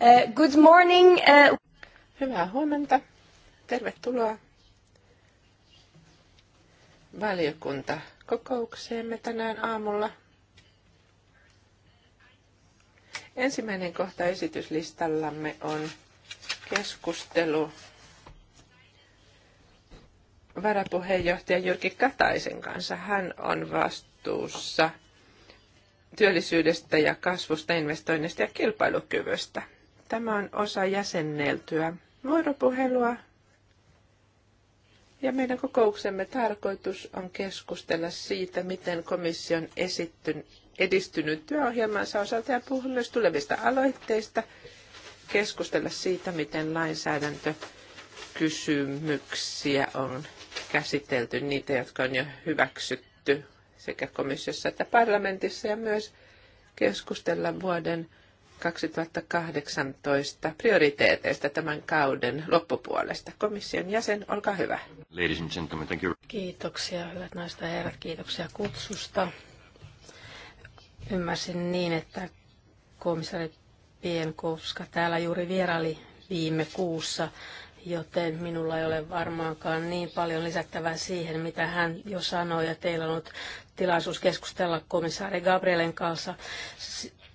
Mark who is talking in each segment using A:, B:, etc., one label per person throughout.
A: Eh, good morning. Eh. Hyvää huomenta. Tervetuloa valiokunta kokoukseemme tänään aamulla. Ensimmäinen kohta esityslistallamme on keskustelu varapuheenjohtaja Jyrki Kataisen kanssa. Hän on vastuussa työllisyydestä ja kasvusta, investoinnista ja kilpailukyvystä. Tämä on osa jäsenneltyä vuoropuhelua. Ja meidän kokouksemme tarkoitus on keskustella siitä, miten komission esittyn, edistynyt työohjelmansa osalta ja puhua myös tulevista aloitteista, keskustella siitä, miten lainsäädäntökysymyksiä on käsitelty, niitä, jotka on jo hyväksytty sekä komissiossa että parlamentissa, ja myös keskustella vuoden 2018 prioriteeteista tämän kauden loppupuolesta. Komission jäsen, olkaa hyvä.
B: Ladies and gentlemen, thank you.
C: Kiitoksia, hyvät naiset ja herrat, kiitoksia kutsusta. Ymmärsin niin, että komissaari Pienkovska täällä juuri vieraili viime kuussa, joten minulla ei ole varmaankaan niin paljon lisättävää siihen, mitä hän jo sanoi, ja teillä on ollut tilaisuus keskustella komissaari Gabrielen kanssa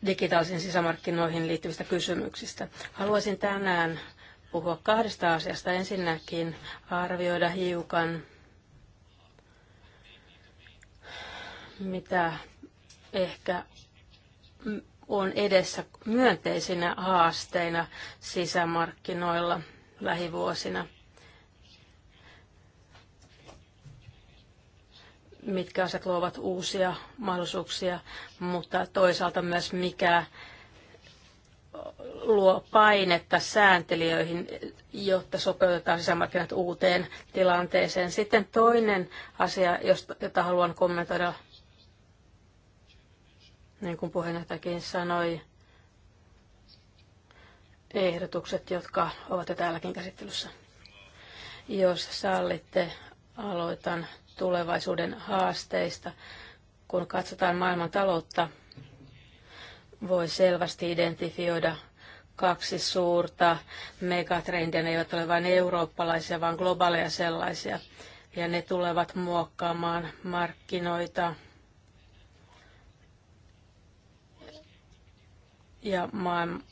C: digitaalisiin sisämarkkinoihin liittyvistä kysymyksistä. Haluaisin tänään puhua kahdesta asiasta. Ensinnäkin arvioida hiukan, mitä ehkä on edessä myönteisinä haasteina sisämarkkinoilla lähivuosina. mitkä asiat luovat uusia mahdollisuuksia, mutta toisaalta myös mikä luo painetta sääntelijöihin, jotta sopeutetaan sisämarkkinat uuteen tilanteeseen. Sitten toinen asia, jota haluan kommentoida, niin kuin puheenjohtajakin sanoi, ehdotukset, jotka ovat jo täälläkin käsittelyssä. Jos sallitte, aloitan tulevaisuuden haasteista, kun katsotaan maailman taloutta, voi selvästi identifioida kaksi suurta megatrendiä. Ne eivät ole vain eurooppalaisia, vaan globaaleja sellaisia. Ja ne tulevat muokkaamaan markkinoita ja maailman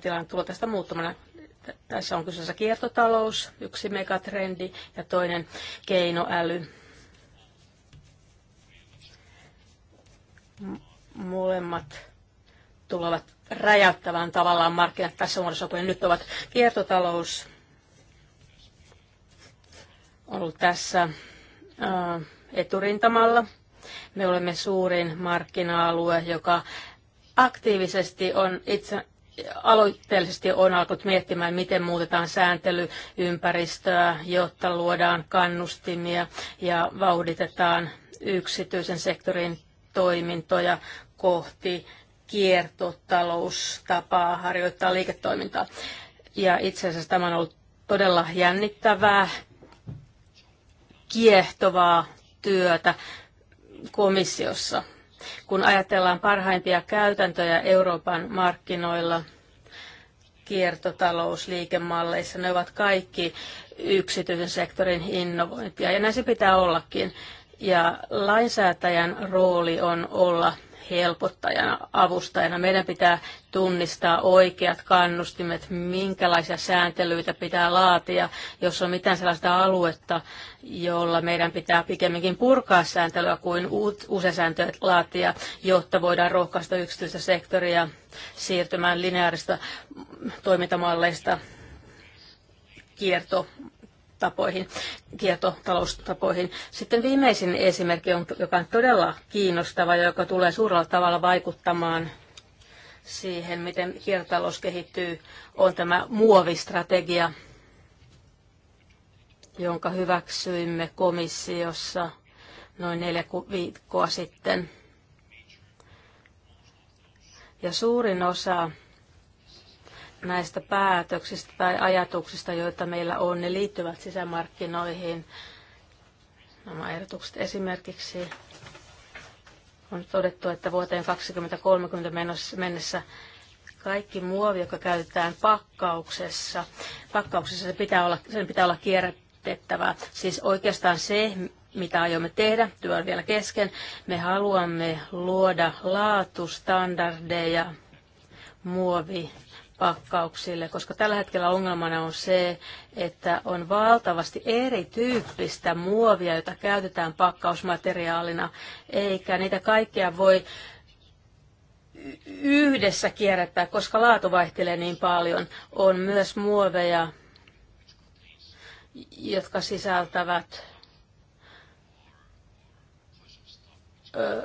C: tilanne tulee tästä muuttumana. Tässä on kyseessä kiertotalous, yksi megatrendi ja toinen keinoäly. Molemmat tulevat räjäyttävän tavallaan markkinat tässä muodossa, kun nyt ovat kiertotalous ollut tässä eturintamalla. Me olemme suurin markkina-alue, joka aktiivisesti on itse aloitteellisesti on alkanut miettimään, miten muutetaan sääntelyympäristöä, jotta luodaan kannustimia ja vauhditetaan yksityisen sektorin toimintoja kohti kiertotaloustapaa harjoittaa liiketoimintaa. Ja itse asiassa tämä on ollut todella jännittävää, kiehtovaa työtä komissiossa. Kun ajatellaan parhaimpia käytäntöjä Euroopan markkinoilla, kiertotalousliikemalleissa, ne ovat kaikki yksityisen sektorin innovointia, ja näin se pitää ollakin. Ja lainsäätäjän rooli on olla helpottajana, avustajana. Meidän pitää tunnistaa oikeat kannustimet, minkälaisia sääntelyitä pitää laatia, jos on mitään sellaista aluetta, jolla meidän pitää pikemminkin purkaa sääntelyä kuin uusia sääntöjä laatia, jotta voidaan rohkaista yksityistä sektoria siirtymään lineaarista toimintamalleista kierto tapoihin, kiertotaloustapoihin. Sitten viimeisin esimerkki, on, joka on todella kiinnostava ja joka tulee suurella tavalla vaikuttamaan siihen, miten kiertotalous kehittyy, on tämä muovistrategia, jonka hyväksyimme komissiossa noin neljä viikkoa sitten. Ja suurin osa näistä päätöksistä tai ajatuksista, joita meillä on, ne liittyvät sisämarkkinoihin. Nämä ehdotukset esimerkiksi on todettu, että vuoteen 2030 mennessä kaikki muovi, joka käytetään pakkauksessa, pakkauksessa se pitää olla, sen pitää olla kierrätettävää. Siis oikeastaan se, mitä aiomme tehdä, työ on vielä kesken, me haluamme luoda laatustandardeja muovi pakkauksille, koska tällä hetkellä ongelmana on se, että on valtavasti erityyppistä muovia, jota käytetään pakkausmateriaalina, eikä niitä kaikkia voi yhdessä kierrättää, koska laatu vaihtelee niin paljon. On myös muoveja, jotka sisältävät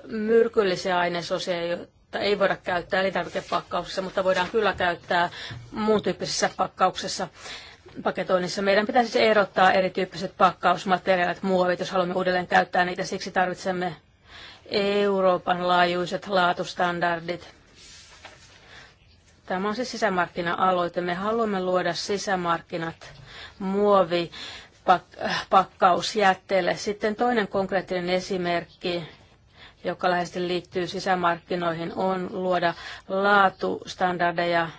C: myrkyllisiä ainesosia, että ei voida käyttää elintarvikepakkauksessa, mutta voidaan kyllä käyttää muun tyyppisessä pakkauksessa paketoinnissa. Meidän pitäisi siis erottaa erityyppiset pakkausmateriaalit, muovit, jos haluamme uudelleen käyttää niitä. Siksi tarvitsemme Euroopan laajuiset laatustandardit. Tämä on siis sisämarkkina-aloite. Me haluamme luoda sisämarkkinat muovi äh, Sitten toinen konkreettinen esimerkki joka läheisesti liittyy sisämarkkinoihin, on luoda laatustandardeja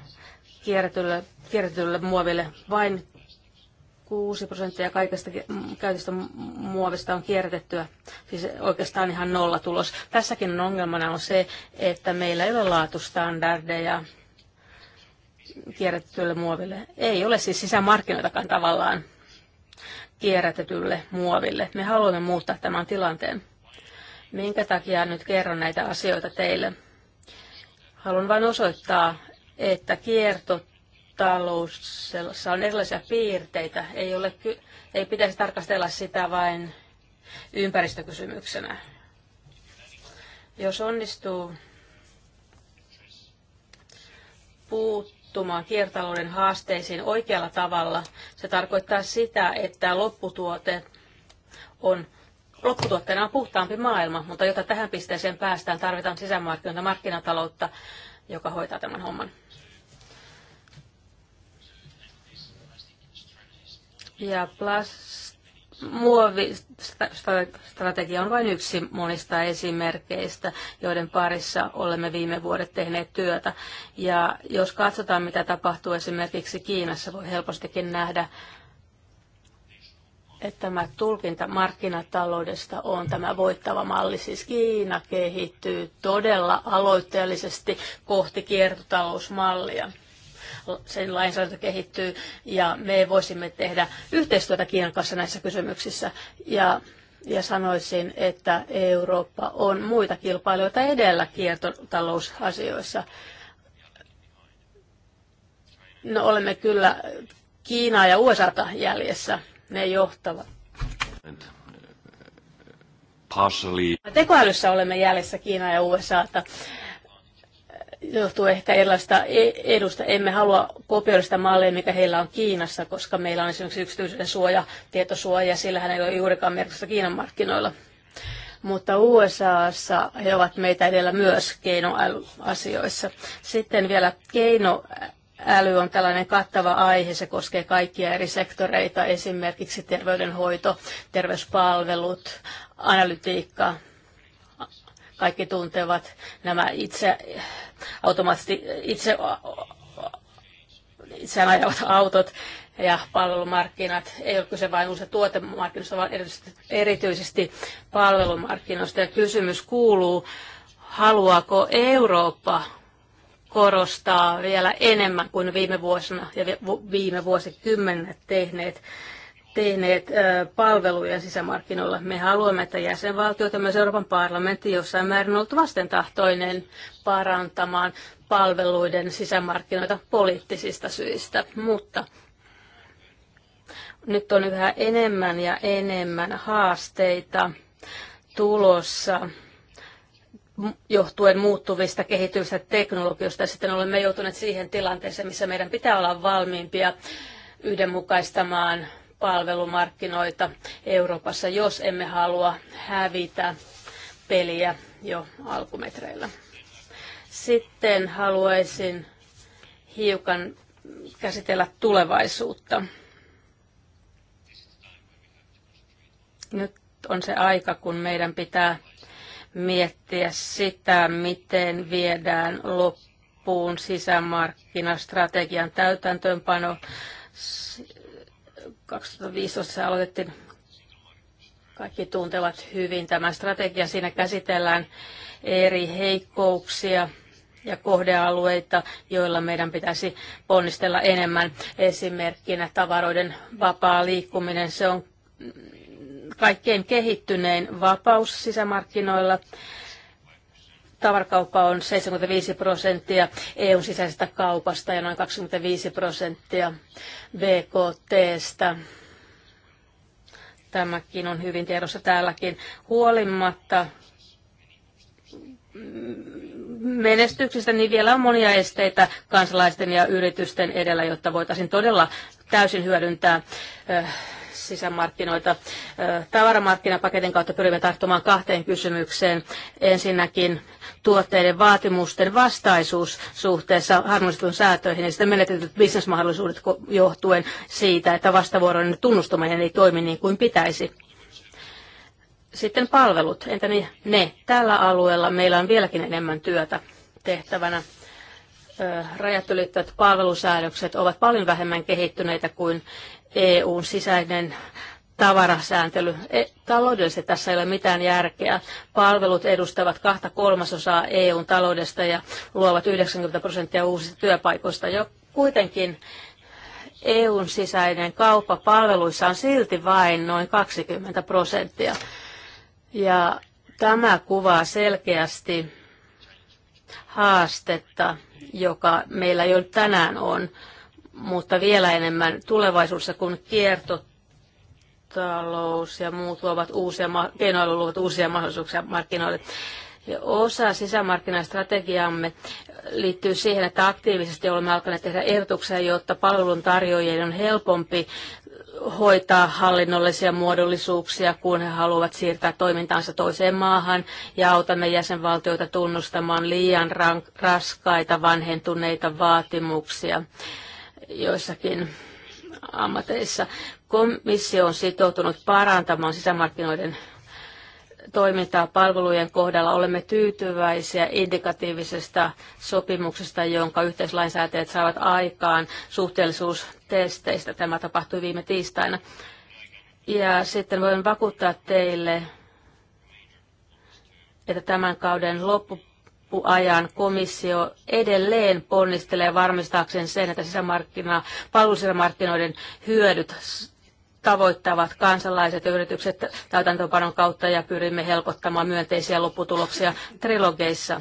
C: kierrätylle, kierrätylle muoville. Vain 6 prosenttia kaikesta käytöstä muovista on kierrätettyä, siis oikeastaan ihan nolla tulos. Tässäkin on ongelmana on se, että meillä ei ole laatustandardeja kierrätetylle muoville. Ei ole siis sisämarkkinoitakaan tavallaan kierrätetylle muoville. Me haluamme muuttaa tämän tilanteen. Minkä takia nyt kerron näitä asioita teille? Haluan vain osoittaa, että kiertotaloussa on erilaisia piirteitä. Ei, ole, ei pitäisi tarkastella sitä vain ympäristökysymyksenä. Jos onnistuu puuttumaan kiertalouden haasteisiin oikealla tavalla, se tarkoittaa sitä, että lopputuote on lopputuotteena on puhtaampi maailma, mutta jotta tähän pisteeseen päästään, tarvitaan sisämarkkinoita, markkinataloutta, joka hoitaa tämän homman. Ja muovistrategia on vain yksi monista esimerkkeistä, joiden parissa olemme viime vuodet tehneet työtä. Ja jos katsotaan, mitä tapahtuu esimerkiksi Kiinassa, voi helpostikin nähdä, että tämä tulkinta markkinataloudesta on tämä voittava malli. Siis Kiina kehittyy todella aloitteellisesti kohti kiertotalousmallia. Sen lainsäädäntö kehittyy ja me voisimme tehdä yhteistyötä Kiinan kanssa näissä kysymyksissä. Ja ja sanoisin, että Eurooppa on muita kilpailijoita edellä kiertotalousasioissa. No olemme kyllä Kiinaa ja USAta jäljessä ne johtavat. Uh, partially. Tekoälyssä olemme jäljessä Kiina ja että Johtuu ehkä erilaista e-, edusta. Emme halua kopioida sitä mallia, mikä heillä on Kiinassa, koska meillä on esimerkiksi yksityisyyden suoja, tietosuoja, sillä ei ole juurikaan merkitystä Kiinan markkinoilla. Mutta USAssa he ovat meitä edellä myös keinoasioissa. Sitten vielä keino äly on tällainen kattava aihe, se koskee kaikkia eri sektoreita, esimerkiksi terveydenhoito, terveyspalvelut, analytiikka, kaikki tuntevat nämä itse automaattisesti itse itseään ajavat autot ja palvelumarkkinat. Ei ole kyse vain uusista tuotemarkkinoista, vaan erityisesti, erityisesti palvelumarkkinoista. Ja kysymys kuuluu, haluaako Eurooppa korostaa vielä enemmän kuin viime vuosina ja viime vuosikymmenet tehneet tehneet palveluja sisämarkkinoilla. Me haluamme, että ja myös Euroopan parlamentti jossain määrin ollut vastentahtoinen parantamaan palveluiden sisämarkkinoita poliittisista syistä, mutta nyt on yhä enemmän ja enemmän haasteita tulossa johtuen muuttuvista kehityksistä, teknologioista. Sitten olemme joutuneet siihen tilanteeseen, missä meidän pitää olla valmiimpia yhdenmukaistamaan palvelumarkkinoita Euroopassa, jos emme halua hävitä peliä jo alkumetreillä. Sitten haluaisin hiukan käsitellä tulevaisuutta. Nyt on se aika, kun meidän pitää miettiä sitä, miten viedään loppuun sisämarkkinastrategian täytäntöönpano. 2015 aloitettiin, kaikki tuntevat hyvin tämän strategian. Siinä käsitellään eri heikkouksia ja kohdealueita, joilla meidän pitäisi ponnistella enemmän. Esimerkkinä tavaroiden vapaa liikkuminen, se on kaikkein kehittynein vapaus sisämarkkinoilla. Tavarkauppa on 75 prosenttia EUn sisäisestä kaupasta ja noin 25 prosenttia BKTstä. Tämäkin on hyvin tiedossa täälläkin. Huolimatta menestyksestä, niin vielä on monia esteitä kansalaisten ja yritysten edellä, jotta voitaisiin todella täysin hyödyntää eh, sisämarkkinoita. Tavaramarkkinapaketin kautta pyrimme tarttumaan kahteen kysymykseen. Ensinnäkin tuotteiden vaatimusten vastaisuus suhteessa harmonistetun säätöihin ja sitten menetetyt bisnesmahdollisuudet johtuen siitä, että vastavuoroinen tunnustaminen ei toimi niin kuin pitäisi. Sitten palvelut, entä ne? Tällä alueella meillä on vieläkin enemmän työtä tehtävänä rajat ylittävät palvelusäädökset ovat paljon vähemmän kehittyneitä kuin EUn sisäinen tavarasääntely. E, taloudellisesti tässä ei ole mitään järkeä. Palvelut edustavat kahta kolmasosaa EUn taloudesta ja luovat 90 prosenttia uusista työpaikoista. Jo kuitenkin EUn sisäinen kauppa palveluissa on silti vain noin 20 prosenttia. Ja tämä kuvaa selkeästi haastetta, joka meillä jo tänään on mutta vielä enemmän tulevaisuudessa, kun kiertotalous ja muut luovat uusia, keinoilu luovat uusia mahdollisuuksia markkinoille. Ja osa sisämarkkinastrategiamme liittyy siihen, että aktiivisesti olemme alkaneet tehdä ehdotuksia, jotta palveluntarjoajien on helpompi hoitaa hallinnollisia muodollisuuksia, kun he haluavat siirtää toimintaansa toiseen maahan ja autamme jäsenvaltioita tunnustamaan liian rank- raskaita vanhentuneita vaatimuksia joissakin ammateissa. Komissio on sitoutunut parantamaan sisämarkkinoiden toimintaa palvelujen kohdalla. Olemme tyytyväisiä indikatiivisesta sopimuksesta, jonka yhteislainsäätäjät saavat aikaan suhteellisuustesteistä. Tämä tapahtui viime tiistaina. Ja sitten voin vakuuttaa teille, että tämän kauden loppu loppuajan komissio edelleen ponnistelee varmistaakseen sen, että sisämarkkina, palvelusisämarkkinoiden hyödyt tavoittavat kansalaiset ja yritykset täytäntöpanon kautta ja pyrimme helpottamaan myönteisiä lopputuloksia trilogeissa.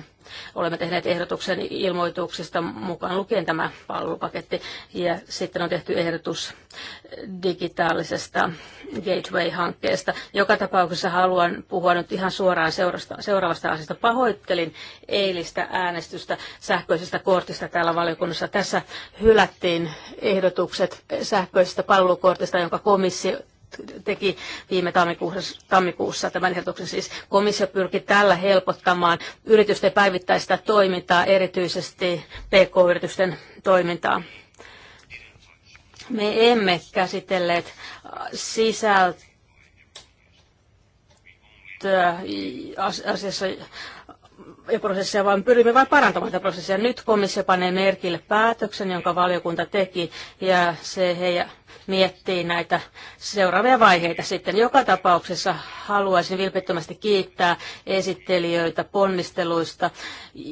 C: Olemme tehneet ehdotuksen ilmoituksista mukaan lukien tämä palvelupaketti ja sitten on tehty ehdotus digitaalisesta Gateway-hankkeesta. Joka tapauksessa haluan puhua nyt ihan suoraan seurasta, seuraavasta asiasta. Pahoittelin eilistä äänestystä sähköisestä kortista täällä valiokunnassa. Tässä hylättiin ehdotukset sähköisestä palvelukortista, jonka komissio teki viime tammikuussa, tammikuussa tämän ehdotuksen. Siis komissio pyrki tällä helpottamaan yritysten päivittäistä toimintaa, erityisesti PK-yritysten toimintaa. Me emme käsitelleet sisältöä asiassa ja prosessia, vaan pyrimme vain parantamaan tätä prosessia. Nyt komissio panee merkille päätöksen, jonka valiokunta teki, ja se he miettii näitä seuraavia vaiheita sitten. Joka tapauksessa haluaisin vilpittömästi kiittää esittelijöitä ponnisteluista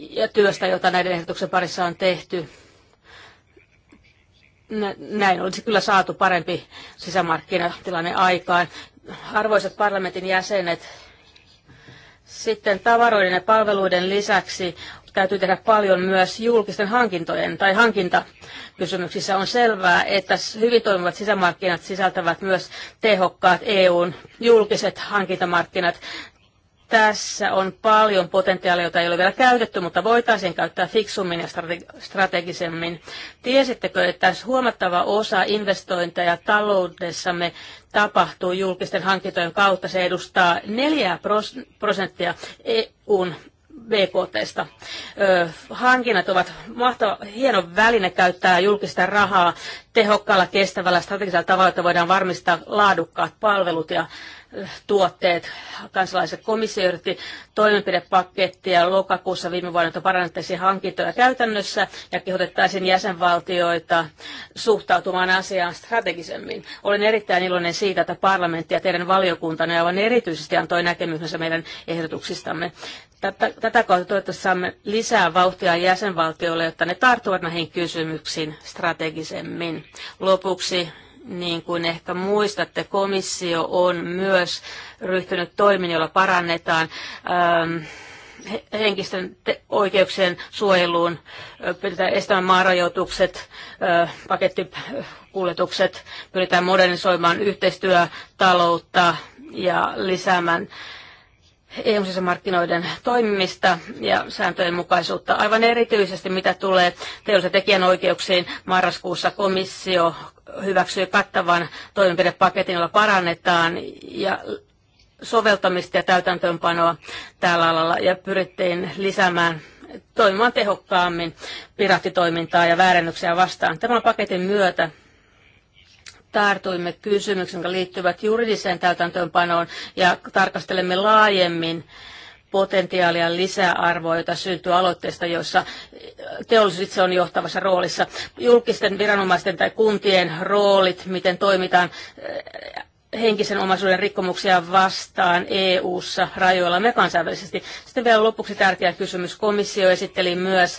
C: ja työstä, jota näiden ehdotuksen parissa on tehty. Näin olisi kyllä saatu parempi sisämarkkinatilanne aikaan. Arvoisat parlamentin jäsenet, sitten tavaroiden ja palveluiden lisäksi täytyy tehdä paljon myös julkisten hankintojen tai hankintakysymyksissä. On selvää, että hyvin toimivat sisämarkkinat sisältävät myös tehokkaat EUn julkiset hankintamarkkinat. Tässä on paljon potentiaalia, jota ei ole vielä käytetty, mutta voitaisiin käyttää fiksummin ja strategisemmin. Tiesittekö, että tässä huomattava osa investointeja taloudessamme tapahtuu julkisten hankintojen kautta? Se edustaa 4 prosenttia EUn BKTstä. Hankinnat ovat mahtava, hieno väline käyttää julkista rahaa tehokkaalla, kestävällä, strategisella tavalla, että voidaan varmistaa laadukkaat palvelut ja tuotteet. Kansalaiset komissio yritti toimenpidepakettia lokakuussa viime vuonna, että parannettaisiin hankintoja käytännössä ja kehotettaisiin jäsenvaltioita suhtautumaan asiaan strategisemmin. Olen erittäin iloinen siitä, että parlamentti ja teidän valiokuntanne aivan erityisesti antoi näkemyksensä meidän ehdotuksistamme. Tätä, tätä kautta toivottavasti saamme lisää vauhtia jäsenvaltioille, jotta ne tarttuvat näihin kysymyksiin strategisemmin. Lopuksi niin kuin ehkä muistatte, komissio on myös ryhtynyt toimiin, joilla parannetaan ähm, henkisten oikeuksien suojeluun, pyritään estämään maarajoitukset, pakettikuljetukset, pyritään modernisoimaan yhteistyötaloutta ja lisäämään eu markkinoiden toimimista ja sääntöjen mukaisuutta. Aivan erityisesti mitä tulee teollisen tekijänoikeuksiin, marraskuussa komissio hyväksyi kattavan toimenpidepaketin, jolla parannetaan ja soveltamista ja täytäntöönpanoa tällä alalla ja pyrittiin lisäämään toimimaan tehokkaammin piraattitoimintaa ja väärennyksiä vastaan. Tämän paketin myötä tartuimme kysymyksiin, jotka liittyvät juridiseen täytäntöönpanoon ja tarkastelemme laajemmin potentiaalia lisäarvoa, jota syntyy aloitteesta, jossa teollisuus itse on johtavassa roolissa. Julkisten viranomaisten tai kuntien roolit, miten toimitaan eh, henkisen omaisuuden rikkomuksia vastaan EU-ssa, me kansainvälisesti. Sitten vielä lopuksi tärkeä kysymys. Komissio esitteli myös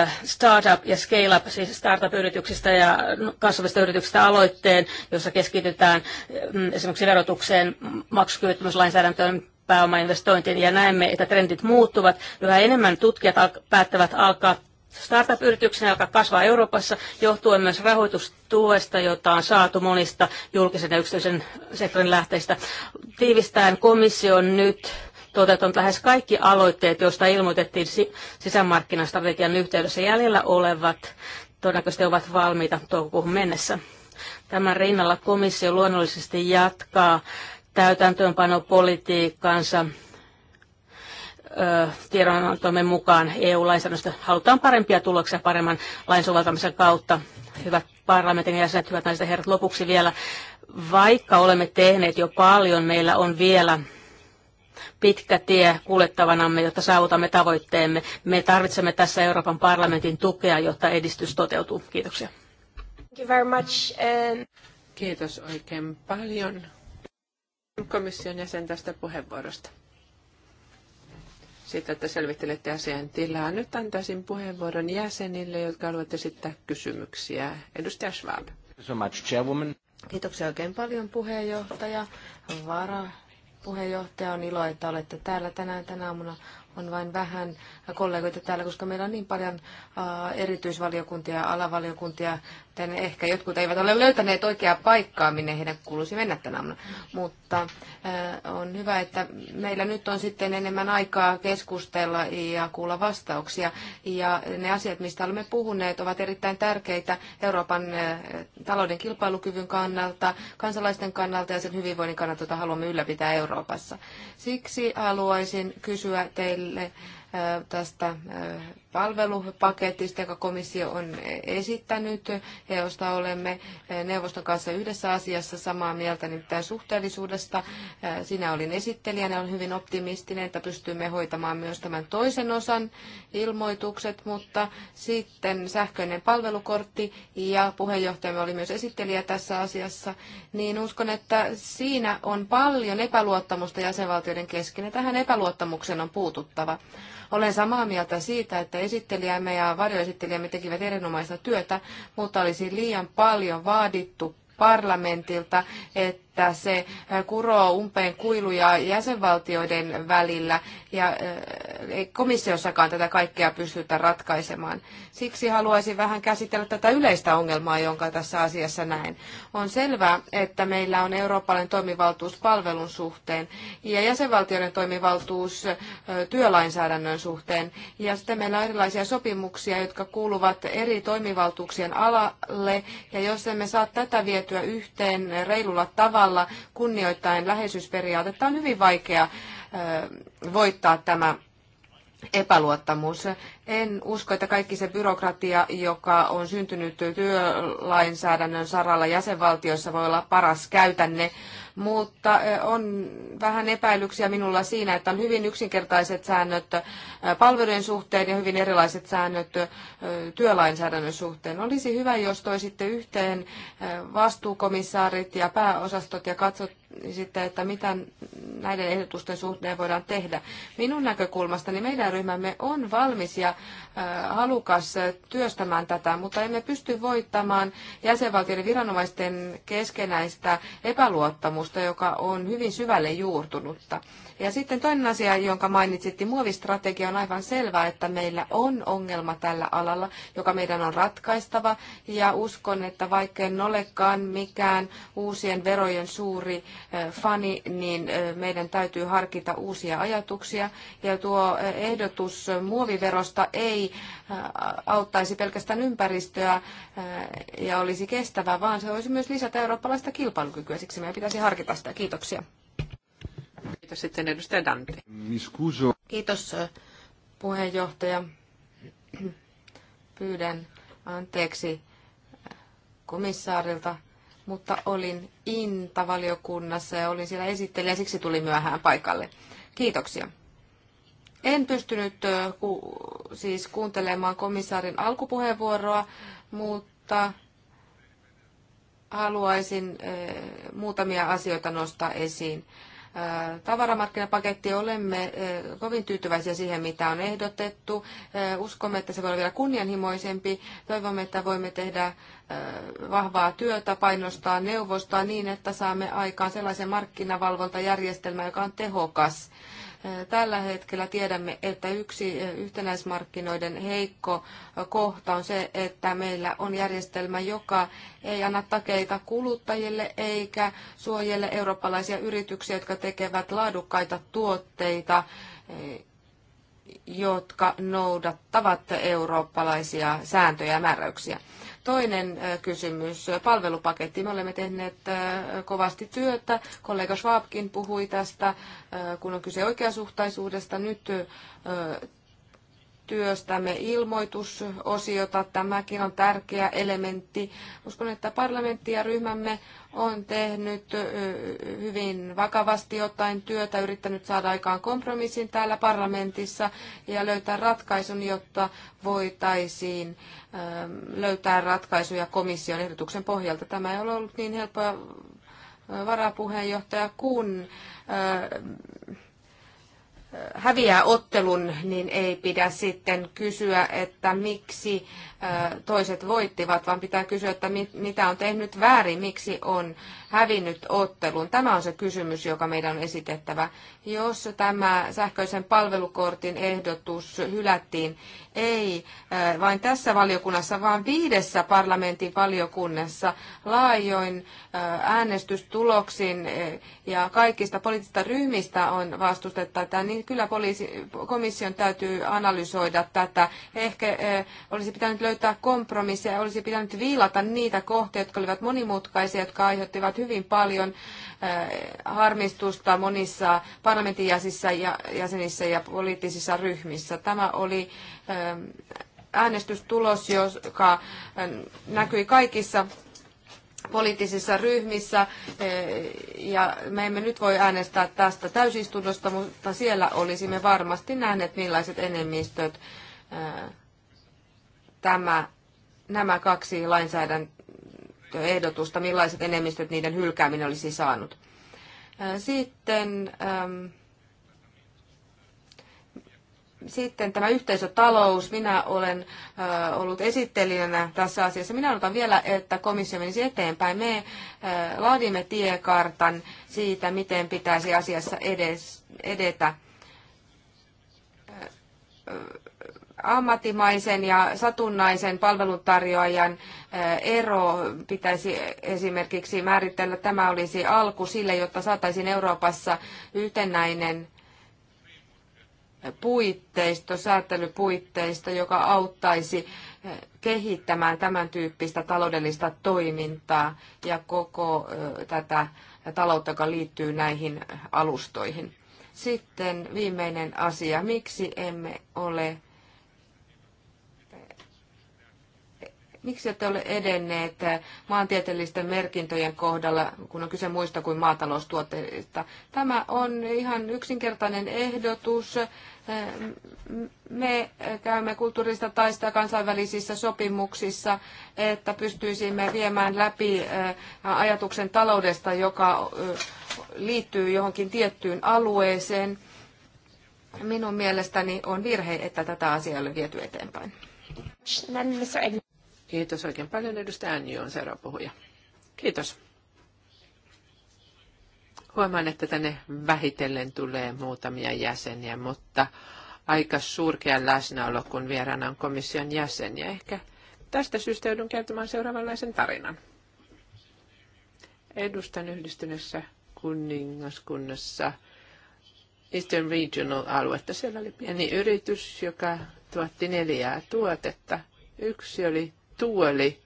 C: eh, startup- ja scale-up, siis startup-yrityksistä ja kasvavista yrityksistä aloitteen, jossa keskitytään mm, esimerkiksi verotukseen, maksukyvyttömyyslainsäädäntöön, pääomainvestointiin ja näemme, että trendit muuttuvat. Yhä enemmän tutkijat päättävät alkaa startup-yrityksenä, joka kasvaa Euroopassa, johtuen myös rahoitustuesta, jota on saatu monista julkisen ja yksityisen sektorin lähteistä. komissio on nyt toteutunut lähes kaikki aloitteet, joista ilmoitettiin sisämarkkinastrategian yhteydessä jäljellä olevat, todennäköisesti ovat valmiita toukokuuhun mennessä. Tämän rinnalla komissio luonnollisesti jatkaa täytäntöönpanopolitiikkaansa tiedonantomme mukaan EU-lainsäädännöstä halutaan parempia tuloksia paremman lainsuvaltamisen kautta. Hyvät parlamentin jäsenet, hyvät naiset ja herrat, lopuksi vielä, vaikka olemme tehneet jo paljon, meillä on vielä pitkä tie kuljettavanamme, jotta saavutamme tavoitteemme. Me tarvitsemme tässä Euroopan parlamentin tukea, jotta edistys toteutuu. Kiitoksia.
A: Thank you very much. And... Kiitos oikein paljon komission jäsen tästä puheenvuorosta. Siitä, että selvittelette asian tilaa. Nyt antaisin puheenvuoron jäsenille, jotka haluavat esittää kysymyksiä. Edustaja Schwab. So much, chairwoman. Kiitoksia oikein paljon puheenjohtaja. Vara puheenjohtaja,
B: on ilo, että olette täällä tänään tänä aamuna. On vain vähän kollegoita täällä, koska meillä on niin paljon erityisvaliokuntia ja alavaliokuntia sitten ehkä jotkut eivät ole löytäneet oikeaa paikkaa, minne heidän kuuluisi mennä tänä aamuna. Mutta äh, on hyvä, että meillä nyt on sitten enemmän aikaa keskustella ja kuulla vastauksia. Ja ne asiat, mistä olemme puhuneet, ovat erittäin tärkeitä Euroopan äh, talouden kilpailukyvyn kannalta, kansalaisten kannalta ja sen hyvinvoinnin kannalta, jota haluamme ylläpitää Euroopassa. Siksi haluaisin kysyä teille äh, tästä palvelupaketista, joka komissio on esittänyt, ja josta olemme eh, neuvoston kanssa yhdessä asiassa samaa mieltä, nimittäin suhteellisuudesta. Eh, sinä olin esittelijänä, olen hyvin optimistinen, että pystymme hoitamaan myös tämän toisen osan ilmoitukset, mutta sitten sähköinen palvelukortti, ja puheenjohtajamme oli myös esittelijä tässä asiassa, niin uskon, että siinä on paljon epäluottamusta jäsenvaltioiden kesken, ja tähän epäluottamukseen on puututtava. Olen samaa mieltä siitä, että esittelijämme ja varjoesittelijämme tekivät erinomaista työtä, mutta olisi liian paljon vaadittu parlamentilta, että että se äh, kuroo umpeen kuiluja jäsenvaltioiden välillä ja äh, ei komissiossakaan tätä kaikkea pystytä ratkaisemaan. Siksi haluaisin vähän käsitellä tätä yleistä ongelmaa, jonka tässä asiassa näen. On selvää, että meillä on eurooppalainen toimivaltuus palvelun suhteen ja jäsenvaltioiden toimivaltuus äh, työlainsäädännön suhteen. Ja sitten meillä on erilaisia sopimuksia, jotka kuuluvat eri toimivaltuuksien alalle ja jos emme saa tätä vietyä yhteen reilulla tavalla, tavalla kunnioittain läheisyysperiaatetta on hyvin vaikea voittaa tämä epäluottamus. En usko, että kaikki se byrokratia, joka on syntynyt työlainsäädännön saralla jäsenvaltioissa, voi olla paras käytänne, mutta on vähän epäilyksiä minulla siinä, että on hyvin yksinkertaiset säännöt palvelujen suhteen ja hyvin erilaiset säännöt työlainsäädännön suhteen. Olisi hyvä, jos toisitte yhteen vastuukomissaarit ja pääosastot ja katsot, sitten että mitä näiden ehdotusten suhteen voidaan tehdä. Minun näkökulmastani meidän ryhmämme on valmis ja äh, halukas työstämään tätä, mutta emme pysty voittamaan jäsenvaltioiden viranomaisten keskenäistä epäluottamusta, joka on hyvin syvälle juurtunutta. Ja sitten toinen asia, jonka mainitsitte, muovistrategia on aivan selvää, että meillä on ongelma tällä alalla, joka meidän on ratkaistava. Ja uskon, että vaikka en olekaan mikään uusien verojen suuri fani, niin meidän täytyy harkita uusia ajatuksia. Ja tuo ehdotus muoviverosta ei auttaisi pelkästään ympäristöä ja olisi kestävä, vaan se olisi myös lisätä eurooppalaista kilpailukykyä. Siksi meidän pitäisi harkita sitä. Kiitoksia. Kiitos sitten edustaja Dante. Kiitos äh, puheenjohtaja. Pyydän anteeksi äh, komissaarilta, mutta olin Inta-valiokunnassa ja olin siellä esittelijä, siksi tuli myöhään paikalle. Kiitoksia. En pystynyt äh, ku, siis kuuntelemaan komissaarin alkupuheenvuoroa, mutta haluaisin muutamia asioita nostaa esiin tavaramarkkinapaketti. Olemme kovin tyytyväisiä siihen, mitä on ehdotettu. Uskomme, että se voi olla vielä kunnianhimoisempi. Toivomme, että voimme tehdä vahvaa työtä, painostaa neuvostoa niin, että saamme aikaan sellaisen markkinavalvontajärjestelmän, joka on tehokas Tällä hetkellä tiedämme, että yksi eh, yhtenäismarkkinoiden heikko eh, kohta on se, että meillä on järjestelmä, joka ei anna takeita kuluttajille eikä suojele eurooppalaisia yrityksiä, jotka tekevät laadukkaita tuotteita, eh, jotka noudattavat eurooppalaisia sääntöjä ja määräyksiä. Toinen kysymys, palvelupaketti. Me olemme tehneet kovasti työtä. Kollega Schwabkin puhui tästä, kun on kyse oikeasuhtaisuudesta. Nyt työstämme ilmoitusosiota. Tämäkin on tärkeä elementti. Uskon, että parlamentti ja ryhmämme on tehnyt hyvin vakavasti ottaen työtä, yrittänyt saada aikaan kompromissin täällä parlamentissa ja löytää ratkaisun, jotta voitaisiin löytää ratkaisuja komission ehdotuksen pohjalta. Tämä ei ole ollut niin helppoa varapuheenjohtaja, kun häviää ottelun, niin ei pidä sitten kysyä, että miksi toiset voittivat, vaan pitää kysyä, että mitä on tehnyt väärin, miksi on hävinnyt ottelun? Tämä on se kysymys, joka meidän on esitettävä. Jos tämä sähköisen palvelukortin ehdotus hylättiin, ei äh, vain tässä valiokunnassa, vaan viidessä parlamentin valiokunnassa laajoin äh, äänestystuloksin äh, ja kaikista poliittisista ryhmistä on vastustettu tätä, niin kyllä poliisi, komission täytyy analysoida tätä. Ehkä olisi pitänyt löytää kompromisseja, olisi pitänyt viilata niitä kohteita, jotka olivat monimutkaisia, jotka aiheuttivat hyvin paljon äh, harmistusta monissa parlamentin jäsenissä ja poliittisissa ryhmissä. Tämä oli ähm, äänestystulos, joka äh, näkyi kaikissa poliittisissa ryhmissä äh, ja me emme nyt voi äänestää tästä täysistunnosta, mutta siellä olisimme varmasti nähneet millaiset enemmistöt tämä, nämä kaksi lainsäädäntöä ehdotusta, millaiset enemmistöt niiden hylkääminen olisi saanut. Sitten, ähm, sitten tämä yhteisötalous. Minä olen äh, ollut esittelijänä tässä asiassa. Minä odotan vielä, että komissio menisi eteenpäin. Me äh, laadimme tiekartan siitä, miten pitäisi asiassa edes, edetä. Äh, Ammattimaisen ja satunnaisen palveluntarjoajan eh, ero pitäisi esimerkiksi määritellä. Tämä olisi alku sille, jotta saataisiin Euroopassa yhtenäinen puitteisto, säätelypuitteisto, joka auttaisi eh, kehittämään tämän tyyppistä taloudellista toimintaa ja koko eh, tätä taloutta, joka liittyy näihin alustoihin. Sitten viimeinen asia, miksi emme ole Miksi ette ole edenneet maantieteellisten merkintöjen kohdalla, kun on kyse muista kuin maataloustuotteista? Tämä on ihan yksinkertainen ehdotus. Me käymme kulttuurista taista kansainvälisissä sopimuksissa, että pystyisimme viemään läpi ajatuksen taloudesta, joka liittyy johonkin tiettyyn alueeseen. Minun mielestäni on virhe, että tätä asiaa ei ole viety eteenpäin.
A: Kiitos oikein paljon. Edustaja Anju on seuraava puhuja. Kiitos. Huomaan, että tänne vähitellen tulee muutamia jäseniä, mutta aika surkea läsnäolo, kun vieraana on komission jäseniä. Ehkä tästä syystä joudun kertomaan seuraavanlaisen tarinan. Edustan yhdistyneessä kuningaskunnassa Eastern Regional-aluetta. Siellä oli pieni yritys, joka tuotti neljää tuotetta. Yksi oli tuoli,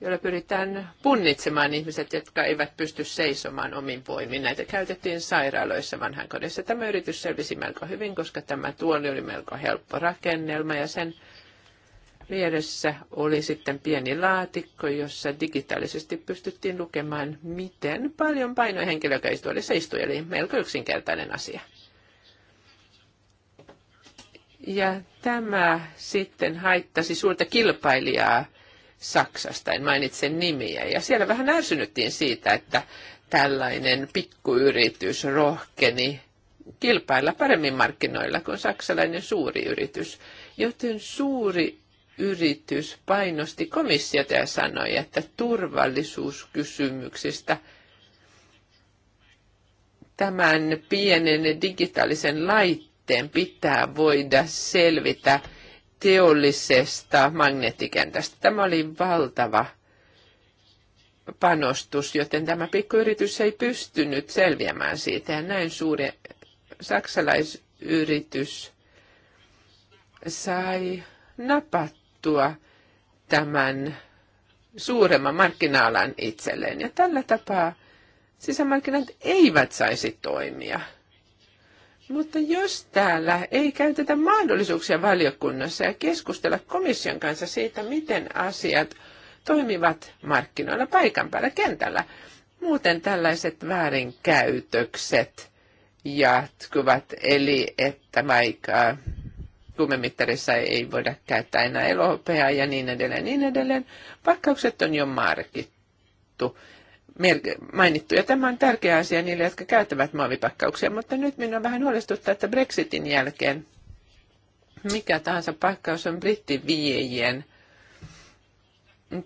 A: jolla pyritään punnitsemaan ihmiset, jotka eivät pysty seisomaan omin voimin. Näitä käytettiin sairaaloissa vanhan kodissa. Tämä yritys selvisi melko hyvin, koska tämä tuoli oli melko helppo rakennelma ja sen vieressä oli sitten pieni laatikko, jossa digitaalisesti pystyttiin lukemaan, miten paljon painoi henkilö, joka istui, eli melko yksinkertainen asia. Ja tämä sitten haittasi suurta kilpailijaa Saksasta, en mainitse nimiä. Ja siellä vähän ärsynyttiin siitä, että tällainen pikkuyritys rohkeni kilpailla paremmin markkinoilla kuin saksalainen suuri yritys. Joten suuri yritys painosti komissiota ja sanoi, että turvallisuuskysymyksistä tämän pienen digitaalisen laitteen sitten pitää voida selvitä teollisesta magneettikentästä. Tämä oli valtava panostus, joten tämä pikkuyritys ei pystynyt selviämään siitä. Ja näin suuri saksalaisyritys sai napattua tämän suuremman markkina-alan itselleen. Ja tällä tapaa sisämarkkinat eivät saisi toimia – mutta jos täällä ei käytetä mahdollisuuksia valiokunnassa ja keskustella komission kanssa siitä, miten asiat toimivat markkinoilla paikan päällä kentällä, muuten tällaiset väärinkäytökset jatkuvat, eli että vaikka kuumemittarissa ei voida käyttää enää elohopeaa ja niin edelleen, niin edelleen. Pakkaukset on jo markittu mainittu. Ja tämä on tärkeä asia niille, jotka käyttävät muovipakkauksia, mutta nyt minä vähän huolestuttaa, että Brexitin jälkeen mikä tahansa pakkaus on brittiviejien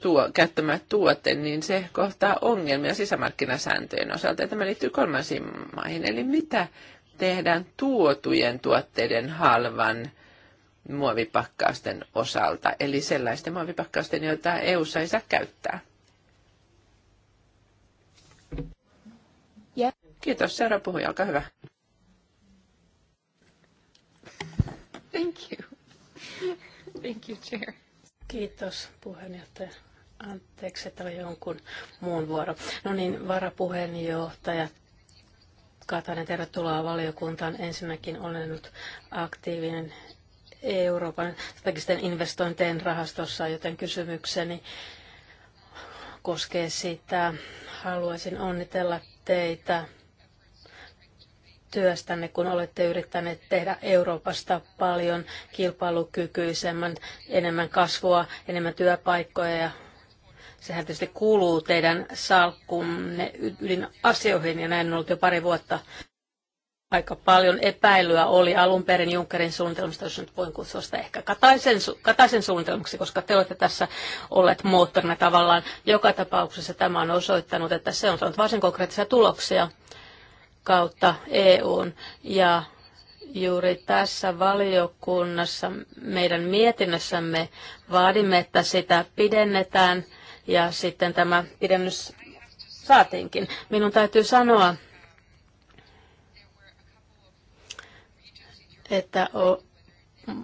A: tuo, käyttämä tuote, niin se kohtaa ongelmia sisämarkkinasääntöjen osalta. Ja tämä liittyy kolmansiin maihin. Eli mitä tehdään tuotujen tuotteiden halvan muovipakkausten osalta, eli sellaisten muovipakkausten, joita EU ei saa käyttää. Kiitos. Seuraava puhuja, olkaa hyvä. Thank you. Thank you,
C: Chair. Kiitos puheenjohtaja. Anteeksi, että oli jonkun muun vuoro. No niin, varapuheenjohtaja Katainen, tervetuloa valiokuntaan. Ensinnäkin olen nyt aktiivinen Euroopan strategisten investointien rahastossa, joten kysymykseni koskee sitä. Haluaisin onnitella teitä työstänne, kun olette yrittäneet tehdä Euroopasta paljon kilpailukykyisemmän, enemmän kasvua, enemmän työpaikkoja ja sehän tietysti kuuluu teidän salkkunne ydin asioihin ja näin on ollut jo pari vuotta. Aika paljon epäilyä oli alun perin Junckerin suunnitelmasta, jos nyt voin kutsua sitä ehkä Kataisen, Kataisen suunnitelmaksi, koska te olette tässä olleet moottorina tavallaan. Joka tapauksessa tämä on osoittanut, että se on saanut varsin konkreettisia tuloksia kautta EUn. Ja juuri tässä valiokunnassa meidän mietinnössämme vaadimme, että sitä pidennetään ja sitten tämä pidennys saatiinkin. Minun täytyy sanoa, että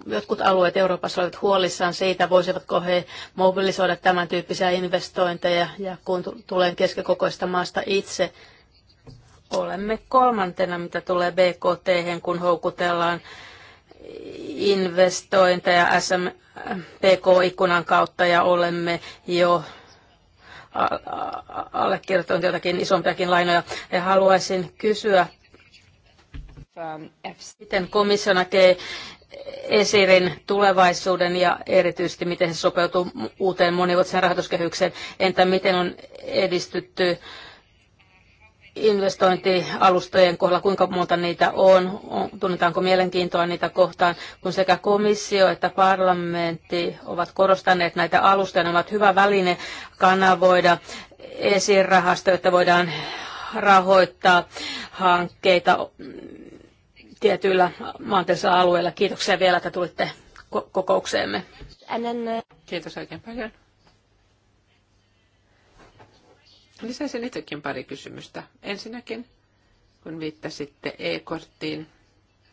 C: jotkut alueet Euroopassa olivat huolissaan siitä, voisivatko he mobilisoida tämän tyyppisiä investointeja. Ja kun tulen keskikokoista maasta itse, olemme kolmantena, mitä tulee BKT, kun houkutellaan investointeja SMPK-ikkunan kautta ja olemme jo allekirjoittanut jotakin isompiakin lainoja. Ja haluaisin kysyä, miten komissio näkee Esirin tulevaisuuden ja erityisesti miten se sopeutuu uuteen monivuotiseen rahoituskehykseen. Entä miten on edistytty investointialustojen kohdalla, kuinka monta niitä on, tunnetaanko mielenkiintoa niitä kohtaan, kun sekä komissio että parlamentti ovat korostaneet näitä alustoja, ne ovat hyvä väline kanavoida esirahasto, että voidaan rahoittaa hankkeita tietyillä maanteellisilla alueilla. Kiitoksia vielä, että tulitte kokoukseemme.
A: Uh, Kiitos oikein paljon. Lisäisin itsekin pari kysymystä. Ensinnäkin, kun viittasitte e-korttiin,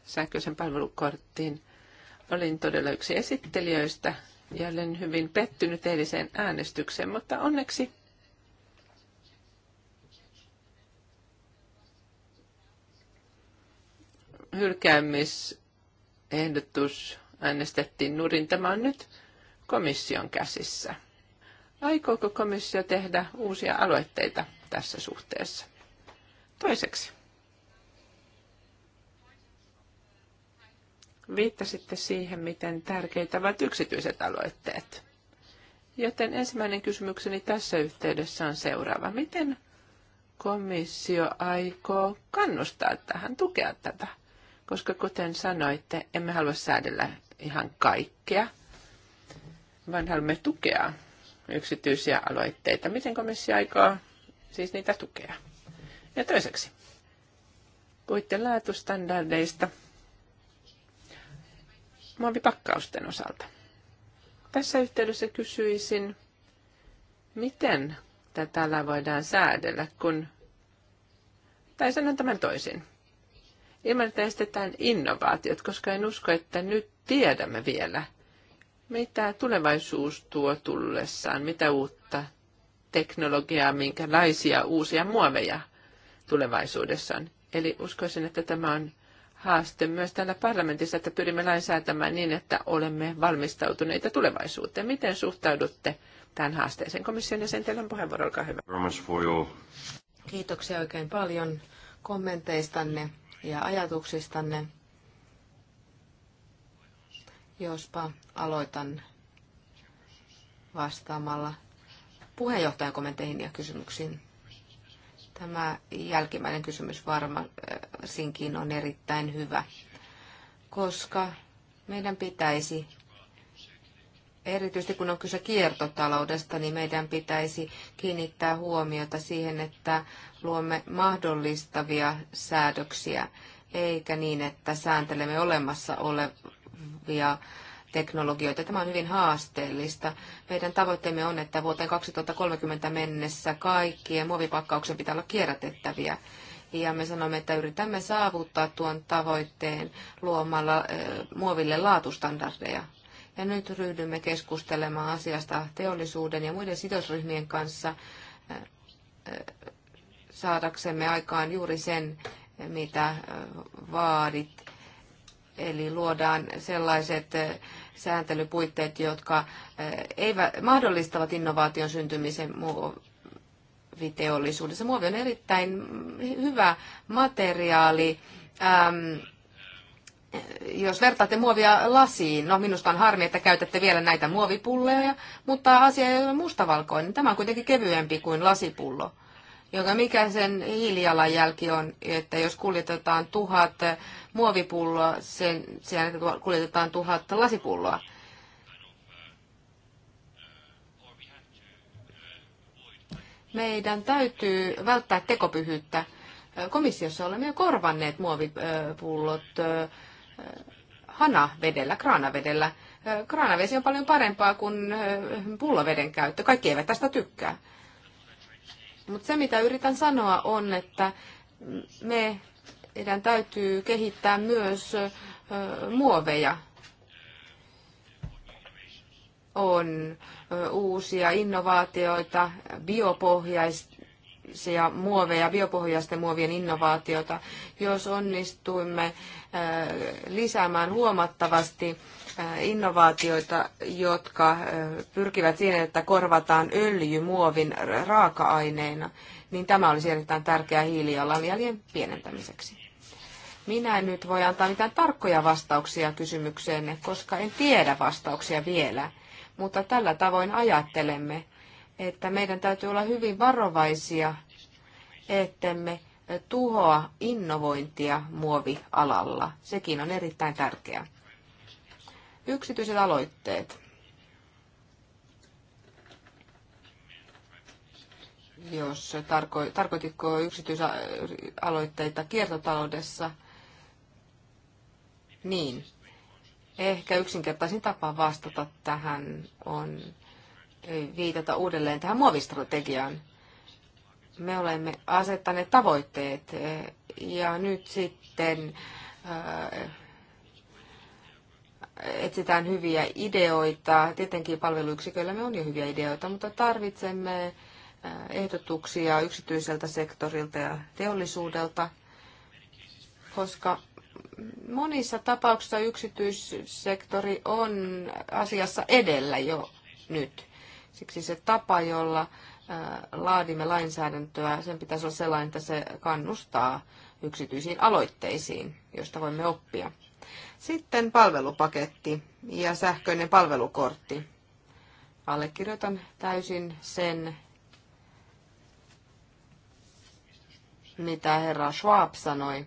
A: sähköisen palvelukorttiin, olin todella yksi esittelijöistä ja olen hyvin pettynyt eiliseen äänestykseen, mutta onneksi hylkäämisehdotus äänestettiin nurin. Tämä on nyt komission käsissä. Aikooko komissio tehdä uusia aloitteita tässä suhteessa? Toiseksi. Viittasitte siihen, miten tärkeitä ovat yksityiset aloitteet. Joten ensimmäinen kysymykseni tässä yhteydessä on seuraava. Miten komissio aikoo kannustaa tähän, tukea tätä? Koska kuten sanoitte, emme halua säädellä ihan kaikkea, vaan haluamme tukea yksityisiä aloitteita. Miten komissio aikoo siis niitä tukea? Ja toiseksi, puhuitte laatustandardeista muovipakkausten osalta. Tässä yhteydessä kysyisin, miten tätä alaa voidaan säädellä, kun, tai sanon tämän toisin, ilman että estetään innovaatiot, koska en usko, että nyt tiedämme vielä – mitä tulevaisuus tuo tullessaan, mitä uutta teknologiaa, minkälaisia uusia muoveja tulevaisuudessa on. Eli uskoisin, että tämä on haaste myös täällä parlamentissa, että pyrimme lainsäätämään niin, että olemme valmistautuneita tulevaisuuteen. Miten suhtaudutte tähän haasteeseen? Komission jäsen, teillä on puheenvuoro, olkaa hyvä.
B: Kiitoksia oikein paljon kommenteistanne ja ajatuksistanne. Jospa aloitan vastaamalla puheenjohtajan kommentteihin ja kysymyksiin. Tämä jälkimmäinen kysymys varmasinkin on erittäin hyvä, koska meidän pitäisi, erityisesti kun on kyse kiertotaloudesta, niin meidän pitäisi kiinnittää huomiota siihen, että luomme mahdollistavia säädöksiä, eikä niin, että sääntelemme olemassa olevaa ja teknologioita. Tämä on hyvin haasteellista. Meidän tavoitteemme on, että vuoteen 2030 mennessä kaikkien muovipakkauksen pitää olla kierrätettäviä. Ja me sanomme, että yritämme saavuttaa tuon tavoitteen luomalla eh, muoville laatustandardeja. Ja nyt ryhdymme keskustelemaan asiasta teollisuuden ja muiden sidosryhmien kanssa eh, eh, saadaksemme aikaan juuri sen, mitä vaadit Eli luodaan sellaiset eh, sääntelypuitteet, jotka eh, eivät, mahdollistavat innovaation syntymisen muoviteollisuudessa. Muovi on erittäin hyvä materiaali. Ähm, jos vertaatte muovia lasiin, no minusta on harmi, että käytätte vielä näitä muovipulleja, mutta asia ei ole mustavalkoinen. Tämä on kuitenkin kevyempi kuin lasipullo, joka mikä sen hiilijalanjälki on, että jos kuljetetaan tuhat muovipulloa sen sijaan, että kuljetetaan tuhatta lasipulloa. Meidän täytyy välttää tekopyhyyttä. Komissiossa olemme jo korvanneet muovipullot hanavedellä, kraanavedellä. Kraanavesi on paljon parempaa kuin pulloveden käyttö. Kaikki eivät tästä tykkää. Mutta se, mitä yritän sanoa, on, että me meidän täytyy kehittää myös muoveja. On uusia innovaatioita, biopohjaisia muoveja, biopohjaisten muovien innovaatioita. Jos onnistuimme lisäämään huomattavasti innovaatioita, jotka pyrkivät siihen, että korvataan öljy muovin raaka-aineena, niin tämä olisi erittäin tärkeää hiilijalanjäljen pienentämiseksi. Minä en nyt voi antaa mitään tarkkoja vastauksia kysymykseen, koska en tiedä vastauksia vielä. Mutta tällä tavoin ajattelemme, että meidän täytyy olla hyvin varovaisia, ettemme tuhoa innovointia muovialalla. Sekin on erittäin tärkeää. Yksityiset aloitteet. Jos tarko, tarkoititko yksityisaloitteita kiertotaloudessa – niin. Ehkä yksinkertaisin tapa vastata tähän on viitata uudelleen tähän muovistrategiaan. Me olemme asettaneet tavoitteet eh, ja nyt sitten eh, etsitään hyviä ideoita. Tietenkin palveluyksiköillä me on jo hyviä ideoita, mutta tarvitsemme eh, ehdotuksia yksityiseltä sektorilta ja teollisuudelta, koska monissa tapauksissa yksityissektori on asiassa edellä jo nyt. Siksi se tapa, jolla laadimme lainsäädäntöä, sen pitäisi olla sellainen, että se kannustaa yksityisiin aloitteisiin, joista voimme oppia. Sitten palvelupaketti ja sähköinen palvelukortti. Allekirjoitan täysin sen, mitä herra Schwab sanoi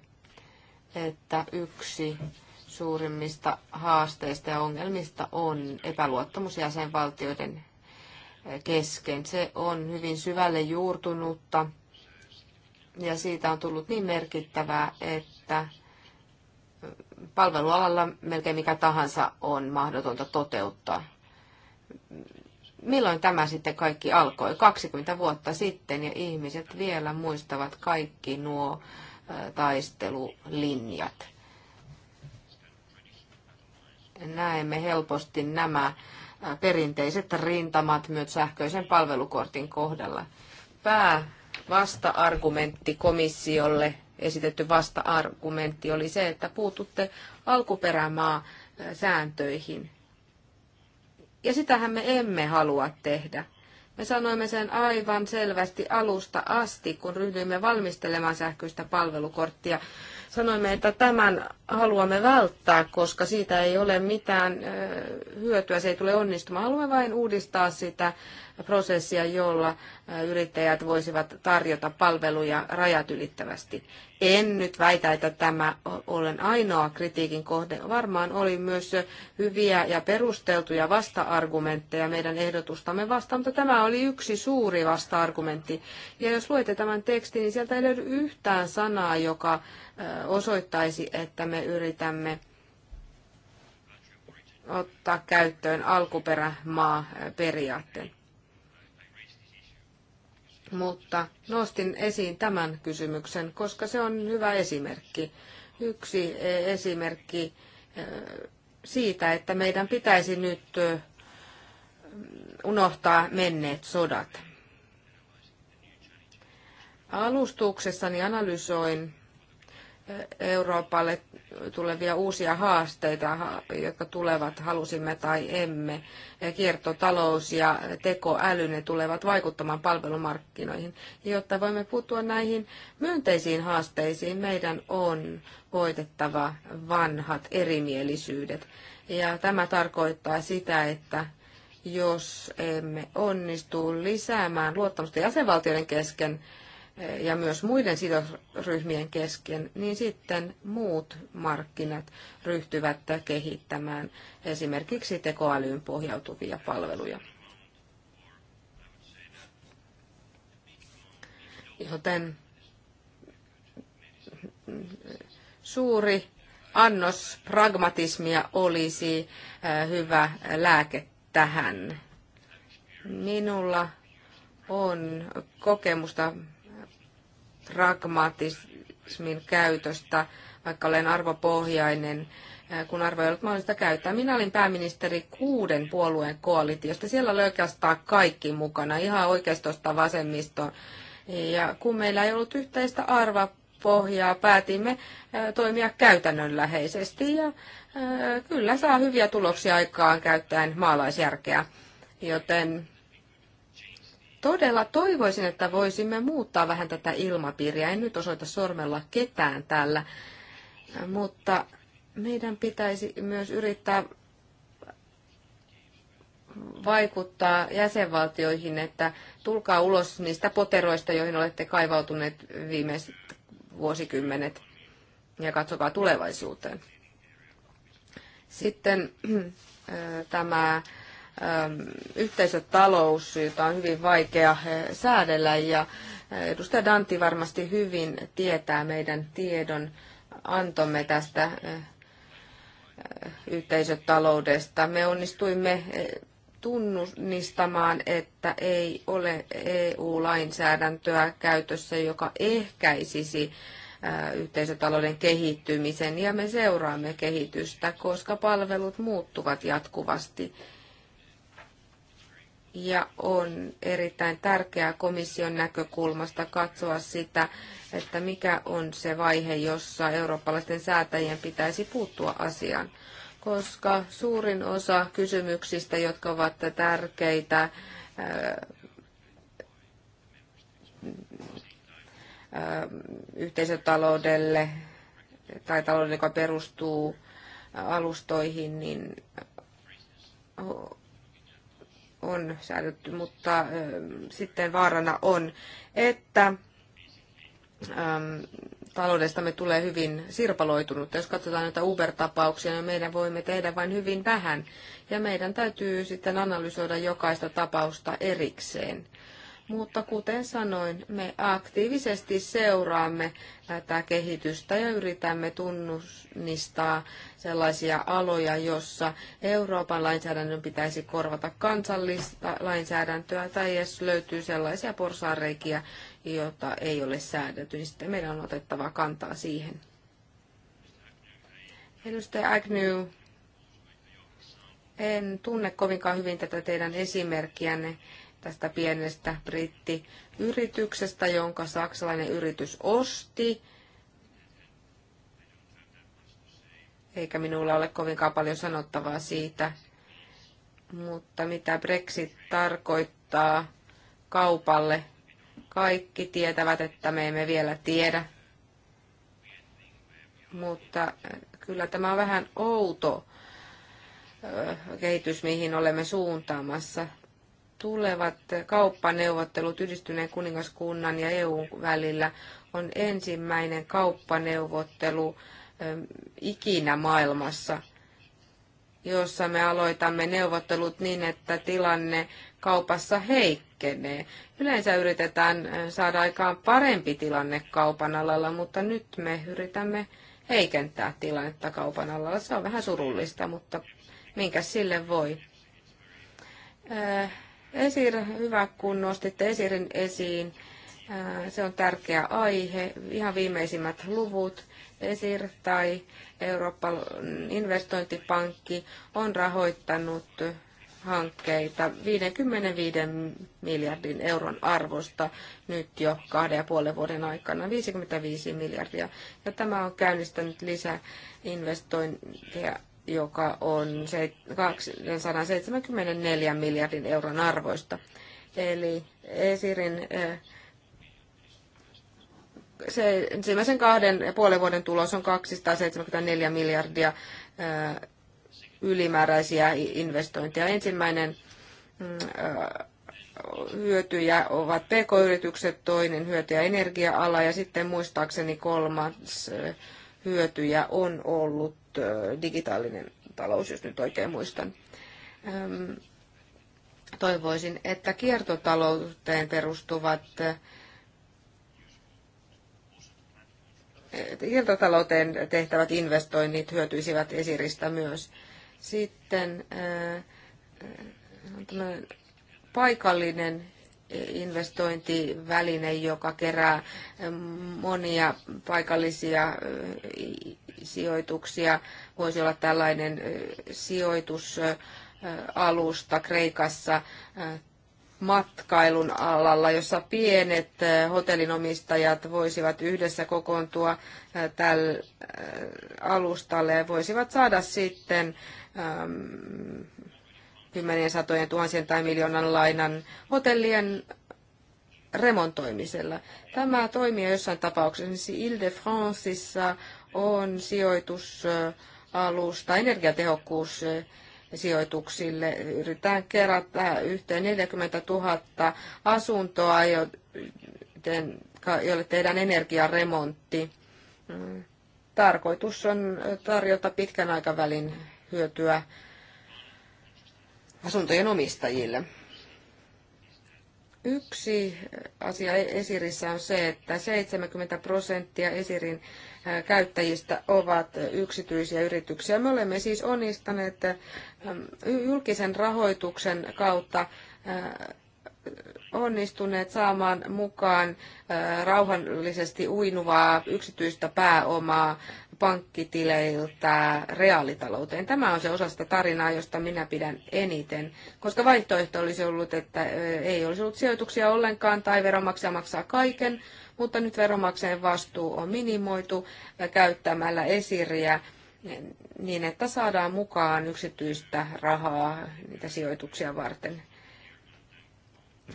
B: että yksi suurimmista haasteista ja ongelmista on epäluottamus jäsenvaltioiden kesken. Se on hyvin syvälle juurtunutta ja siitä on tullut niin merkittävää, että palvelualalla melkein mikä tahansa on mahdotonta toteuttaa. Milloin tämä sitten kaikki alkoi? 20 vuotta sitten ja ihmiset vielä muistavat kaikki nuo taistelulinjat. Näemme helposti nämä äh, perinteiset rintamat myös sähköisen palvelukortin kohdalla. Pää vasta-argumentti komissiolle, esitetty vasta-argumentti oli se, että puututte alkuperämaa äh, sääntöihin. Ja sitähän me emme halua tehdä. Me sanoimme sen aivan selvästi alusta asti, kun ryhdyimme valmistelemaan sähköistä palvelukorttia. Sanoimme, että tämän haluamme välttää, koska siitä ei ole mitään hyötyä, se ei tule onnistumaan. Haluamme vain uudistaa sitä prosessia, jolla yrittäjät voisivat tarjota palveluja rajat ylittävästi. En nyt väitä, että tämä olen ainoa kritiikin kohde. Varmaan oli myös hyviä ja perusteltuja vasta-argumentteja meidän ehdotustamme vastaan, mutta tämä oli yksi suuri vasta-argumentti. Ja jos luette tämän tekstin, niin sieltä ei löydy yhtään sanaa, joka osoittaisi, että me yritämme ottaa käyttöön alkuperämaa periaatteen. Mutta nostin esiin tämän kysymyksen, koska se on hyvä esimerkki. Yksi e, esimerkki e, siitä, että meidän pitäisi nyt e, unohtaa menneet sodat. Alustuksessani analysoin Euroopalle tulevia uusia haasteita, jotka tulevat halusimme tai emme. Kiertotalous ja tekoäly ne tulevat vaikuttamaan palvelumarkkinoihin. Jotta voimme puuttua näihin myönteisiin haasteisiin, meidän on voitettava vanhat erimielisyydet. Ja tämä tarkoittaa sitä, että jos emme onnistu lisäämään luottamusta jäsenvaltioiden kesken, ja myös muiden sidosryhmien kesken, niin sitten muut markkinat ryhtyvät kehittämään esimerkiksi tekoälyyn pohjautuvia palveluja. Joten suuri annos pragmatismia olisi äh, hyvä lääke tähän. Minulla on kokemusta pragmatismin käytöstä, vaikka olen arvopohjainen, kun arvo ei ollut mahdollista käyttää. Minä olin pääministeri kuuden puolueen koalitiosta. Siellä oli oikeastaan kaikki mukana, ihan oikeistosta vasemmistoon. Ja kun meillä ei ollut yhteistä arva pohjaa päätimme toimia käytännönläheisesti ja kyllä saa hyviä tuloksia aikaan käyttäen maalaisjärkeä. Joten todella toivoisin, että voisimme muuttaa vähän tätä ilmapiiriä. En nyt osoita sormella ketään täällä, mutta meidän pitäisi myös yrittää vaikuttaa jäsenvaltioihin, että tulkaa ulos niistä poteroista, joihin olette kaivautuneet viimeiset vuosikymmenet ja katsokaa tulevaisuuteen. Sitten äh, tämä Ähm, yhteisötalous, jota on hyvin vaikea eh, säädellä ja eh, edustaja Dantti varmasti hyvin tietää meidän tiedon antomme tästä eh, yhteisötaloudesta. Me onnistuimme tunnistamaan, että ei ole EU-lainsäädäntöä käytössä, joka ehkäisisi yhteisötalouden kehittymisen ja me seuraamme kehitystä, koska palvelut muuttuvat jatkuvasti ja on erittäin tärkeää komission näkökulmasta katsoa sitä, että mikä on se vaihe, jossa eurooppalaisten säätäjien pitäisi puuttua asiaan. Koska suurin osa kysymyksistä, jotka ovat tärkeitä yhteisötaloudelle tai taloudelle, joka perustuu alustoihin, niin on säädetty, mutta ähm, sitten vaarana on, että ähm, taloudestamme tulee hyvin sirpaloitunut. Jos katsotaan näitä Uber-tapauksia, niin meidän voimme tehdä vain hyvin vähän. Ja meidän täytyy sitten analysoida jokaista tapausta erikseen. Mutta kuten sanoin, me aktiivisesti seuraamme tätä kehitystä ja yritämme tunnustaa sellaisia aloja, jossa Euroopan lainsäädännön pitäisi korvata kansallista lainsäädäntöä tai jos löytyy sellaisia porsaareikiä, joita ei ole säädetty, niin sitten meidän on otettava kantaa siihen. Edustaja Agnew, en tunne kovinkaan hyvin tätä teidän esimerkkiänne tästä pienestä brittiyrityksestä, jonka saksalainen yritys osti. Eikä minulla ole kovinkaan paljon sanottavaa siitä. Mutta mitä Brexit tarkoittaa kaupalle? Kaikki tietävät, että me emme vielä tiedä. Mutta äh, kyllä tämä on vähän outo äh, kehitys, mihin olemme suuntaamassa tulevat kauppaneuvottelut yhdistyneen kuningaskunnan ja EUn välillä on ensimmäinen kauppaneuvottelu ikinä maailmassa, jossa me aloitamme neuvottelut niin, että tilanne kaupassa heikkenee. Yleensä yritetään saada aikaan parempi tilanne kaupan alalla, mutta nyt me yritämme heikentää tilannetta kaupan alalla. Se on vähän surullista, mutta minkä sille voi. Esir, hyvä kun nostitte Esirin esiin. Äh, se on tärkeä aihe. Ihan viimeisimmät luvut. Esir tai Euroopan investointipankki on rahoittanut hankkeita 55 miljardin euron arvosta nyt jo kahden ja puolen vuoden aikana 55 miljardia. Ja tämä on käynnistänyt lisää investointeja joka on 274 miljardin euron arvoista. Eli Esirin se ensimmäisen kahden ja puolen vuoden tulos on 274 miljardia ylimääräisiä investointeja. Ensimmäinen mm, hyötyjä ovat pk-yritykset, toinen hyötyjä energia-ala ja sitten muistaakseni kolmas hyötyjä on ollut digitaalinen talous, jos nyt oikein muistan. Toivoisin, että kiertotalouteen perustuvat kiertotalouteen tehtävät investoinnit hyötyisivät esiristä myös. Sitten paikallinen investointiväline, joka kerää monia paikallisia eh, sijoituksia. Voisi olla tällainen eh, sijoitusalusta Kreikassa eh, matkailun alalla, jossa pienet hotellinomistajat voisivat yhdessä kokoontua tälle alustalle ja voisivat saada sitten ehm, kymmenien, satojen, tuhansien tai miljoonan lainan hotellien remontoimisella. Tämä toimii jossain tapauksessa. Esimerkiksi Ile-de-Franceissa on sijoitusalusta energiatehokkuus sijoituksille. Yritetään kerätä yhteen 40 000 asuntoa, joille tehdään energiaremontti. Mm. Tarkoitus on tarjota pitkän aikavälin hyötyä asuntojen omistajille. Yksi asia e- Esirissä on se, että 70 prosenttia Esirin käyttäjistä ovat yksityisiä yrityksiä. Me olemme siis onnistaneet julkisen rahoituksen kautta onnistuneet saamaan mukaan rauhallisesti uinuvaa yksityistä pääomaa pankkitileiltä reaalitalouteen. Tämä on se osa sitä tarinaa, josta minä pidän eniten, koska vaihtoehto olisi ollut, että ei olisi ollut sijoituksia ollenkaan tai veronmaksaja maksaa kaiken, mutta nyt veronmaksajan vastuu on minimoitu käyttämällä esiriä niin, että saadaan mukaan yksityistä rahaa niitä sijoituksia varten.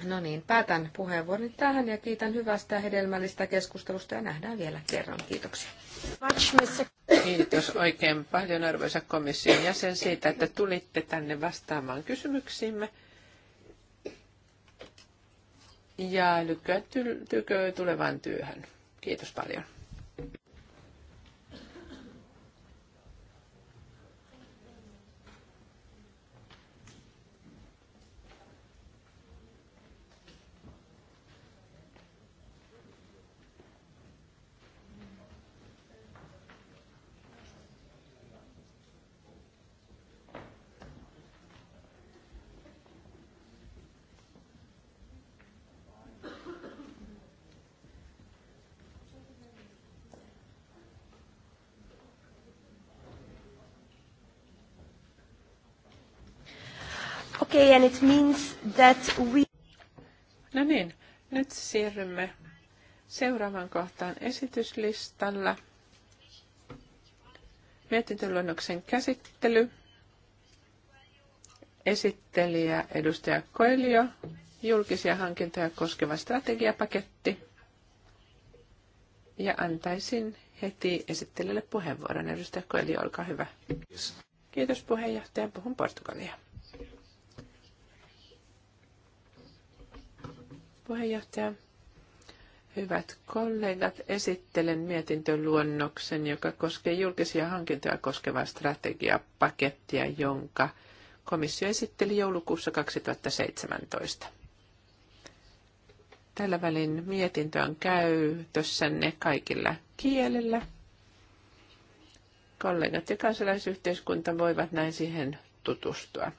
B: No niin, päätän puheenvuoron tähän ja kiitän hyvästä ja hedelmällistä keskustelusta ja nähdään vielä
A: kerran. Kiitoksia. Kiitos oikein paljon arvoisa komission jäsen siitä, että tulitte tänne vastaamaan kysymyksiimme. Ja lykkäytykö tulevaan työhön. Kiitos paljon. okay, and it means that we... No niin, nyt siirrymme seuraavan kohtaan esityslistalla. Mietintöluonnoksen käsittely. Esittelijä edustaja Koelio, julkisia hankintoja koskeva strategiapaketti. Ja antaisin heti esittelijälle puheenvuoron. Edustaja Koelio, olkaa hyvä. Kiitos puheenjohtaja, puhun Portugalia. puheenjohtaja. Hyvät kollegat, esittelen mietintöluonnoksen, joka koskee julkisia hankintoja koskevaa strategiapakettia, jonka komissio esitteli joulukuussa 2017. Tällä välin mietintö on käytössänne kaikilla kielillä. Kollegat ja kansalaisyhteiskunta voivat näin siihen tutustua.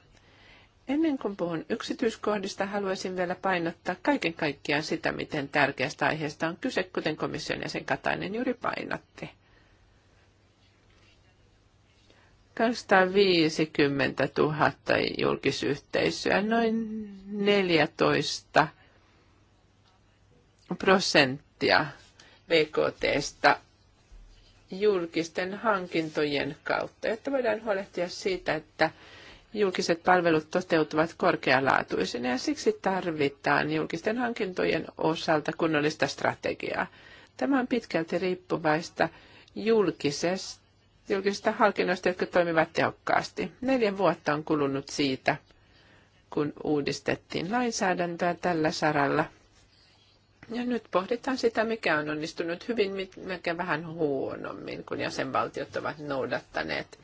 A: Ennen kuin puhun yksityiskohdista, haluaisin vielä painottaa kaiken kaikkiaan sitä, miten tärkeästä aiheesta on kyse, kuten komission jäsen Katainen juuri painotti. 250 000 julkisyhteisöä, noin 14 prosenttia BKT julkisten hankintojen kautta, että voidaan huolehtia siitä, että julkiset palvelut toteutuvat korkealaatuisina ja siksi tarvitaan julkisten hankintojen osalta kunnollista strategiaa. Tämä on pitkälti riippuvaista julkisesta julkisista hankinnoista, jotka toimivat tehokkaasti. Neljä vuotta on kulunut siitä, kun uudistettiin lainsäädäntöä tällä saralla. Ja nyt pohditaan sitä, mikä on onnistunut hyvin, mikä vähän huonommin, kun jäsenvaltiot ovat noudattaneet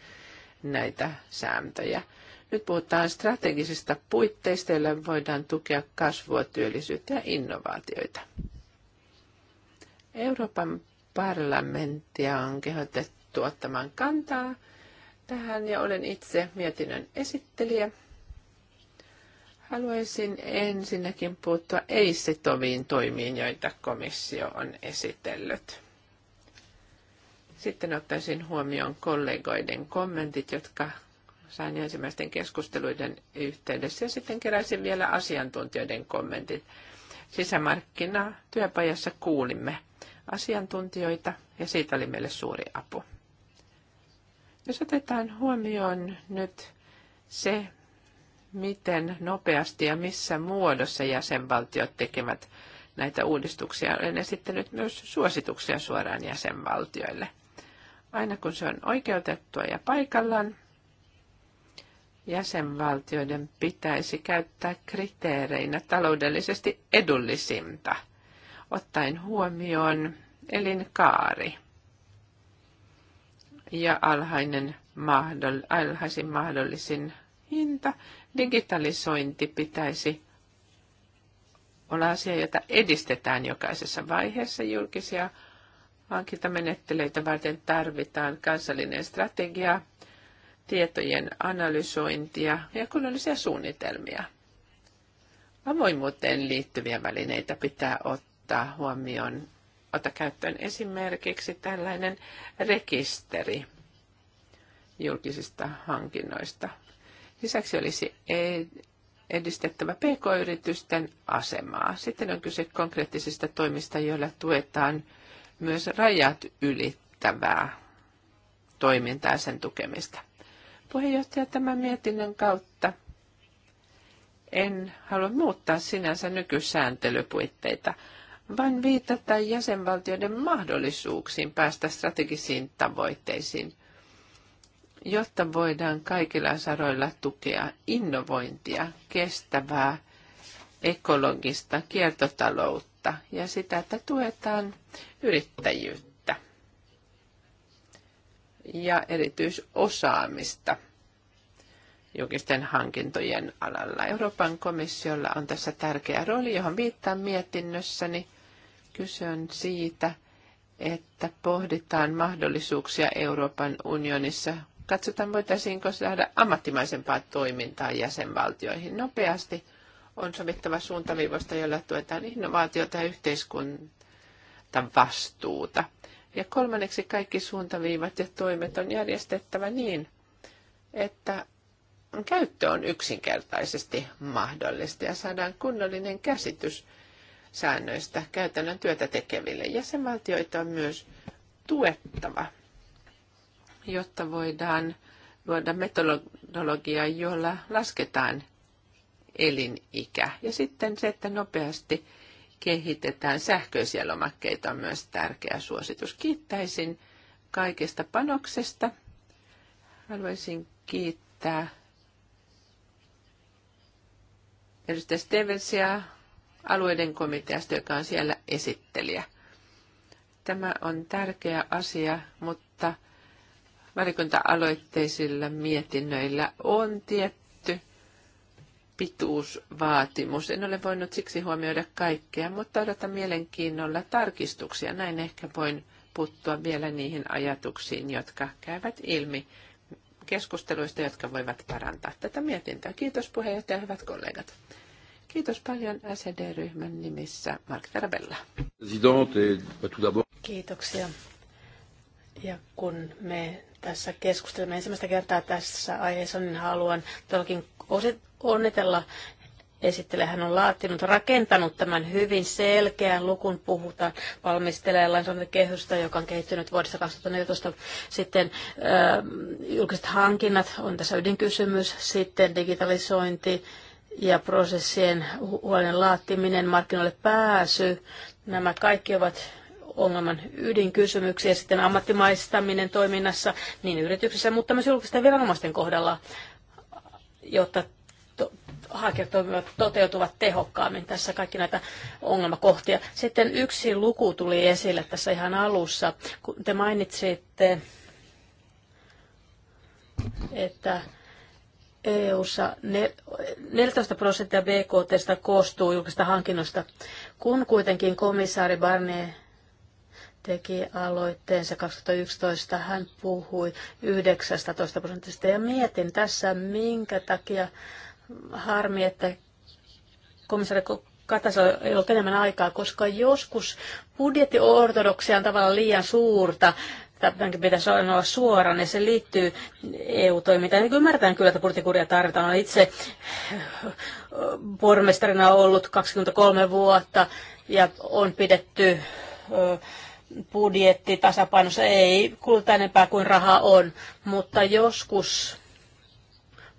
A: näitä sääntöjä. Nyt puhutaan strategisista puitteista, joilla voidaan tukea kasvua, työllisyyttä ja innovaatioita. Euroopan parlamenttia on kehotettu ottamaan kantaa tähän ja olen itse mietinnön esittelijä. Haluaisin ensinnäkin puuttua ei-sitoviin toimiin, joita komissio on esitellyt. Sitten ottaisin huomioon kollegoiden kommentit, jotka sain ensimmäisten keskusteluiden yhteydessä ja sitten keräsin vielä asiantuntijoiden kommentit. sisämarkkina työpajassa kuulimme asiantuntijoita ja siitä oli meille suuri apu. Jos otetaan huomioon nyt se, miten nopeasti ja missä muodossa jäsenvaltiot tekevät näitä uudistuksia, olen esittänyt myös suosituksia suoraan jäsenvaltioille. Aina kun se on oikeutettua ja paikallaan, jäsenvaltioiden pitäisi käyttää kriteereinä taloudellisesti edullisinta, ottaen huomioon elinkaari ja alhainen mahdoll, alhaisin mahdollisin hinta. Digitalisointi pitäisi olla asia, jota edistetään jokaisessa vaiheessa julkisia hankintamenettelyitä varten tarvitaan kansallinen strategia, tietojen analysointia ja kunnollisia suunnitelmia. Avoimuuteen liittyviä välineitä pitää ottaa huomioon. Ota käyttöön esimerkiksi tällainen rekisteri julkisista hankinnoista. Lisäksi olisi edistettävä pk-yritysten asemaa. Sitten on kyse konkreettisista toimista, joilla tuetaan myös rajat ylittävää toimintaa ja sen tukemista. Puheenjohtaja, tämän mietinnön kautta en halua muuttaa sinänsä nykysääntelypuitteita, vaan viitata jäsenvaltioiden mahdollisuuksiin päästä strategisiin tavoitteisiin, jotta voidaan kaikilla saroilla tukea innovointia, kestävää, ekologista kiertotaloutta ja sitä, että tuetaan yrittäjyyttä ja erityisosaamista julkisten hankintojen alalla. Euroopan komissiolla on tässä tärkeä rooli, johon viittaan mietinnössäni. Kyse on siitä, että pohditaan mahdollisuuksia Euroopan unionissa. Katsotaan, voitaisiinko saada ammattimaisempaa toimintaa jäsenvaltioihin nopeasti. On sovittava suuntaviivoista, jolla tuetaan innovaatiota ja yhteiskunnan vastuuta. Ja kolmanneksi kaikki suuntaviivat ja toimet on järjestettävä niin, että käyttö on yksinkertaisesti mahdollista ja saadaan kunnollinen käsitys säännöistä käytännön työtä tekeville. Jäsenvaltioita on myös tuettava, jotta voidaan luoda metodologia, jolla lasketaan elinikä. Ja sitten se, että nopeasti kehitetään sähköisiä lomakkeita on myös tärkeä suositus. Kiittäisin kaikesta panoksesta. Haluaisin kiittää edustaja Stevensia alueiden komiteasta, joka on siellä esittelijä. Tämä on tärkeä asia, mutta valikunta-aloitteisilla mietinnöillä on tietty pituusvaatimus. En ole voinut siksi huomioida kaikkea, mutta odotan mielenkiinnolla tarkistuksia. Näin ehkä voin puuttua vielä niihin ajatuksiin, jotka käyvät ilmi keskusteluista, jotka voivat parantaa tätä mietintöä. Kiitos puheenjohtaja, hyvät kollegat. Kiitos paljon SED-ryhmän nimissä Mark Tarabella. Eh, Kiitoksia. Ja kun me tässä keskustelemme
C: ensimmäistä kertaa tässä aiheessa, niin haluan todellakin onnitella esittelee. Hän on laatinut, rakentanut tämän hyvin selkeän lukun. Puhutaan lainsäädännön kehystä, joka on kehittynyt vuodesta 2014. Sitten äh, julkiset hankinnat on tässä ydinkysymys. Sitten digitalisointi ja prosessien huolen laattiminen, markkinoille pääsy. Nämä kaikki ovat ongelman ydinkysymyksiä. Sitten ammattimaistaminen toiminnassa niin yrityksessä, mutta myös julkisten viranomaisten kohdalla jotta hakijat toteutuvat tehokkaammin. Tässä kaikki näitä ongelmakohtia. Sitten yksi luku tuli esille tässä ihan alussa, kun te mainitsitte, että EU-ssa 14 prosenttia BKTstä koostuu julkista hankinnoista, kun kuitenkin komissaari Barnier teki aloitteensa 2011, hän puhui 19 prosentista. Ja mietin tässä, minkä takia harmi, että komissaari Katasella ei ollut enemmän aikaa, koska joskus budjettiortodoksia on tavallaan liian suurta. Tämänkin pitäisi sanoa suoraan, ja se liittyy EU-toimintaan. Niin ymmärretään kyllä, että budjettikuria tarvitaan. Olen itse pormestarina ollut 23 vuotta, ja on pidetty budjetti tasapainossa. Ei kuluta enempää kuin raha on, mutta joskus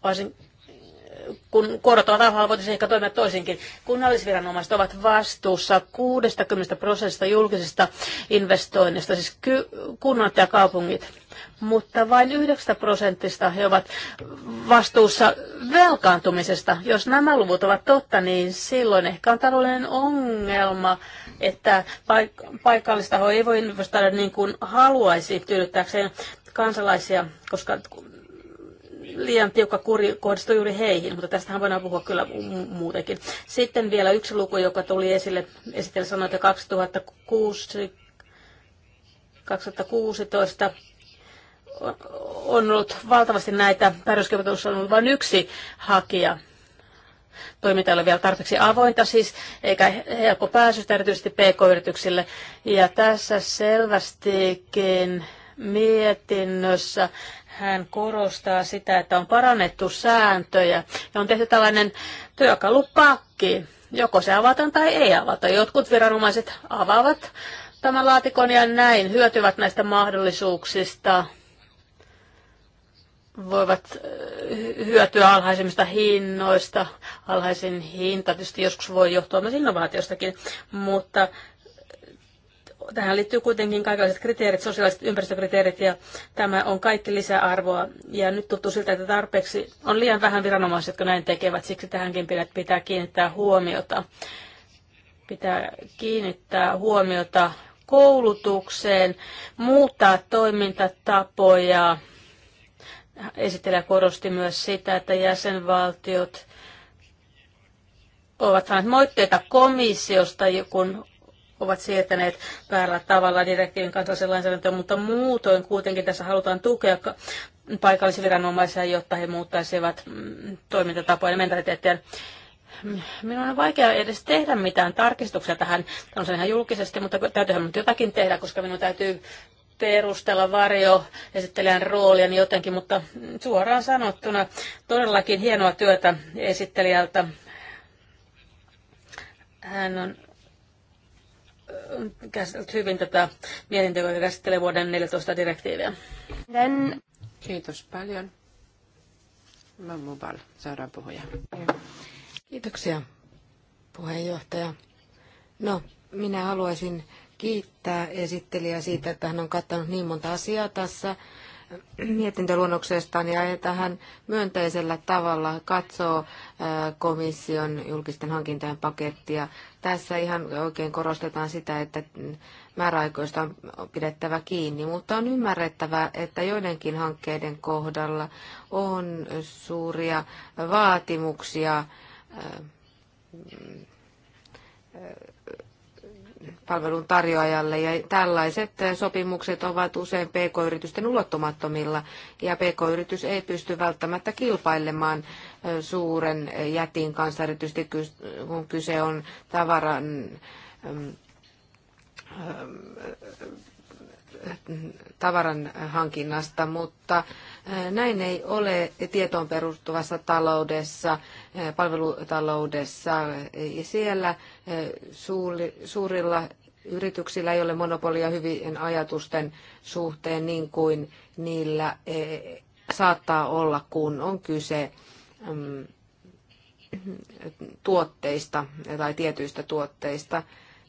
C: varsin kun korot ovat alhaalla, voitaisiin ehkä toimia toisinkin. Kunnallisviranomaiset ovat vastuussa 60 prosentista julkisista investoinnista, siis kunnat ja kaupungit. Mutta vain 9 prosentista he ovat vastuussa velkaantumisesta. Jos nämä luvut ovat totta, niin silloin ehkä on taloudellinen ongelma, että paik- paikallista ei voi investoida niin kuin haluaisi tyydyttääkseen kansalaisia, koska liian tiukka kuri kohdistui juuri heihin, mutta tästähän voidaan puhua kyllä muutenkin. Sitten vielä yksi luku, joka tuli esille, esitellä sanoi, että 2006, 2016 on ollut valtavasti näitä, tarjouskilpailussa on ollut vain yksi hakija. Toiminta oli vielä tarpeeksi avointa siis, eikä helppo pääsystä erityisesti pk-yrityksille. Ja tässä selvästikin mietinnössä hän korostaa sitä, että on parannettu sääntöjä ja on tehty tällainen työkalupakki. Joko se avataan tai ei avata. Jotkut viranomaiset avaavat tämän laatikon ja näin hyötyvät näistä mahdollisuuksista, voivat äh, hyötyä alhaisemmista hinnoista. Alhaisin hinta tietysti joskus voi johtua myös innovaatiostakin, mutta tähän liittyy kuitenkin kaikenlaiset kriteerit, sosiaaliset ympäristökriteerit ja tämä on kaikki lisäarvoa. Ja nyt tuntuu siltä, että tarpeeksi on liian vähän viranomaiset, jotka näin tekevät, siksi tähänkin pitää kiinnittää huomiota. Pitää kiinnittää huomiota koulutukseen, muuttaa toimintatapoja. Esittelijä korosti myös sitä, että jäsenvaltiot ovat saaneet moitteita komissiosta, kun ovat siirtäneet väärällä tavalla direktiivin kansallisen lainsäädäntöön, mutta muutoin kuitenkin tässä halutaan tukea paikallisviranomaisia, jotta he muuttaisivat mm, toimintatapoja ja mentaliteettiä. Minun on vaikea edes tehdä mitään tarkistuksia tähän, on se ihan julkisesti, mutta täytyyhän nyt jotakin tehdä, koska minun täytyy perustella varjo esittelijän roolia niin jotenkin, mutta suoraan sanottuna todellakin hienoa työtä esittelijältä. Hän on käsitellyt hyvin tätä mietintöä, joka käsittelee vuoden 14 direktiiviä. Then... Kiitos
A: paljon. Mammu Bal, seuraava puhuja. Kiitoksia,
B: puheenjohtaja. No, minä haluaisin kiittää esittelijää siitä, että hän on kattanut niin monta asiaa tässä mietintöluonnoksestaan ja tähän myönteisellä tavalla katsoo äh, komission julkisten hankintojen pakettia. Tässä ihan oikein korostetaan sitä, että määräaikoista on pidettävä kiinni, mutta on ymmärrettävä, että joidenkin hankkeiden kohdalla on suuria vaatimuksia äh, palvelun tarjoajalle. Ja tällaiset sopimukset ovat usein pk-yritysten ulottumattomilla ja pk-yritys ei pysty välttämättä kilpailemaan suuren jätin kanssa, erityisesti kun kyse on tavaran tavaran hankinnasta, mutta näin ei ole tietoon perustuvassa taloudessa palvelutaloudessa. Ja siellä eh, suurilla yrityksillä ei ole monopolia hyvien ajatusten suhteen niin kuin niillä eh, saattaa olla, kun on kyse mm, tuotteista tai tietyistä tuotteista.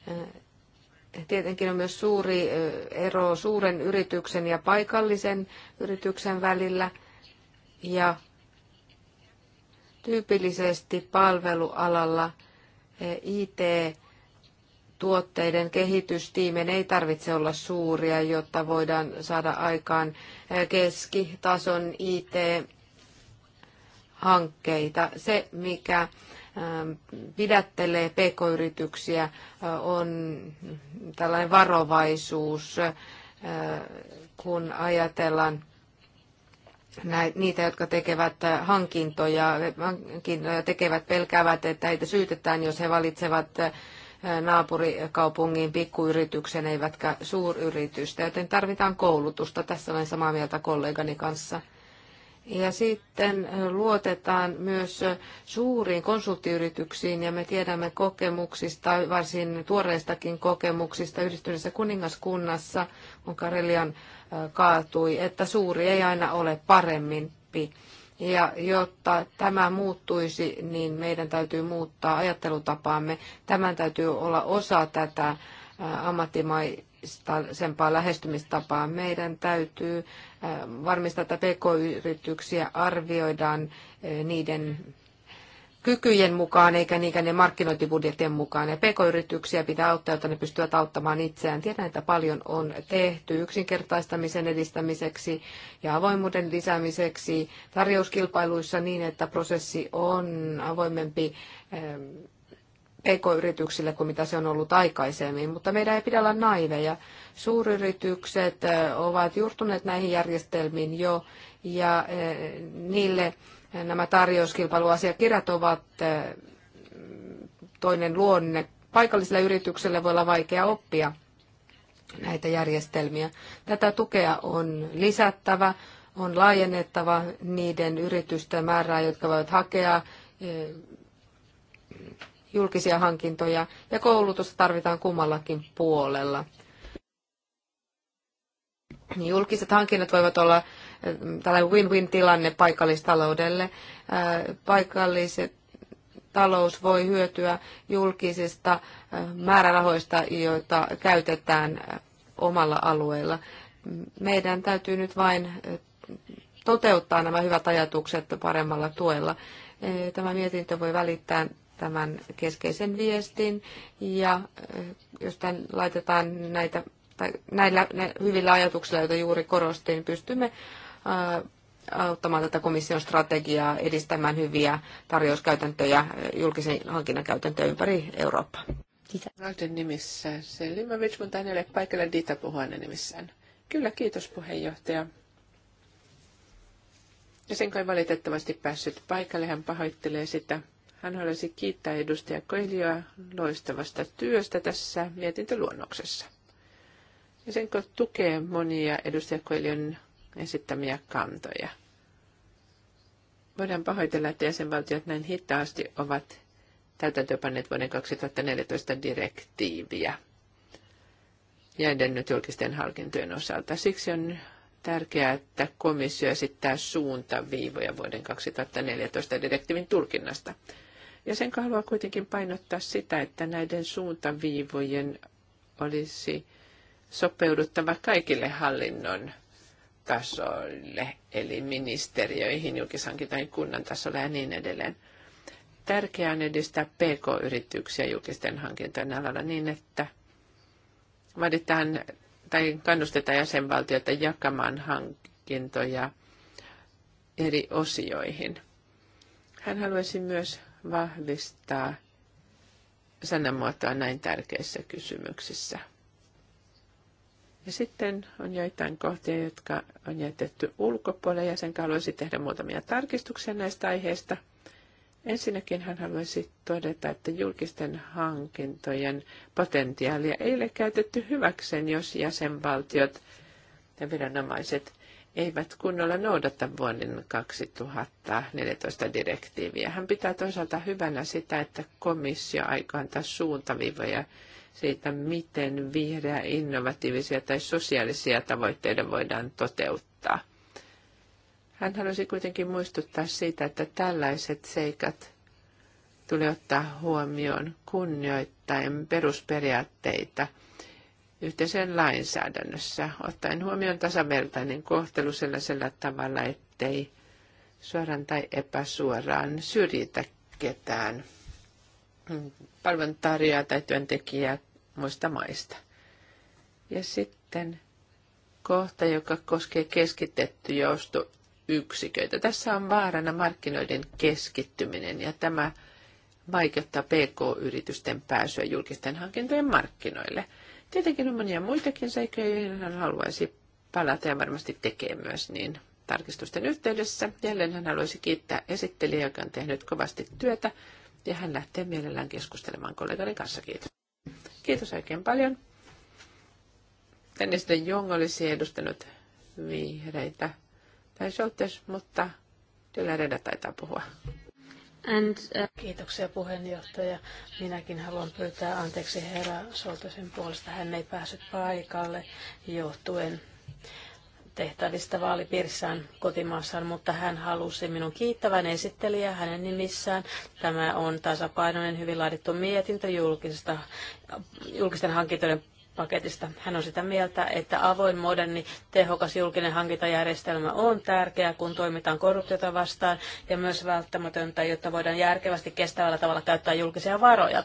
B: Eh, tietenkin on myös suuri ero suuren yrityksen ja paikallisen yrityksen välillä. Ja tyypillisesti palvelualalla e, IT-tuotteiden kehitystiimen ei tarvitse olla suuria, jotta voidaan saada aikaan e, keskitason IT-hankkeita. Se, mikä e, pidättelee pk-yrityksiä, on tällainen varovaisuus, kun ajatellaan niitä, jotka tekevät äh, hankintoja, hankintoja tekevät pelkäävät, että heitä syytetään, jos he valitsevat äh, naapurikaupungin pikkuyrityksen eivätkä suuryritystä, joten tarvitaan koulutusta. Tässä olen samaa mieltä kollegani kanssa. Ja sitten äh, luotetaan myös suuriin konsulttiyrityksiin ja me tiedämme kokemuksista, varsin tuoreistakin kokemuksista yhdistyneessä kuningaskunnassa on Karelian kaatui, että suuri ei aina ole parempi. Ja jotta tämä muuttuisi, niin meidän täytyy muuttaa ajattelutapaamme. Tämän täytyy olla osa tätä ammattimaisempaa lähestymistapaa. Meidän täytyy varmistaa, että pk-yrityksiä arvioidaan niiden kykyjen mukaan eikä niinkään ne markkinointibudjettien mukaan. Ja pk-yrityksiä pitää auttaa, jotta ne pystyvät auttamaan itseään. Tiedän, että paljon on tehty yksinkertaistamisen edistämiseksi ja avoimuuden lisäämiseksi tarjouskilpailuissa niin, että prosessi on avoimempi pk-yrityksille kuin mitä se on ollut aikaisemmin, mutta meidän ei pidä olla naiveja. Suuryritykset eh, ovat juurtuneet näihin järjestelmiin jo ja eh, niille Nämä tarjouskilpailuasiakirjat ovat eh, toinen luonne. Paikalliselle yrityksille voi olla vaikea oppia näitä järjestelmiä. Tätä tukea on lisättävä, on laajennettava niiden yritysten määrää, jotka voivat hakea eh, julkisia hankintoja, ja koulutusta tarvitaan kummallakin puolella. Julkiset hankinnat voivat olla tällainen win-win-tilanne paikallistaloudelle. Äh, paikalliset talous voi hyötyä julkisista äh, määrärahoista, joita käytetään äh, omalla alueella. Meidän täytyy nyt vain toteuttaa nämä hyvät ajatukset paremmalla tuella. Tämä mietintö voi välittää tämän keskeisen viestin ja jos tämän laitetaan näitä tai näillä hyvillä ajatuksilla, joita juuri korostin, pystymme auttamaan tätä komission strategiaa edistämään hyviä tarjouskäytäntöjä, julkisen hankinnan käytäntöjä ympäri Eurooppaa.
A: Kiitos. nimissä, Selimovic, mutta hän ei ole paikalla Dita puhua nimissään. Kyllä, kiitos puheenjohtaja. Ja sen kai valitettavasti päässyt paikalle, hän pahoittelee sitä. Hän haluaisi kiittää edustaja Koilioa loistavasta työstä tässä mietintöluonnoksessa. Ja sen tukee monia edustaja Koilion esittämiä kantoja. Voidaan pahoitella, että jäsenvaltiot näin hitaasti ovat täytäntöpanneet vuoden 2014 direktiiviä ja edennyt julkisten hankintojen osalta. Siksi on tärkeää, että komissio esittää suuntaviivoja vuoden 2014 direktiivin tulkinnasta. Ja sen haluaa kuitenkin painottaa sitä, että näiden suuntaviivojen olisi sopeuduttava kaikille hallinnon tasoille eli ministeriöihin, julkishankintoihin kunnan tasolle ja niin edelleen. Tärkeää on edistää PK-yrityksiä julkisten hankintojen alalla niin, että vaaditaan tai kannustetaan jäsenvaltioita jakamaan hankintoja eri osioihin. Hän haluaisi myös vahvistaa sanamuotoa näin tärkeissä kysymyksissä. Ja sitten on joitain kohtia, jotka on jätetty ulkopuolelle ja sen haluaisin tehdä muutamia tarkistuksia näistä aiheista. Ensinnäkin hän haluaisi todeta, että julkisten hankintojen potentiaalia ei ole käytetty hyväkseen, jos jäsenvaltiot ja viranomaiset eivät kunnolla noudata vuoden 2014 direktiiviä. Hän pitää toisaalta hyvänä sitä, että komissio aikoo antaa suuntaviivoja siitä, miten vihreä, innovatiivisia tai sosiaalisia tavoitteita voidaan toteuttaa. Hän halusi kuitenkin muistuttaa siitä, että tällaiset seikat tulee ottaa huomioon kunnioittaen perusperiaatteita yhteisen lainsäädännössä, ottaen huomioon tasavertainen kohtelu sellaisella tavalla, ettei suoraan tai epäsuoraan syrjitä ketään palveluntarjoajaa tai työntekijää muista maista. Ja sitten kohta, joka koskee keskitetty yksiköitä. Tässä on vaarana markkinoiden keskittyminen ja tämä vaikeuttaa PK-yritysten pääsyä julkisten hankintojen markkinoille. Tietenkin on monia muitakin seikkoja, joihin hän haluaisi palata ja varmasti tekee myös niin tarkistusten yhteydessä. Jälleen hän haluaisi kiittää esittelijä, joka on tehnyt kovasti työtä ja hän lähtee mielellään keskustelemaan kollegani kanssa. Kiitos. Kiitos oikein paljon. Tänne sitten Jong olisi edustanut vihreitä tai Soltes, mutta kyllä Reda taitaa puhua.
C: And, uh... Kiitoksia puheenjohtaja. Minäkin haluan pyytää anteeksi herra Soltosen puolesta. Hän ei päässyt paikalle johtuen tehtävistä vaalipiirissään kotimaassaan, mutta hän halusi minun kiittävän esittelijää hänen nimissään. Tämä on tasapainoinen, hyvin laadittu mietintö julkisesta, julkisten hankintojen paketista. Hän on sitä mieltä, että avoin, moderni, tehokas julkinen hankintajärjestelmä on tärkeä, kun toimitaan korruptiota vastaan ja myös välttämätöntä, jotta voidaan järkevästi kestävällä tavalla käyttää julkisia varoja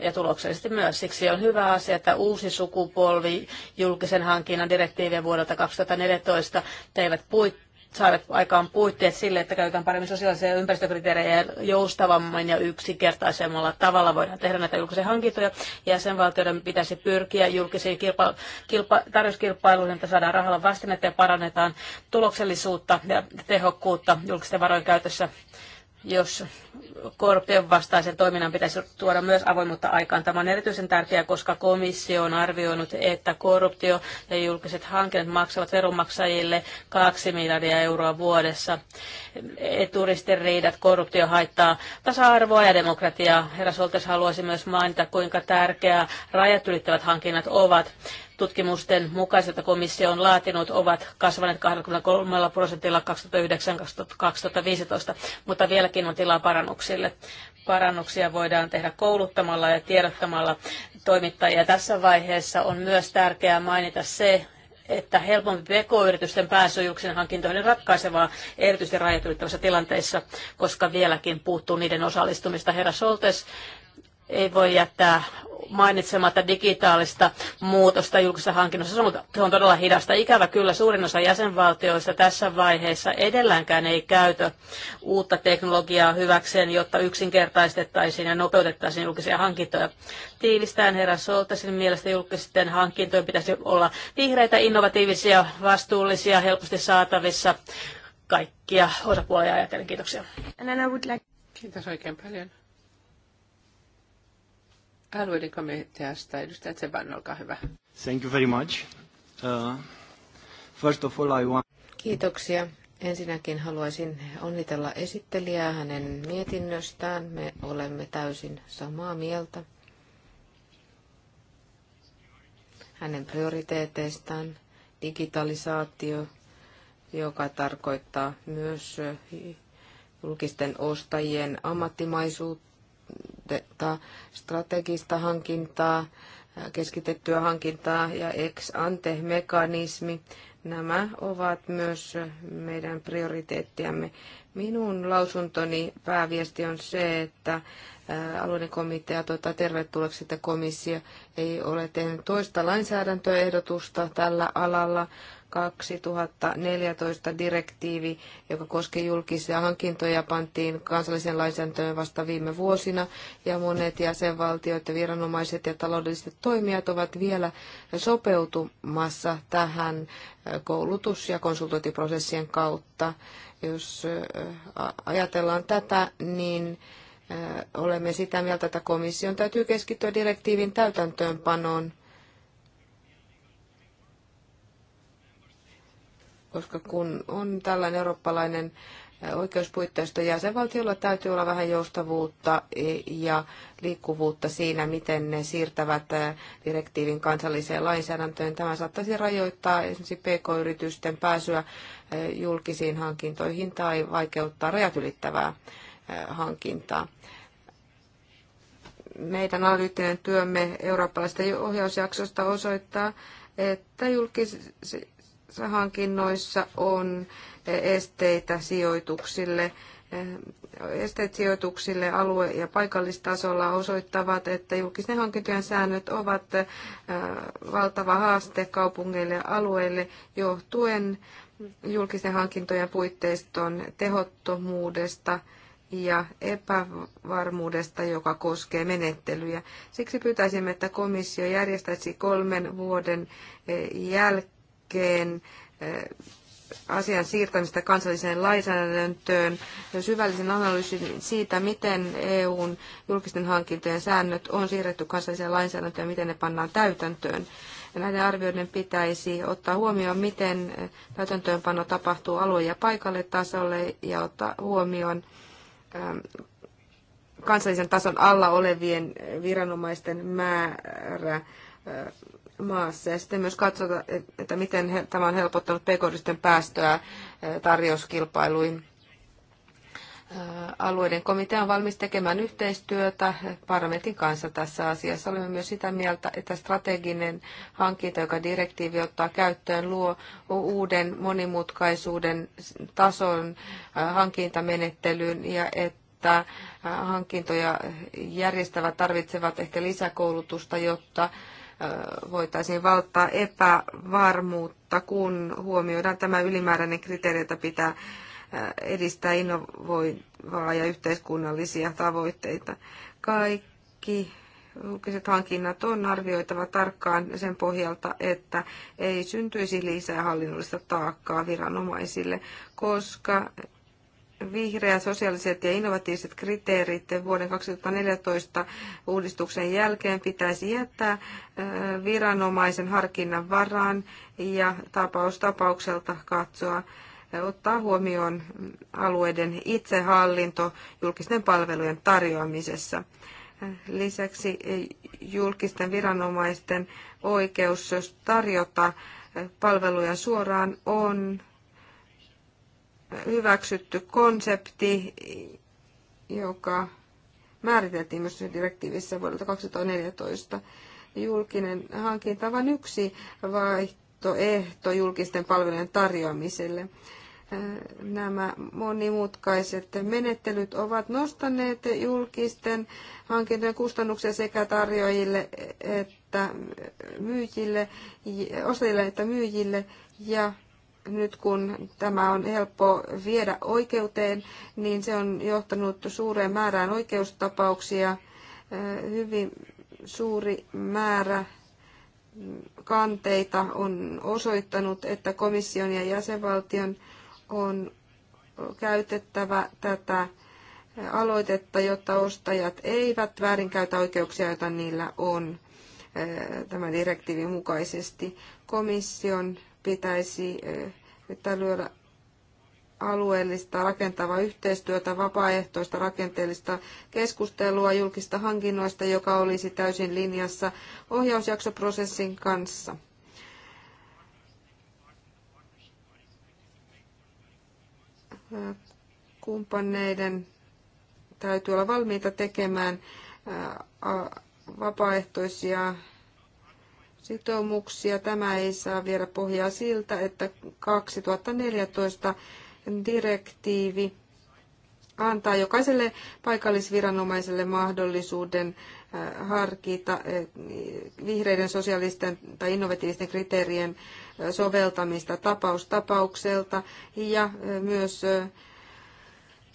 C: ja tuloksellisesti myös. Siksi on hyvä asia, että uusi sukupolvi julkisen hankinnan direktiivien vuodelta 2014 teivät puitteet saavat aikaan puitteet sille, että käytetään paremmin sosiaalisia ympäristökriteerejä ja joustavamman ja yksinkertaisemmalla tavalla voidaan tehdä näitä julkisia hankintoja. Jäsenvaltioiden pitäisi pyrkiä julkisiin kilpa- kilpa- tarjouskilpailuihin, että saadaan rahalla vastinetta ja parannetaan tuloksellisuutta ja tehokkuutta julkisten varojen käytössä jos korruption vastaisen toiminnan pitäisi tuoda myös avoimuutta aikaan. Tämä on erityisen tärkeää, koska komissio on arvioinut, että korruptio ja julkiset hankinnat maksavat veronmaksajille 2 miljardia euroa vuodessa. Turisten riidat, korruptio haittaa tasa-arvoa ja demokratiaa. Herra Soltes haluaisi myös mainita, kuinka tärkeää rajat ylittävät hankinnat ovat tutkimusten mukaiset, joita komissio on laatinut, ovat kasvaneet 23 prosentilla 2009-2015, mutta vieläkin on tilaa parannuksille. Parannuksia voidaan tehdä kouluttamalla ja tiedottamalla toimittajia. Tässä vaiheessa on myös tärkeää mainita se, että helpompi pk-yritysten pääsy julkisen hankintoihin ratkaisevaa erityisesti rajatylittävissä tilanteissa, koska vieläkin puuttuu niiden osallistumista. Herra Soltes ei voi jättää mainitsematta digitaalista muutosta julkisessa hankinnossa. Se on todella hidasta. Ikävä kyllä suurin osa jäsenvaltioista tässä vaiheessa edelläänkään ei käytä uutta teknologiaa hyväkseen, jotta yksinkertaistettaisiin ja nopeutettaisiin julkisia hankintoja. Tiivistään herra Soltasin mielestä julkisten hankintojen pitäisi olla vihreitä, innovatiivisia, vastuullisia, helposti saatavissa kaikkia
A: osapuolia ajatellen. Kiitoksia. Kiitos oikein paljon. Alueiden komiteasta edustaja Tseban, olkaa hyvä.
B: Thank you very much. Uh, first of all, I want...
A: Kiitoksia. Ensinnäkin
B: haluaisin onnitella esittelijää hänen mietinnöstään. Me olemme täysin samaa mieltä hänen prioriteeteistaan. Digitalisaatio, joka tarkoittaa myös julkisten ostajien ammattimaisuutta hanketta, strategista hankintaa, keskitettyä hankintaa ja ex-ante-mekanismi. Nämä ovat myös meidän prioriteettiamme. Minun lausuntoni pääviesti on se, että alueiden komitea tuota, tervetulleeksi, että komissio ei ole tehnyt toista lainsäädäntöehdotusta tällä alalla, 2014 direktiivi, joka koskee julkisia hankintoja, pantiin kansalliseen lainsäädäntöön vasta viime vuosina, ja monet jäsenvaltiot ja viranomaiset ja taloudelliset toimijat ovat vielä sopeutumassa tähän koulutus- ja konsultointiprosessien kautta. Jos ajatellaan tätä, niin olemme sitä mieltä, että komission täytyy keskittyä direktiivin täytäntöönpanoon koska kun on tällainen eurooppalainen oikeuspuitteisto jäsenvaltiolla täytyy olla vähän joustavuutta ja liikkuvuutta siinä, miten ne siirtävät direktiivin kansalliseen lainsäädäntöön. Tämä saattaisi rajoittaa esimerkiksi pk-yritysten pääsyä julkisiin hankintoihin tai vaikeuttaa rajat ylittävää hankintaa. Meidän analyyttinen työmme eurooppalaisesta ohjausjaksosta osoittaa, että julkis- hankinnoissa on esteitä sijoituksille. Esteet sijoituksille alue- ja paikallistasolla osoittavat, että julkisten hankintojen säännöt ovat äh, valtava haaste kaupungeille ja alueille johtuen julkisten hankintojen puitteiston tehottomuudesta ja epävarmuudesta, joka koskee menettelyjä. Siksi pyytäisimme, että komissio järjestäisi kolmen vuoden äh, jälkeen koskien eh, asian siirtämistä kansalliseen lainsäädäntöön ja syvällisen analyysin siitä, miten EUn julkisten hankintojen säännöt on siirretty kansalliseen lainsäädäntöön ja miten ne pannaan täytäntöön. Ja näiden arvioiden pitäisi ottaa huomioon, miten eh, täytäntöönpano tapahtuu alue- ja paikalle tasolle ja ottaa huomioon ehm, kansallisen tason alla olevien eh, viranomaisten määrä maassa. Ja sitten myös katsota, että miten tämä on helpottanut pk päästöä tarjouskilpailuihin. Alueiden komitea on valmis tekemään yhteistyötä parlamentin kanssa tässä asiassa. Olemme myös sitä mieltä, että strateginen hankinta, joka direktiivi ottaa käyttöön, luo uuden monimutkaisuuden tason hankintamenettelyyn ja että hankintoja järjestävät tarvitsevat ehkä lisäkoulutusta, jotta voitaisiin valtaa epävarmuutta, kun huomioidaan tämä ylimääräinen kriteeri, jota pitää edistää innovoivaa ja yhteiskunnallisia tavoitteita. Kaikki julkiset hankinnat on arvioitava tarkkaan sen pohjalta, että ei syntyisi lisää hallinnollista taakkaa viranomaisille, koska vihreät, sosiaaliset ja innovatiiviset kriteerit vuoden 2014 uudistuksen jälkeen pitäisi jättää viranomaisen harkinnan varaan ja tapaus tapaukselta katsoa ottaa huomioon alueiden itsehallinto julkisten palvelujen tarjoamisessa. Lisäksi julkisten viranomaisten oikeus tarjota palveluja suoraan on hyväksytty konsepti, joka määriteltiin myös direktiivissä vuodelta 2014. Julkinen hankinta on vain yksi vaihtoehto julkisten palvelujen tarjoamiselle. Nämä monimutkaiset menettelyt ovat nostaneet julkisten hankintojen kustannuksia sekä tarjoajille että myyjille, ostajille että myyjille ja nyt kun tämä on helppo viedä oikeuteen, niin se on johtanut suureen määrään oikeustapauksia. Hyvin suuri määrä kanteita on osoittanut, että komission ja jäsenvaltion on käytettävä tätä aloitetta, jotta ostajat eivät väärinkäytä oikeuksia, joita niillä on tämän direktiivin mukaisesti. Komission pitäisi eh, lyödä alueellista rakentavaa yhteistyötä, vapaaehtoista rakenteellista keskustelua julkista hankinnoista, joka olisi täysin linjassa ohjausjaksoprosessin kanssa. Eh, kumppaneiden täytyy olla valmiita tekemään eh, vapaaehtoisia sitoumuksia. Tämä ei saa viedä pohjaa siltä, että 2014 direktiivi antaa jokaiselle paikallisviranomaiselle mahdollisuuden äh, harkita äh, vihreiden, sosiaalisten tai innovatiivisten kriteerien äh, soveltamista tapaustapaukselta ja myös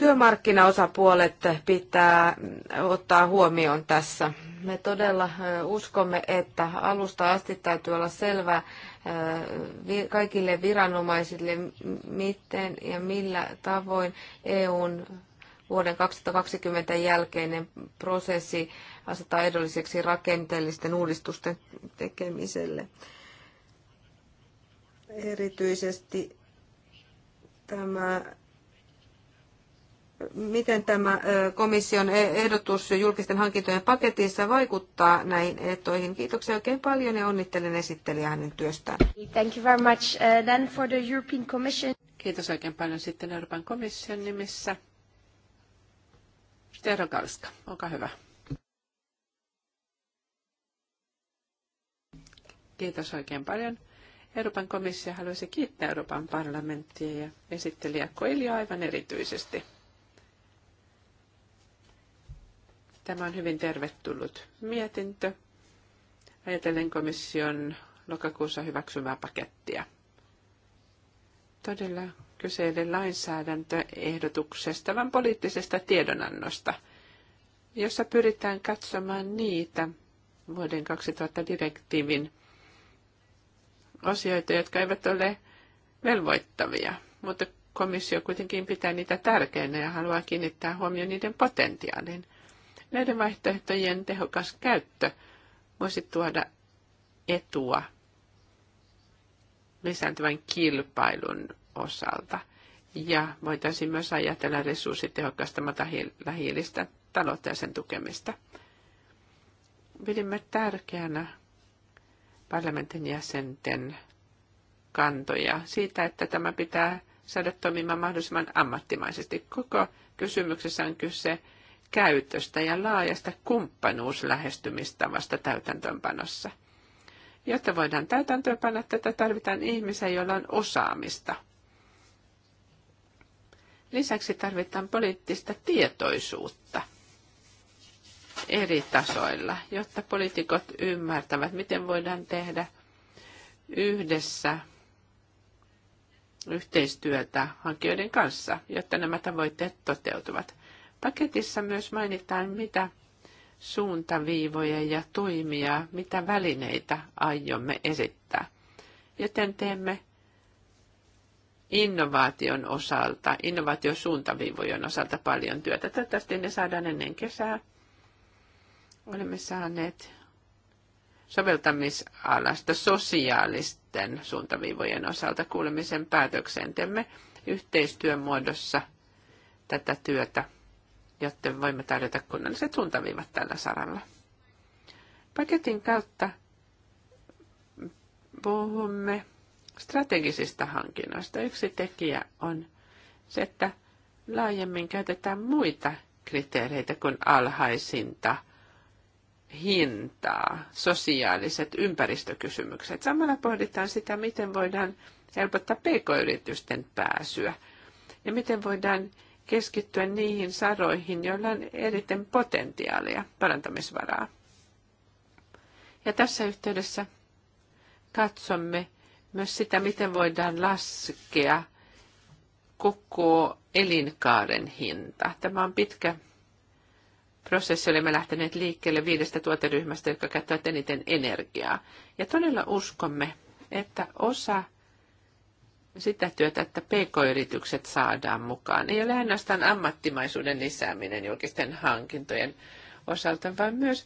B: työmarkkinaosapuolet pitää ottaa huomioon tässä. Me todella uskomme, että alusta asti täytyy olla selvää kaikille viranomaisille, miten ja millä tavoin EUn vuoden 2020 jälkeinen prosessi asetaan edulliseksi rakenteellisten uudistusten tekemiselle. Erityisesti tämä miten tämä komission e- ehdotus julkisten hankintojen paketissa vaikuttaa näihin ehtoihin. Kiitoksia oikein paljon ja onnittelen esittelijä hänen työstään.
A: Thank you very much. Uh, then for the European Commission. Kiitos oikein paljon sitten Euroopan komission nimissä. Tero Kalska, olkaa hyvä. Kiitos oikein paljon. Euroopan komissio haluaisi kiittää Euroopan parlamenttia ja esittelijä Koilio aivan erityisesti – Tämä on hyvin tervetullut mietintö. Ajatellen komission lokakuussa hyväksymää pakettia. Todella kyseinen lainsäädäntöehdotuksesta, vaan poliittisesta tiedonannosta, jossa pyritään katsomaan niitä vuoden 2000 direktiivin osioita, jotka eivät ole velvoittavia, mutta komissio kuitenkin pitää niitä tärkeinä ja haluaa kiinnittää huomioon niiden potentiaalin. Näiden vaihtoehtojen tehokas käyttö voisi tuoda etua lisääntyvän kilpailun osalta. Ja voitaisiin myös ajatella resurssitehokasta matahiilistä taloutta ja sen tukemista. Pidimme tärkeänä parlamentin jäsenten kantoja siitä, että tämä pitää saada toimimaan mahdollisimman ammattimaisesti. Koko kysymyksessä on kyse käytöstä ja laajasta kumppanuuslähestymistavasta täytäntöönpanossa. Jotta voidaan täytäntöönpanna tätä, tarvitaan ihmisiä, joilla on osaamista. Lisäksi tarvitaan poliittista tietoisuutta eri tasoilla, jotta poliitikot ymmärtävät, miten voidaan tehdä yhdessä yhteistyötä hankkijoiden kanssa, jotta nämä tavoitteet toteutuvat. Paketissa myös mainitaan, mitä suuntaviivoja ja toimia, mitä välineitä aiomme esittää. Joten teemme innovaation osalta, innovaatiosuuntaviivojen osalta paljon työtä. Toivottavasti ne saadaan ennen kesää. Olemme saaneet soveltamisalasta sosiaalisten suuntaviivojen osalta kuulemisen päätökseen. Teemme yhteistyön muodossa tätä työtä jotta voimme tarjota kunnalliset suuntaviivat tällä saralla. Paketin kautta puhumme strategisista hankinnoista. Yksi tekijä on se, että laajemmin käytetään muita kriteereitä kuin alhaisinta hintaa, sosiaaliset ympäristökysymykset. Samalla pohditaan sitä, miten voidaan helpottaa pk-yritysten pääsyä ja miten voidaan keskittyä niihin saroihin, joilla on eriten potentiaalia parantamisvaraa. Ja tässä yhteydessä katsomme myös sitä, miten voidaan laskea koko elinkaaren hinta. Tämä on pitkä prosessi. Olemme lähteneet liikkeelle viidestä tuoteryhmästä, jotka käyttävät eniten energiaa. Ja todella uskomme, että osa sitä työtä, että pk-yritykset saadaan mukaan. Ei ole ainoastaan ammattimaisuuden lisääminen julkisten hankintojen osalta, vaan myös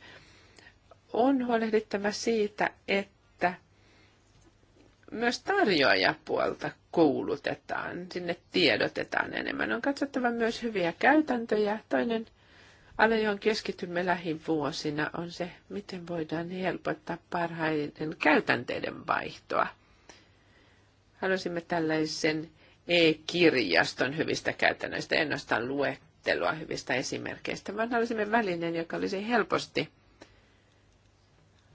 A: on huolehdittava siitä, että myös tarjoajapuolta kuulutetaan sinne tiedotetaan enemmän. On katsottava myös hyviä käytäntöjä. Toinen ala, johon keskitymme lähivuosina, on se, miten voidaan helpottaa parhaiden käytänteiden vaihtoa – Halusimme tällaisen e-kirjaston hyvistä käytännöistä, en ainoastaan luettelua hyvistä esimerkkeistä, vaan halusimme välineen, joka olisi helposti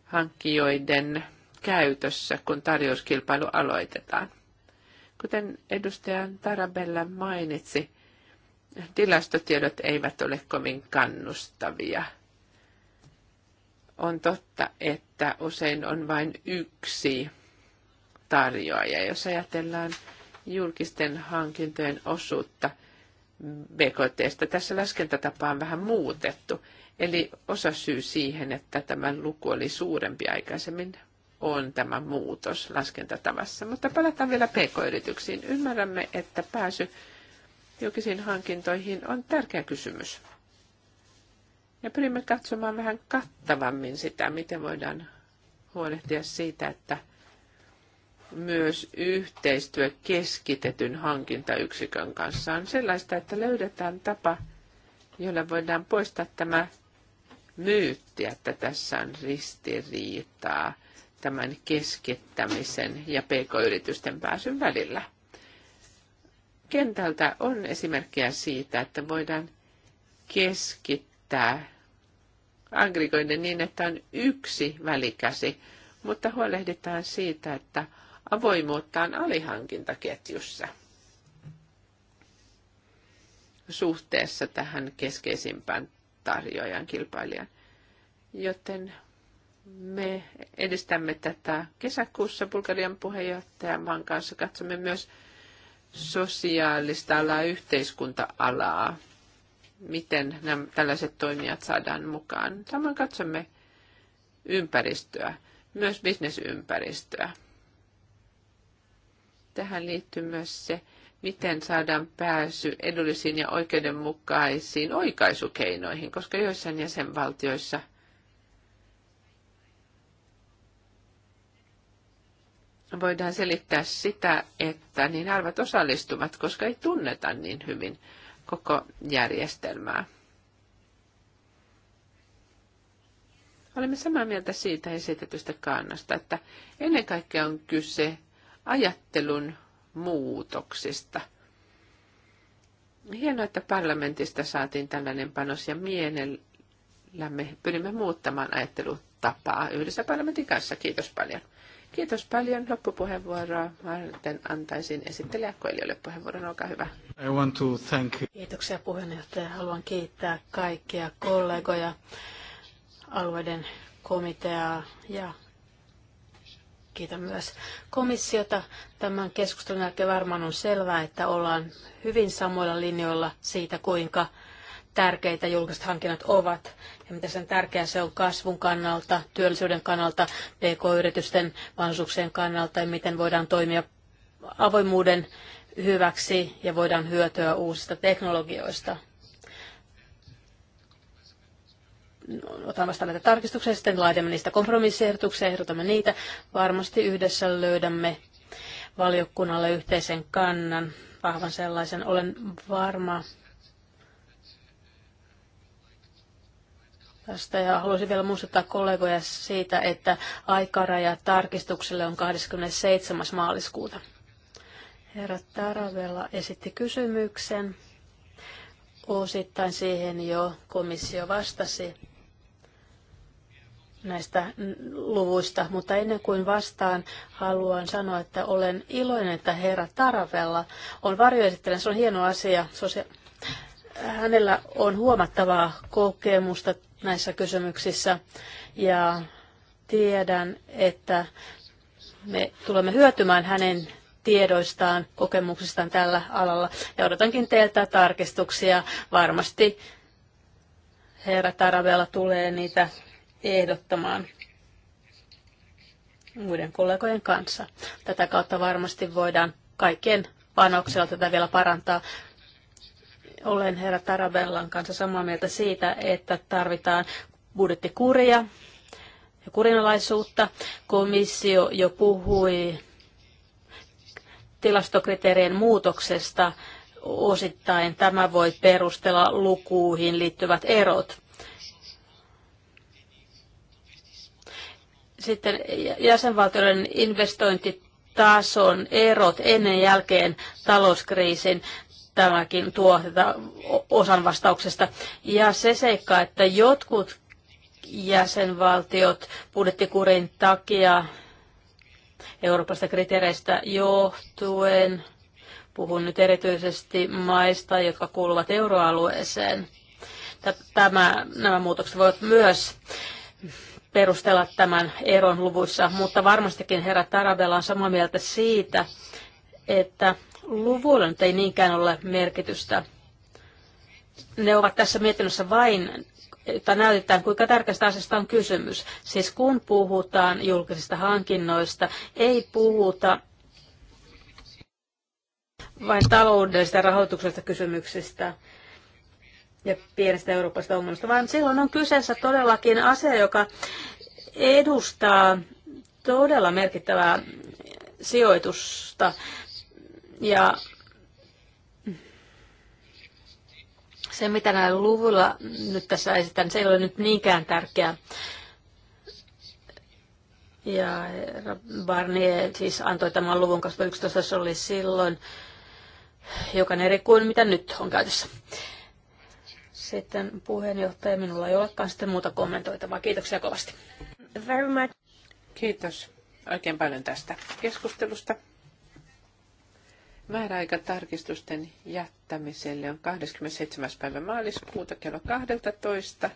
A: hankkijoiden käytössä, kun tarjouskilpailu aloitetaan. Kuten edustaja Tarabella mainitsi, tilastotiedot eivät ole kovin kannustavia. On totta, että usein on vain yksi tarjoaja. Jos ajatellaan julkisten hankintojen osuutta BKT, tässä laskentatapa on vähän muutettu. Eli osa syy siihen, että tämä luku oli suurempi aikaisemmin, on tämä muutos laskentatavassa. Mutta palataan vielä pk-yrityksiin. Ymmärrämme, että pääsy julkisiin hankintoihin on tärkeä kysymys. Ja pyrimme katsomaan vähän kattavammin sitä, miten voidaan huolehtia siitä, että myös yhteistyö keskitetyn hankintayksikön kanssa on sellaista, että löydetään tapa, jolla voidaan poistaa tämä myytti, että tässä on ristiriitaa tämän keskittämisen ja pk-yritysten pääsyn välillä. Kentältä on esimerkkejä siitä, että voidaan keskittää aggregoiden niin, että on yksi välikäsi, mutta huolehditaan siitä, että avoimuuttaan alihankintaketjussa suhteessa tähän keskeisimpään tarjoajan kilpailijan. Joten me edistämme tätä kesäkuussa Bulgarian puheenjohtajamaan kanssa. Katsomme myös sosiaalista alaa, yhteiskunta-alaa, miten nämä, tällaiset toimijat saadaan mukaan. Samoin katsomme ympäristöä, myös bisnesympäristöä. Tähän liittyy myös se, miten saadaan pääsy edullisiin ja oikeudenmukaisiin oikaisukeinoihin, koska joissain jäsenvaltioissa voidaan selittää sitä, että niin harvat osallistuvat, koska ei tunneta niin hyvin koko järjestelmää. Olemme samaa mieltä siitä esitetystä kannasta, että ennen kaikkea on kyse ajattelun muutoksista. Hienoa, että parlamentista saatiin tällainen panos ja mielellämme pyrimme muuttamaan ajattelutapaa yhdessä parlamentin kanssa. Kiitos paljon. Kiitos paljon. Loppupuheenvuoroa varten antaisin esittelijä Koelijoille puheenvuoron. Olkaa hyvä.
B: I want to thank you.
A: Kiitoksia puheenjohtaja. Haluan kiittää kaikkia kollegoja,
C: alueiden komiteaa ja Kiitän myös komissiota. Tämän keskustelun jälkeen varmaan on selvää, että ollaan hyvin samoilla linjoilla siitä, kuinka tärkeitä julkiset hankinnat ovat ja mitä sen tärkeää se on kasvun kannalta, työllisyyden kannalta, pk-yritysten mahdollisuuksien kannalta ja miten voidaan toimia avoimuuden hyväksi ja voidaan hyötyä uusista teknologioista. otan vasta näitä tarkistuksia, sitten laitamme niistä kompromissiehdotuksia, ehdotamme niitä. Varmasti yhdessä löydämme valiokunnalle yhteisen kannan, vahvan sellaisen. Olen varma tästä ja haluaisin vielä muistuttaa kollegoja siitä, että aikaraja tarkistukselle on 27. maaliskuuta. Herra Taravella esitti kysymyksen. Osittain siihen jo komissio vastasi näistä luvuista, mutta ennen kuin vastaan haluan sanoa, että olen iloinen, että herra Taravella on varjoesittelijä. Se on hieno asia. Hänellä on huomattavaa kokemusta näissä kysymyksissä ja tiedän, että me tulemme hyötymään hänen tiedoistaan, kokemuksistaan tällä alalla. Ja odotankin teiltä tarkistuksia. Varmasti herra Taravella tulee niitä ehdottamaan muiden kollegojen kanssa. Tätä kautta varmasti voidaan kaikkien panoksella tätä vielä parantaa. Olen herra Tarabellan kanssa samaa mieltä siitä, että tarvitaan budjettikuria ja kurinalaisuutta. Komissio jo puhui tilastokriteerien muutoksesta osittain. Tämä voi perustella lukuihin liittyvät erot. Sitten jäsenvaltioiden investointitason erot ennen ja jälkeen talouskriisin tämäkin tuo tätä osan vastauksesta. Ja se seikka, että jotkut jäsenvaltiot budjettikurin takia Euroopasta kriteereistä johtuen, puhun nyt erityisesti maista, jotka kuuluvat euroalueeseen, tämä, nämä muutokset voivat myös perustella tämän eron luvuissa, mutta varmastikin herra Tarabella on samaa mieltä siitä, että luvuilla nyt ei niinkään ole merkitystä. Ne ovat tässä mietinnössä vain, että näytetään kuinka tärkeästä asiasta on kysymys. Siis kun puhutaan julkisista hankinnoista, ei puhuta vain taloudellisista rahoituksesta kysymyksistä, ja pienestä Euroopasta ongelmasta, vaan silloin on kyseessä todellakin asia, joka edustaa todella merkittävää sijoitusta. Ja se, mitä näillä luvuilla nyt tässä esitän, se ei ole nyt niinkään tärkeää. Ja Barnier siis antoi tämän luvun 2011, se oli silloin joka eri kuin mitä nyt on käytössä. Sitten puheenjohtaja, minulla ei olekaan sitten muuta kommentoitavaa. Kiitoksia
A: kovasti. Very much. Kiitos oikein paljon tästä keskustelusta. Määräaika tarkistusten jättämiselle on 27. päivä maaliskuuta kello 12.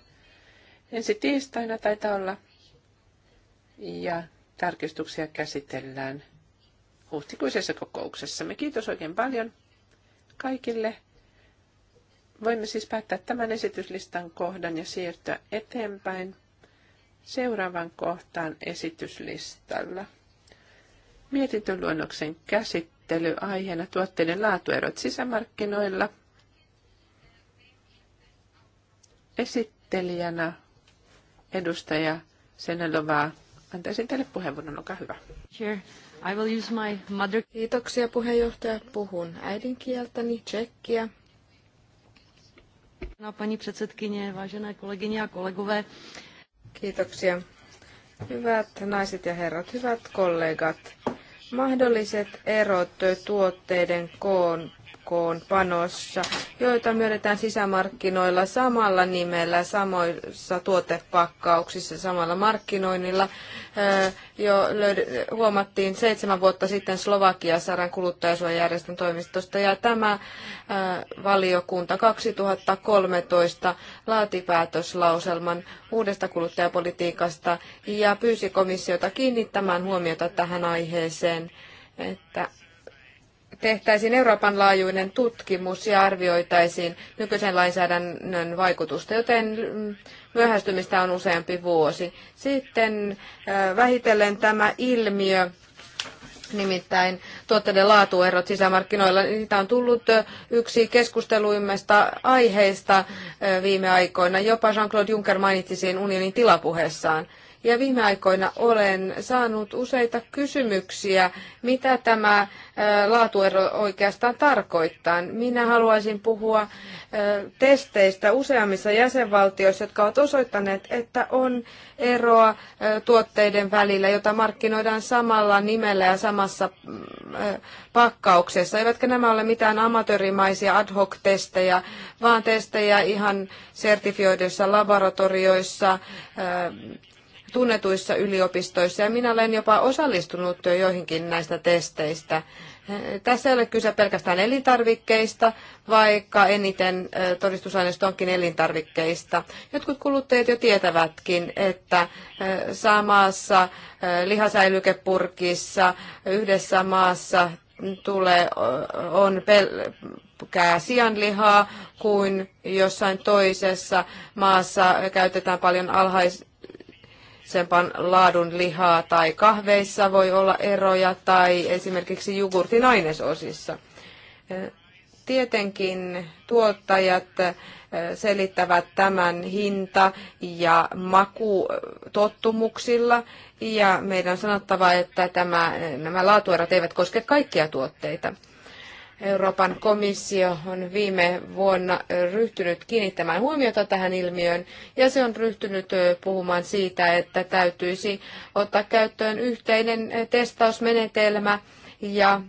A: Ensi tiistaina taitaa olla. Ja tarkistuksia käsitellään huhtikuisessa kokouksessamme. Kiitos oikein paljon kaikille. Voimme siis päättää tämän esityslistan kohdan ja siirtyä eteenpäin seuraavan kohtaan esityslistalla. Mietintöluonnoksen käsittely aiheena tuotteiden laatuerot sisämarkkinoilla. Esittelijänä edustaja Senelovaa. Antaisin teille puheenvuoron, olkaa hyvä. Sure. I will use
B: my mother... Kiitoksia puheenjohtaja. Puhun äidinkieltäni, tsekkiä. No, paní předsedkyně, vážené kolegyně a kolegové. Kiitoksia. Hyvät naiset ja herrat, hyvät kollegat. Mahdolliset erot tuotteiden koon täytäntöönkoon panossa, joita myönnetään sisämarkkinoilla samalla nimellä, samoissa tuotepakkauksissa, samalla markkinoinnilla. Jo löyd- huomattiin seitsemän vuotta sitten Slovakia-saran kuluttajasuojajärjestön toimistosta ja tämä valiokunta 2013 laati päätöslauselman uudesta kuluttajapolitiikasta ja pyysi komissiota kiinnittämään huomiota tähän aiheeseen, että tehtäisiin Euroopan laajuinen tutkimus ja arvioitaisiin nykyisen lainsäädännön vaikutusta, joten mm, myöhästymistä on useampi vuosi. Sitten vähitellen tämä ilmiö, nimittäin tuotteiden laatuerot sisämarkkinoilla, niin niitä on tullut yksi keskusteluimmista aiheista viime aikoina. Jopa Jean-Claude Juncker mainitsi siinä unionin tilapuheessaan. Ja viime aikoina olen saanut useita kysymyksiä, mitä tämä laatuero oikeastaan tarkoittaa. Minä haluaisin puhua testeistä useammissa jäsenvaltioissa, jotka ovat osoittaneet, että on eroa tuotteiden välillä, jota markkinoidaan samalla nimellä ja samassa mm, pakkauksessa. Eivätkä nämä ole mitään amatöörimaisia ad hoc-testejä, vaan testejä ihan sertifioiduissa laboratorioissa tunnetuissa yliopistoissa ja minä olen jopa osallistunut jo joihinkin näistä testeistä. Tässä ei ole kyse pelkästään elintarvikkeista, vaikka eniten todistusaineisto onkin elintarvikkeista. Jotkut kuluttajat jo tietävätkin, että samassa lihasäilykepurkissa yhdessä maassa tulee, on pelkkää lihaa kuin jossain toisessa maassa käytetään paljon alhais, sempan laadun lihaa tai kahveissa voi olla eroja tai esimerkiksi jogurtin ainesosissa. Tietenkin tuottajat selittävät tämän hinta- ja makutottumuksilla ja meidän on sanottava, että tämä, nämä laatuerot eivät koske kaikkia tuotteita. Euroopan komissio on viime vuonna ryhtynyt kiinnittämään huomiota tähän ilmiöön ja se on ryhtynyt puhumaan siitä, että täytyisi ottaa käyttöön yhteinen testausmenetelmä ja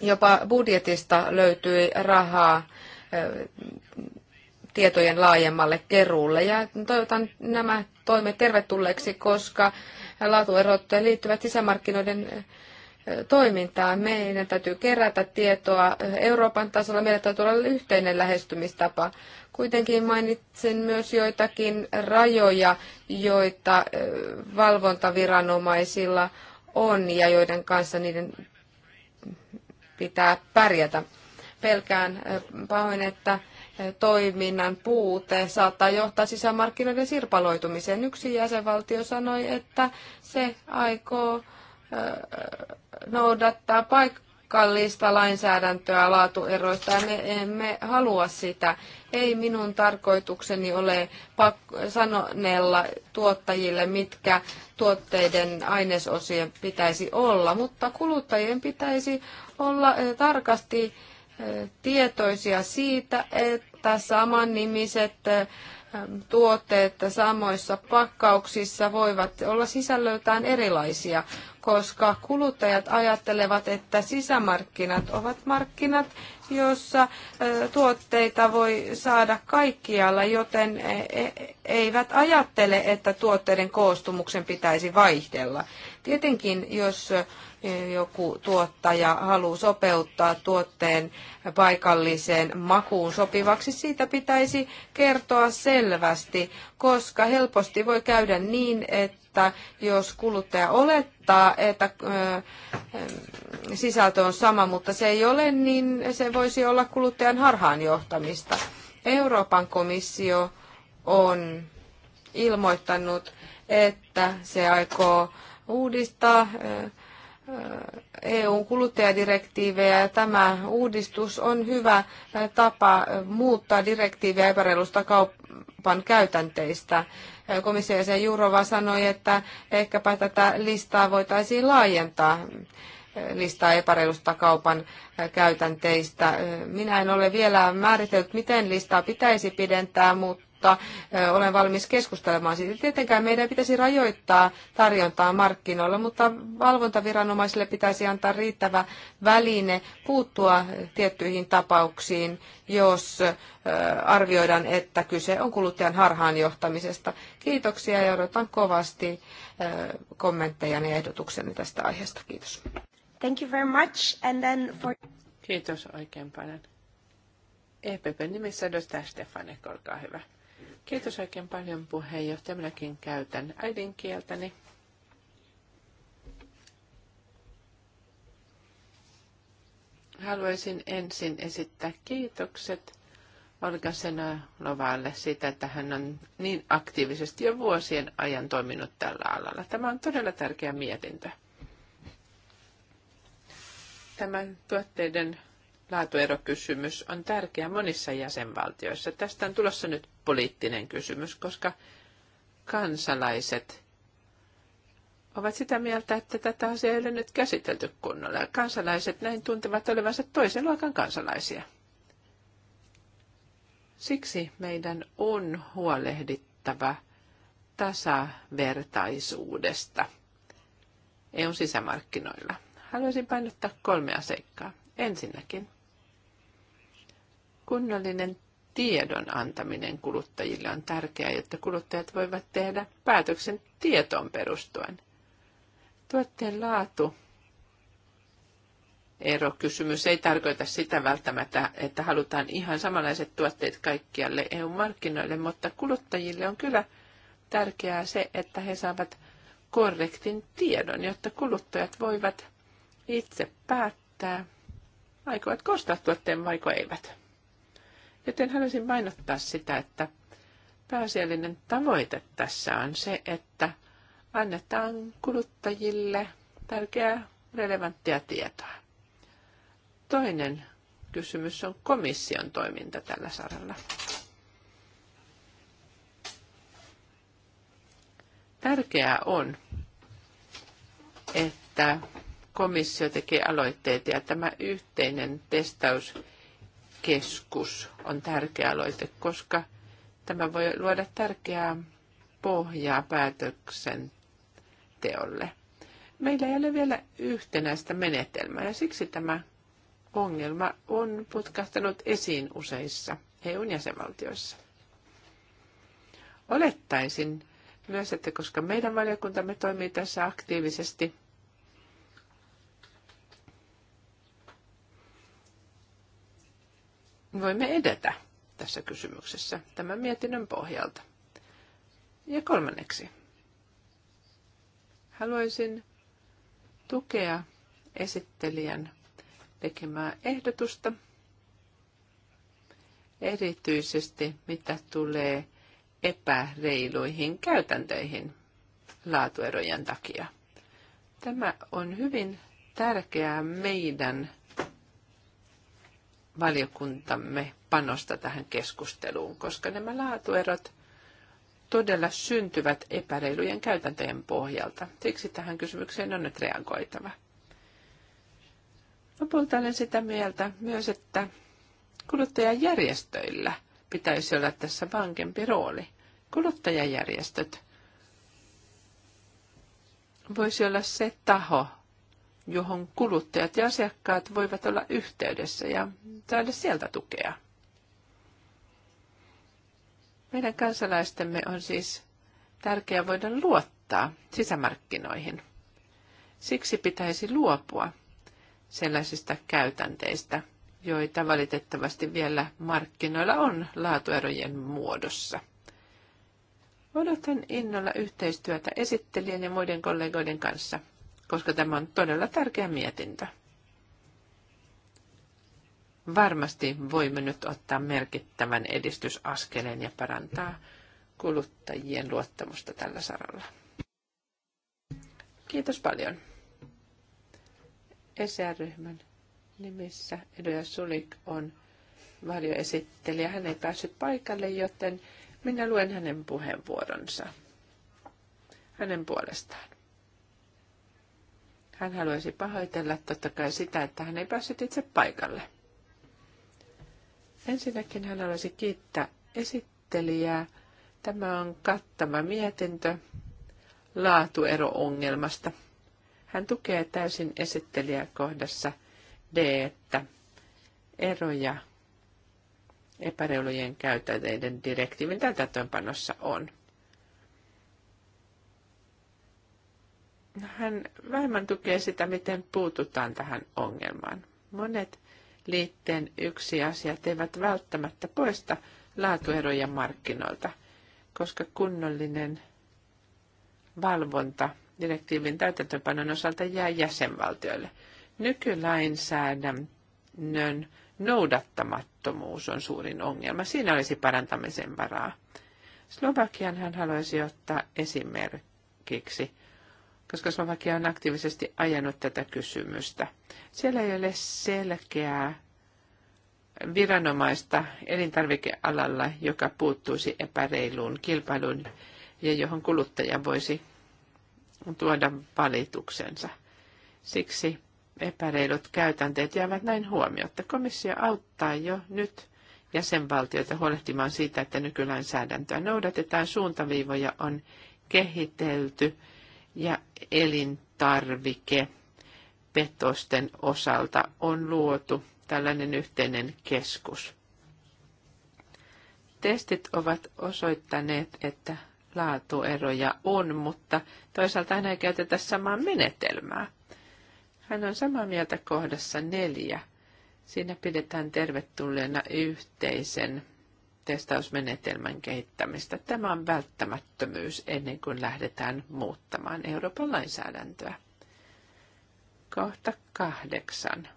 B: jopa budjetista löytyi rahaa tietojen laajemmalle keruulle. Ja toivotan nämä toimet tervetulleeksi, koska laatuerot liittyvät sisämarkkinoiden toimintaa. Meidän täytyy kerätä tietoa Euroopan tasolla, meillä täytyy olla yhteinen lähestymistapa. Kuitenkin mainitsen myös joitakin rajoja, joita valvontaviranomaisilla on ja joiden kanssa niiden pitää pärjätä. Pelkään pahoin, että toiminnan puute saattaa johtaa sisämarkkinoiden sirpaloitumiseen. Yksi jäsenvaltio sanoi, että se aikoo noudattaa paikallista lainsäädäntöä laatueroista ja me emme halua sitä. Ei minun tarkoitukseni ole pak- sanonella tuottajille, mitkä tuotteiden ainesosien pitäisi olla, mutta kuluttajien pitäisi olla eh, tarkasti eh, tietoisia siitä, että saman nimiset eh, tuotteet samoissa pakkauksissa voivat olla sisällöltään erilaisia koska kuluttajat ajattelevat, että sisämarkkinat ovat markkinat, joissa tuotteita voi saada kaikkialla, joten e, e, eivät ajattele, että tuotteiden koostumuksen pitäisi vaihdella. Tietenkin, jos joku tuottaja haluaa sopeuttaa tuotteen paikalliseen makuun sopivaksi, siitä pitäisi kertoa selvästi, koska helposti voi käydä niin, että jos kuluttaja olettaa, että sisältö on sama, mutta se ei ole, niin se voisi olla kuluttajan harhaanjohtamista. Euroopan komissio on ilmoittanut, että se aikoo uudistaa EUn kuluttajadirektiivejä ja tämä uudistus on hyvä tapa muuttaa direktiiviä epäreilusta kaupan käytänteistä. Komissio jäsen Jurova sanoi, että ehkäpä tätä listaa voitaisiin laajentaa listaa epäreilusta kaupan käytänteistä. Minä en ole vielä määritellyt, miten listaa pitäisi pidentää, mutta mutta olen valmis keskustelemaan siitä. Tietenkään meidän pitäisi rajoittaa tarjontaa markkinoilla, mutta valvontaviranomaisille pitäisi antaa riittävä väline puuttua tiettyihin tapauksiin, jos arvioidaan, että kyse on kuluttajan harhaanjohtamisesta. Kiitoksia ja odotan kovasti kommentteja ja ehdotuksenne tästä aiheesta. Kiitos.
A: Thank you very much. And then for... Kiitos oikein paljon. EPP nimissä edustaja Stefanek, olkaa hyvä. Kiitos oikein paljon puheenjohtaja. Minäkin käytän äidinkieltäni. Haluaisin ensin esittää kiitokset Olga Senalovalle siitä, että hän on niin aktiivisesti jo vuosien ajan toiminut tällä alalla. Tämä on todella tärkeä mietintö. Tämän tuotteiden laatuerokysymys on tärkeä monissa jäsenvaltioissa. Tästä on tulossa nyt poliittinen kysymys, koska kansalaiset ovat sitä mieltä, että tätä asiaa ei ole nyt käsitelty kunnolla. Kansalaiset näin tuntevat olevansa toisen luokan kansalaisia. Siksi meidän on huolehdittava tasavertaisuudesta EUn sisämarkkinoilla. Haluaisin painottaa kolmea seikkaa. Ensinnäkin, Kunnollinen tiedon antaminen kuluttajille on tärkeää, jotta kuluttajat voivat tehdä päätöksen tietoon perustuen. Tuotteen laatu erokysymys ei tarkoita sitä välttämättä, että halutaan ihan samanlaiset tuotteet kaikkialle EU-markkinoille, mutta kuluttajille on kyllä tärkeää se, että he saavat korrektin tiedon, jotta kuluttajat voivat itse päättää, aikovat kostaa tuotteen vaiko eivät. Joten haluaisin painottaa sitä, että pääasiallinen tavoite tässä on se, että annetaan kuluttajille tärkeää relevanttia tietoa. Toinen kysymys on komission toiminta tällä saralla. Tärkeää on, että komissio tekee aloitteita ja tämä yhteinen testaus keskus on tärkeä aloite, koska tämä voi luoda tärkeää pohjaa päätöksenteolle. Meillä ei ole vielä yhtenäistä menetelmää ja siksi tämä ongelma on putkahtanut esiin useissa EUn jäsenvaltioissa. Olettaisin myös, että koska meidän valiokuntamme toimii tässä aktiivisesti, voimme edetä tässä kysymyksessä tämän mietinnön pohjalta. Ja kolmanneksi, haluaisin tukea esittelijän tekemää ehdotusta, erityisesti mitä tulee epäreiluihin käytänteihin laatuerojen takia. Tämä on hyvin tärkeää meidän valiokuntamme panosta tähän keskusteluun, koska nämä laatuerot todella syntyvät epäreilujen käytäntöjen pohjalta. Siksi tähän kysymykseen on nyt reagoitava. Lopulta olen sitä mieltä myös, että kuluttajajärjestöillä pitäisi olla tässä vankempi rooli. Kuluttajajärjestöt voisi olla se taho, johon kuluttajat ja asiakkaat voivat olla yhteydessä ja saada sieltä tukea. Meidän kansalaistemme on siis tärkeää voida luottaa sisämarkkinoihin. Siksi pitäisi luopua sellaisista käytänteistä, joita valitettavasti vielä markkinoilla on laatuerojen muodossa. Odotan innolla yhteistyötä esittelijän ja muiden kollegoiden kanssa koska tämä on todella tärkeä mietintö. Varmasti voimme nyt ottaa merkittävän edistysaskeleen ja parantaa kuluttajien luottamusta tällä saralla. Kiitos paljon. ESR-ryhmän nimissä Edoja Sulik on varjoesittelijä. Hän ei päässyt paikalle, joten minä luen hänen puheenvuoronsa hänen puolestaan. Hän haluaisi pahoitella totta kai sitä, että hän ei päässyt itse paikalle. Ensinnäkin hän haluaisi kiittää esittelijää. Tämä on kattama mietintö laatuero-ongelmasta. Hän tukee täysin esittelijäkohdassa D, että eroja epäreilujen käytäteiden direktiivin täytäntöönpanossa on. hän vähemmän tukee sitä, miten puututaan tähän ongelmaan. Monet liitteen yksi asiat eivät välttämättä poista laatueroja markkinoilta, koska kunnollinen valvonta direktiivin täytäntöpanon osalta jää jäsenvaltioille. Nykylainsäädännön noudattamattomuus on suurin ongelma. Siinä olisi parantamisen varaa. Slovakian hän haluaisi ottaa esimerkiksi – koska Slovakia on aktiivisesti ajanut tätä kysymystä. Siellä ei ole selkeää viranomaista elintarvikealalla, joka puuttuisi epäreiluun kilpailuun ja johon kuluttaja voisi tuoda valituksensa. Siksi epäreilut käytänteet jäävät näin huomiotta. Komissio auttaa jo nyt jäsenvaltioita huolehtimaan siitä, että nykylainsäädäntöä noudatetaan. Suuntaviivoja on kehitelty ja elintarvike petosten osalta on luotu tällainen yhteinen keskus. Testit ovat osoittaneet, että laatueroja on, mutta toisaalta hän ei käytetä samaa menetelmää. Hän on samaa mieltä kohdassa neljä. Siinä pidetään tervetulleena yhteisen testausmenetelmän kehittämistä. Tämä on välttämättömyys ennen kuin lähdetään muuttamaan Euroopan lainsäädäntöä. Kohta kahdeksan.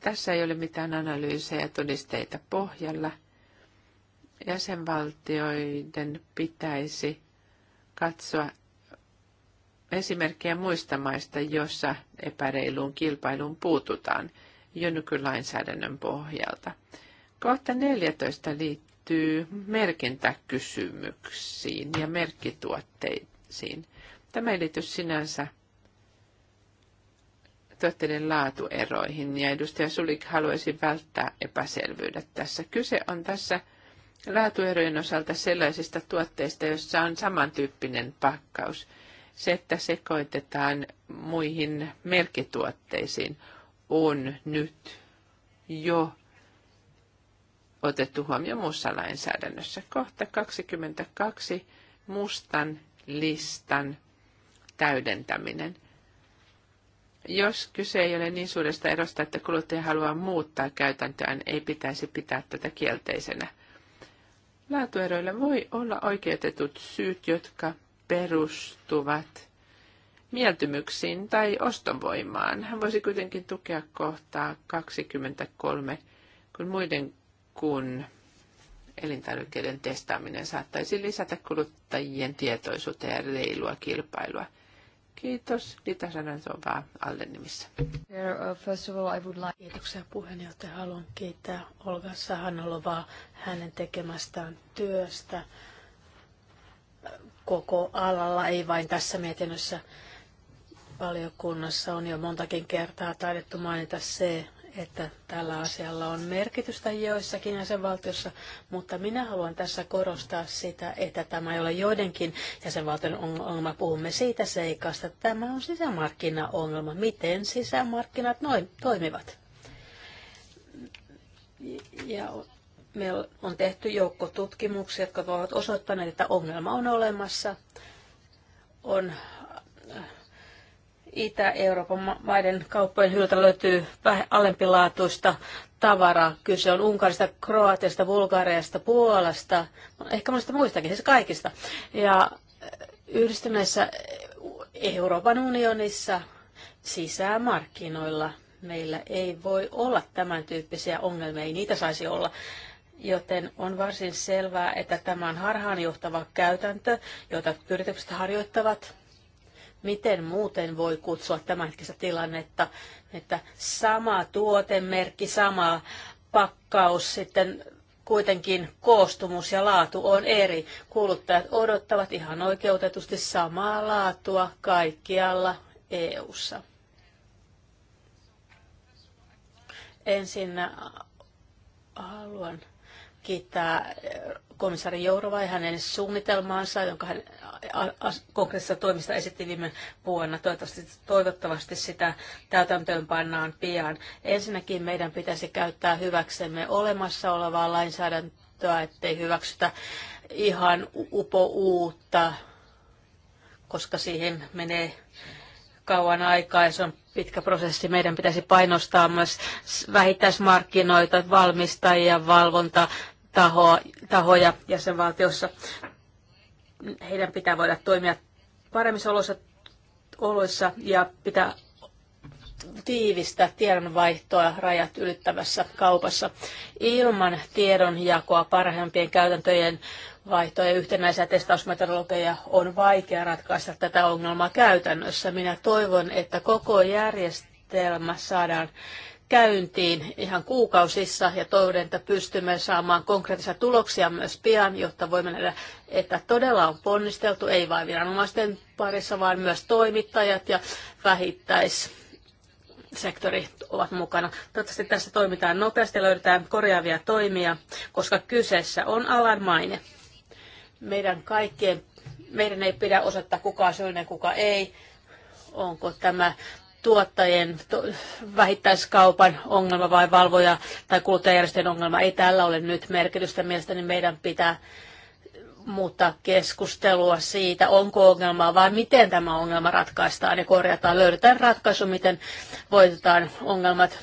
A: Tässä ei ole mitään analyysejä todisteita pohjalla. Jäsenvaltioiden pitäisi katsoa esimerkkejä muista maista, joissa epäreiluun kilpailuun puututaan jo nykylainsäädännön pohjalta. Kohta 14 liittyy merkintäkysymyksiin ja merkkituotteisiin. Tämä ei liity sinänsä tuotteiden laatueroihin ja edustaja Sulik haluaisi välttää epäselvyydet tässä. Kyse on tässä laatuerojen osalta sellaisista tuotteista, joissa on samantyyppinen pakkaus. Se, että sekoitetaan muihin merkituotteisiin, on nyt jo otettu huomioon muussa lainsäädännössä. Kohta 22 mustan listan täydentäminen. Jos kyse ei ole niin suuresta erosta, että kuluttaja haluaa muuttaa käytäntöään, ei pitäisi pitää tätä kielteisenä. Laatueroilla voi olla oikeutetut syyt, jotka perustuvat mieltymyksiin tai ostovoimaan. Hän voisi kuitenkin tukea kohtaa 23, kun muiden kun elintarvikkeiden testaaminen saattaisi lisätä kuluttajien tietoisuutta ja reilua kilpailua. Kiitos. Dita Sanantovaa Alden nimissä.
C: First of all, I would like... Kiitoksia puheenjohtaja. Haluan kiittää Olga Sahanolovaa hänen tekemästään työstä koko alalla, ei vain tässä mietinnössä. Valiokunnassa on jo montakin kertaa taidettu mainita se, että tällä asialla on merkitystä joissakin jäsenvaltiossa, mutta minä haluan tässä korostaa sitä, että tämä ei ole joidenkin jäsenvaltion ongelma. Puhumme siitä seikasta, että tämä on sisämarkkinaongelma. Miten sisämarkkinat noin toimivat? Ja meillä on tehty joukko tutkimuksia, jotka ovat osoittaneet, että ongelma on olemassa. On Itä-Euroopan maiden kauppojen hyllyltä löytyy vähän alempilaatuista tavaraa. Kyse on Unkarista, Kroatiasta, Bulgariasta, Puolasta, no, ehkä monista muistakin, siis kaikista. Ja eh, yhdistyneessä Euroopan unionissa sisämarkkinoilla meillä ei voi olla tämän tyyppisiä ongelmia, ei niitä saisi olla. Joten on varsin selvää, että tämä on harhaanjohtava käytäntö, jota yritykset harjoittavat Miten muuten voi kutsua tämänhetkistä tilannetta, että sama tuotemerkki, sama pakkaus, sitten kuitenkin koostumus ja laatu on eri. Kuluttajat odottavat ihan oikeutetusti samaa laatua kaikkialla EU:ssa. Ensin haluan kiittää komissaari Jourova ja hänen suunnitelmaansa, jonka hän konkreettisista toimista esitti viime vuonna. Toivottavasti, toivottavasti sitä täytäntöön pannaan pian. Ensinnäkin meidän pitäisi käyttää hyväksemme olemassa olevaa lainsäädäntöä, ettei hyväksytä ihan upo uutta, koska siihen menee kauan aikaa ja se on pitkä prosessi. Meidän pitäisi painostaa myös vähittäismarkkinoita, valmistajia, valvonta, tahoja jäsenvaltiossa heidän pitää voida toimia paremmissa oloissa, oloissa ja pitää tiivistä tiedonvaihtoa rajat ylittävässä kaupassa. Ilman tiedonjakoa parhaimpien käytäntöjen vaihtoja ja yhtenäisiä testausmetodologeja on vaikea ratkaista tätä ongelmaa käytännössä. Minä toivon, että koko järjestelmä saadaan käyntiin ihan kuukausissa ja toivon, että pystymme saamaan konkreettisia tuloksia myös pian, jotta voimme nähdä, että todella on ponnisteltu, ei vain viranomaisten parissa, vaan myös toimittajat ja vähittäis sektori ovat mukana. Toivottavasti tässä toimitaan nopeasti ja löydetään korjaavia toimia, koska kyseessä on alan maine. Meidän kaikkien, meidän ei pidä osoittaa kuka on syyllinen, kuka ei. Onko tämä tuottajien vähittäiskaupan ongelma vai valvoja tai kuluttajajärjestöjen ongelma. Ei tällä ole nyt merkitystä. Mielestäni meidän pitää muuttaa keskustelua siitä, onko ongelmaa vai miten tämä ongelma ratkaistaan ja korjataan. Löydetään ratkaisu, miten voitetaan ongelmat,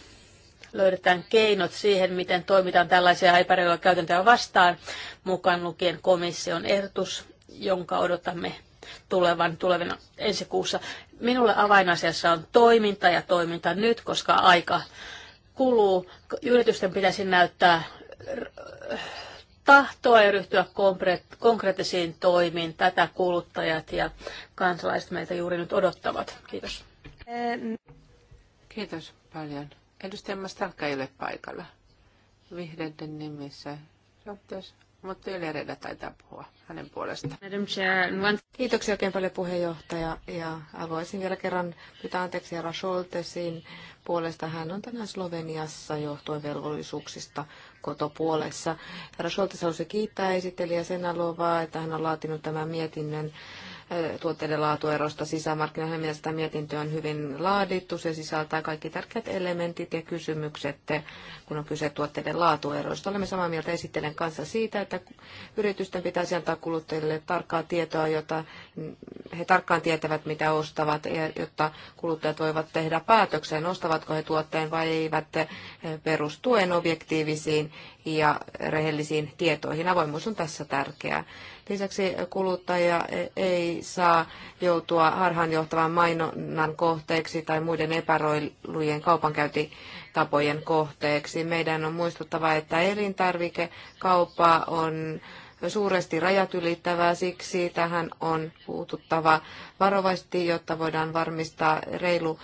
C: löydetään keinot siihen, miten toimitaan tällaisia epäreiluja käytäntöjä vastaan, mukaan lukien komission ehdotus, jonka odotamme tulevan tulevina ensi kuussa. Minulle avainasiassa on toiminta ja toiminta nyt, koska aika kuluu. Yritysten pitäisi näyttää tahtoa ja ryhtyä konkreettisiin toimiin. Tätä kuluttajat ja kansalaiset meiltä juuri nyt odottavat. Kiitos.
A: Kiitos paljon. Edustaja Mastalka ei ole paikalla. Vihreiden nimissä. Kiitos mutta Yle Reda taitaa puhua hänen puolestaan.
B: Kiitoksia oikein paljon puheenjohtaja ja haluaisin vielä kerran pyytää anteeksi Jara Scholtesin puolesta. Hän on tänään Sloveniassa johtuen velvollisuuksista kotopuolessa. Herra Scholtes halusi kiittää esittelijä Senalovaa, että hän on laatinut tämän mietinnön tuotteiden laatuerosta sisämarkkinoilla. Mielestäni mietintö on hyvin laadittu. Se sisältää kaikki tärkeät elementit ja kysymykset, kun on kyse tuotteiden laatueroista. Olemme samaa mieltä esittelen kanssa siitä, että yritysten pitäisi antaa kuluttajille tarkkaa tietoa, jota he tarkkaan tietävät, mitä ostavat, jotta kuluttajat voivat tehdä päätöksen, ostavatko he tuotteen vai eivät perustuen objektiivisiin ja rehellisiin tietoihin. Avoimuus on tässä tärkeää. Lisäksi kuluttaja ei saa joutua harhaanjohtavan mainonnan kohteeksi tai muiden epäroilujen kaupankäynti tapojen kohteeksi. Meidän on muistuttava, että elintarvikekauppa on suuresti rajat ylittävää, siksi tähän on puututtava varovasti, jotta voidaan varmistaa reilu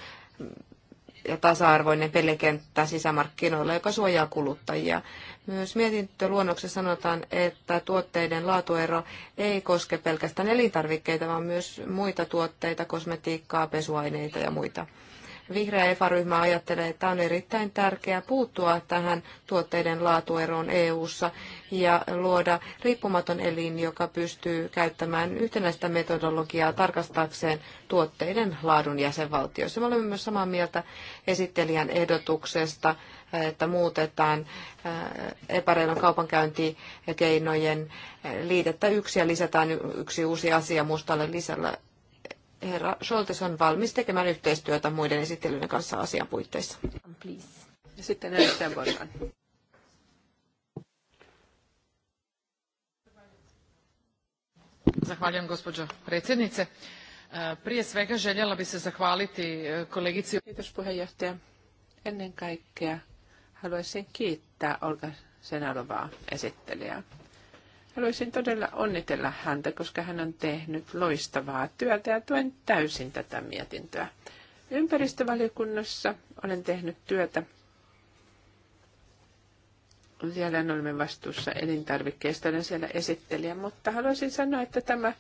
B: ja tasa-arvoinen pelikenttä sisämarkkinoilla, joka suojaa kuluttajia. Myös mietintöluonnoksessa sanotaan, että tuotteiden laatuero ei koske pelkästään elintarvikkeita, vaan myös muita tuotteita, kosmetiikkaa, pesuaineita ja muita. Vihreä EFA-ryhmä ajattelee, että on erittäin tärkeää puuttua tähän tuotteiden laatueroon EU-ssa ja luoda riippumaton elin, joka pystyy käyttämään yhtenäistä metodologiaa tarkastaakseen tuotteiden laadun jäsenvaltioissa. Me olemme myös samaa mieltä esittelijän ehdotuksesta, että muutetaan äh, epäreilun kaupankäyntikeinojen äh, liitettä yksi ja lisätään yksi uusi asia mustalle lisällä herra Scholtes on valmis tekemään yhteistyötä muiden esittelyiden kanssa asian puitteissa.
A: Please. Ja sitten edustaja Borjan. Zahvaljujem gospođo predsjednice. E, prije svega željela bi se zahvaliti e, kolegici... Kiitos puheenjohtaja. Ennen kaikkea haluaisin kiittää Olga Senalovaa esittelijää. Haluaisin todella onnitella häntä, koska hän on tehnyt loistavaa työtä ja tuen täysin tätä mietintöä. Ympäristövaliokunnassa olen tehnyt työtä. Siellä olemme vastuussa elintarvikkeista, olen siellä esittelijä, mutta haluaisin sanoa, että tämä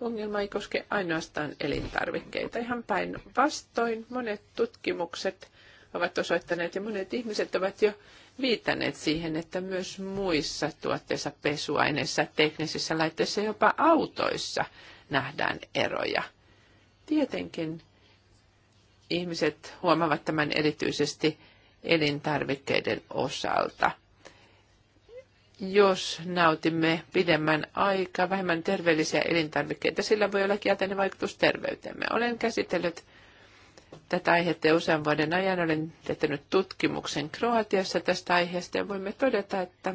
A: ongelma ei koske ainoastaan elintarvikkeita. Ihan päin vastoin monet tutkimukset ovat osoittaneet ja monet ihmiset ovat jo viitanneet siihen, että myös muissa tuotteissa, pesuaineissa, teknisissä laitteissa, jopa autoissa nähdään eroja. Tietenkin ihmiset huomaavat tämän erityisesti elintarvikkeiden osalta. Jos nautimme pidemmän aikaa vähemmän terveellisiä elintarvikkeita, sillä voi olla kielteinen vaikutus terveyteemme. Olen käsitellyt tätä aihetta usean vuoden ajan. Olen tehnyt tutkimuksen Kroatiassa tästä aiheesta ja voimme todeta, että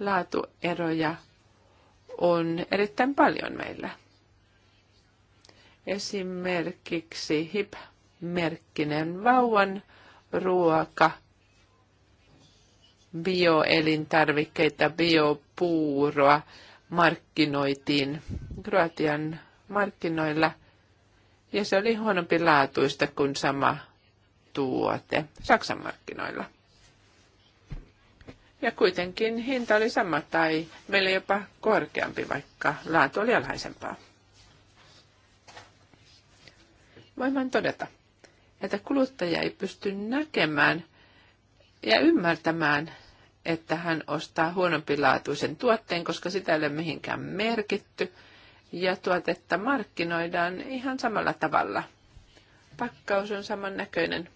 A: laatueroja on erittäin paljon meillä. Esimerkiksi HIP-merkkinen vauvan ruoka, bioelintarvikkeita, biopuuroa markkinoitiin Kroatian markkinoilla – ja se oli huonompi laatuista kuin sama tuote Saksan markkinoilla. Ja kuitenkin hinta oli sama tai meillä jopa korkeampi, vaikka laatu oli alhaisempaa. Voin vain todeta, että kuluttaja ei pysty näkemään ja ymmärtämään, että hän ostaa huonompilaatuisen tuotteen, koska sitä ei ole mihinkään merkitty – ja tuotetta markkinoidaan ihan samalla tavalla. Pakkaus on samannäköinen.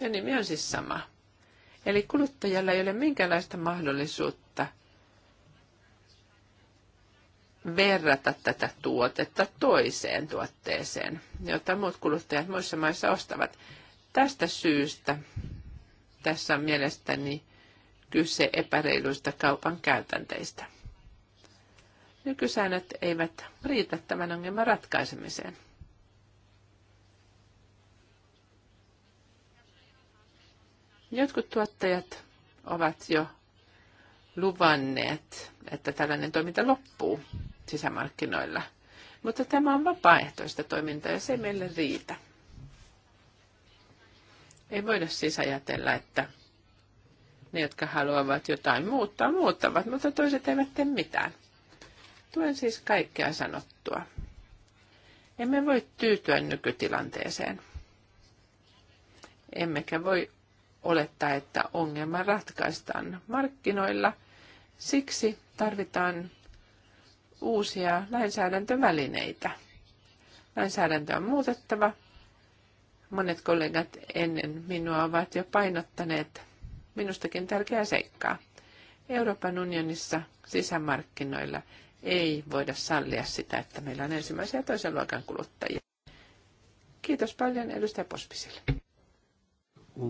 A: Ja nimi on siis sama. Eli kuluttajalla ei ole minkäänlaista mahdollisuutta verrata tätä tuotetta toiseen tuotteeseen, jota muut kuluttajat muissa maissa ostavat. Tästä syystä tässä on mielestäni kyse epäreiluista kaupan käytänteistä. Nykysäännöt eivät riitä tämän ongelman ratkaisemiseen. Jotkut tuottajat ovat jo luvanneet, että tällainen toiminta loppuu sisämarkkinoilla. Mutta tämä on vapaaehtoista toimintaa ja se ei meille riitä. Ei voida siis ajatella, että ne, jotka haluavat jotain muuttaa, muuttavat, mutta toiset eivät tee mitään. Tuen siis kaikkea sanottua. Emme voi tyytyä nykytilanteeseen. Emmekä voi olettaa, että ongelma ratkaistaan markkinoilla. Siksi tarvitaan uusia lainsäädäntövälineitä. Lainsäädäntö on muutettava. Monet kollegat ennen minua ovat jo painottaneet minustakin tärkeää seikkaa. Euroopan unionissa sisämarkkinoilla ei voida sallia sitä, että meillä on ensimmäisen ja toisen luokan kuluttajia. Kiitos paljon edustaja Pospisille.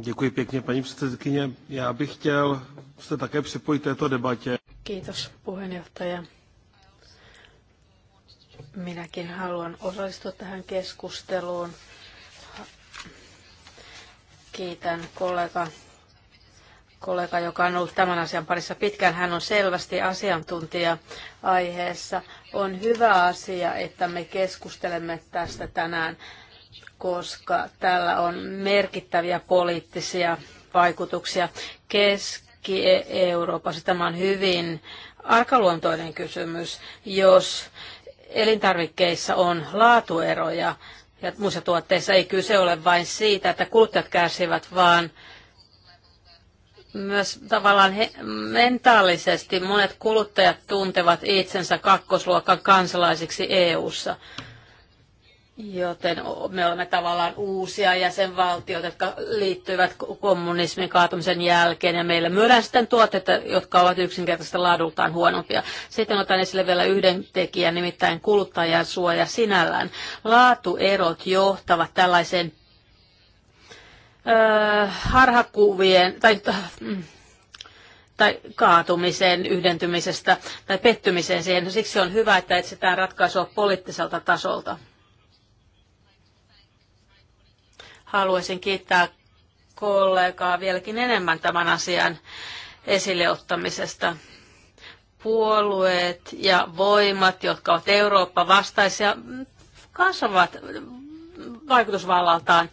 C: Děkuji pěkně, paní předsedkyně. Já bych chtěl se také připojit této debatě.
A: Kiitos, puheenjohtaja.
C: Minäkin haluan osallistua tähän keskusteluun. Kiitän kollega kollega, joka on ollut tämän asian parissa pitkään. Hän on selvästi asiantuntija aiheessa. On hyvä asia, että me keskustelemme tästä tänään, koska tällä on merkittäviä poliittisia vaikutuksia Keski-Euroopassa. Tämä on hyvin arkaluontoinen kysymys, jos elintarvikkeissa on laatueroja ja muissa tuotteissa ei kyse ole vain siitä, että kuluttajat kärsivät, vaan – myös tavallaan he, mentaalisesti monet kuluttajat tuntevat itsensä kakkosluokan kansalaisiksi EU:ssa. Joten me olemme tavallaan uusia jäsenvaltioita, jotka liittyvät kommunismin kaatumisen jälkeen, ja meillä myydään sitten tuotteita, jotka ovat yksinkertaisesti laadultaan huonompia. Sitten otan esille vielä yhden tekijän, nimittäin kuluttajan suoja sinällään. Laatuerot johtavat tällaiseen harhakuvien tai, mm, tai kaatumiseen, yhdentymisestä tai pettymiseen siihen. No, siksi on hyvä, että etsitään ratkaisua poliittiselta tasolta. Haluaisin kiittää kollegaa vieläkin enemmän tämän asian esille ottamisesta puolueet ja voimat, jotka ovat Eurooppa vastaisia, kasvavat vaikutusvallaltaan.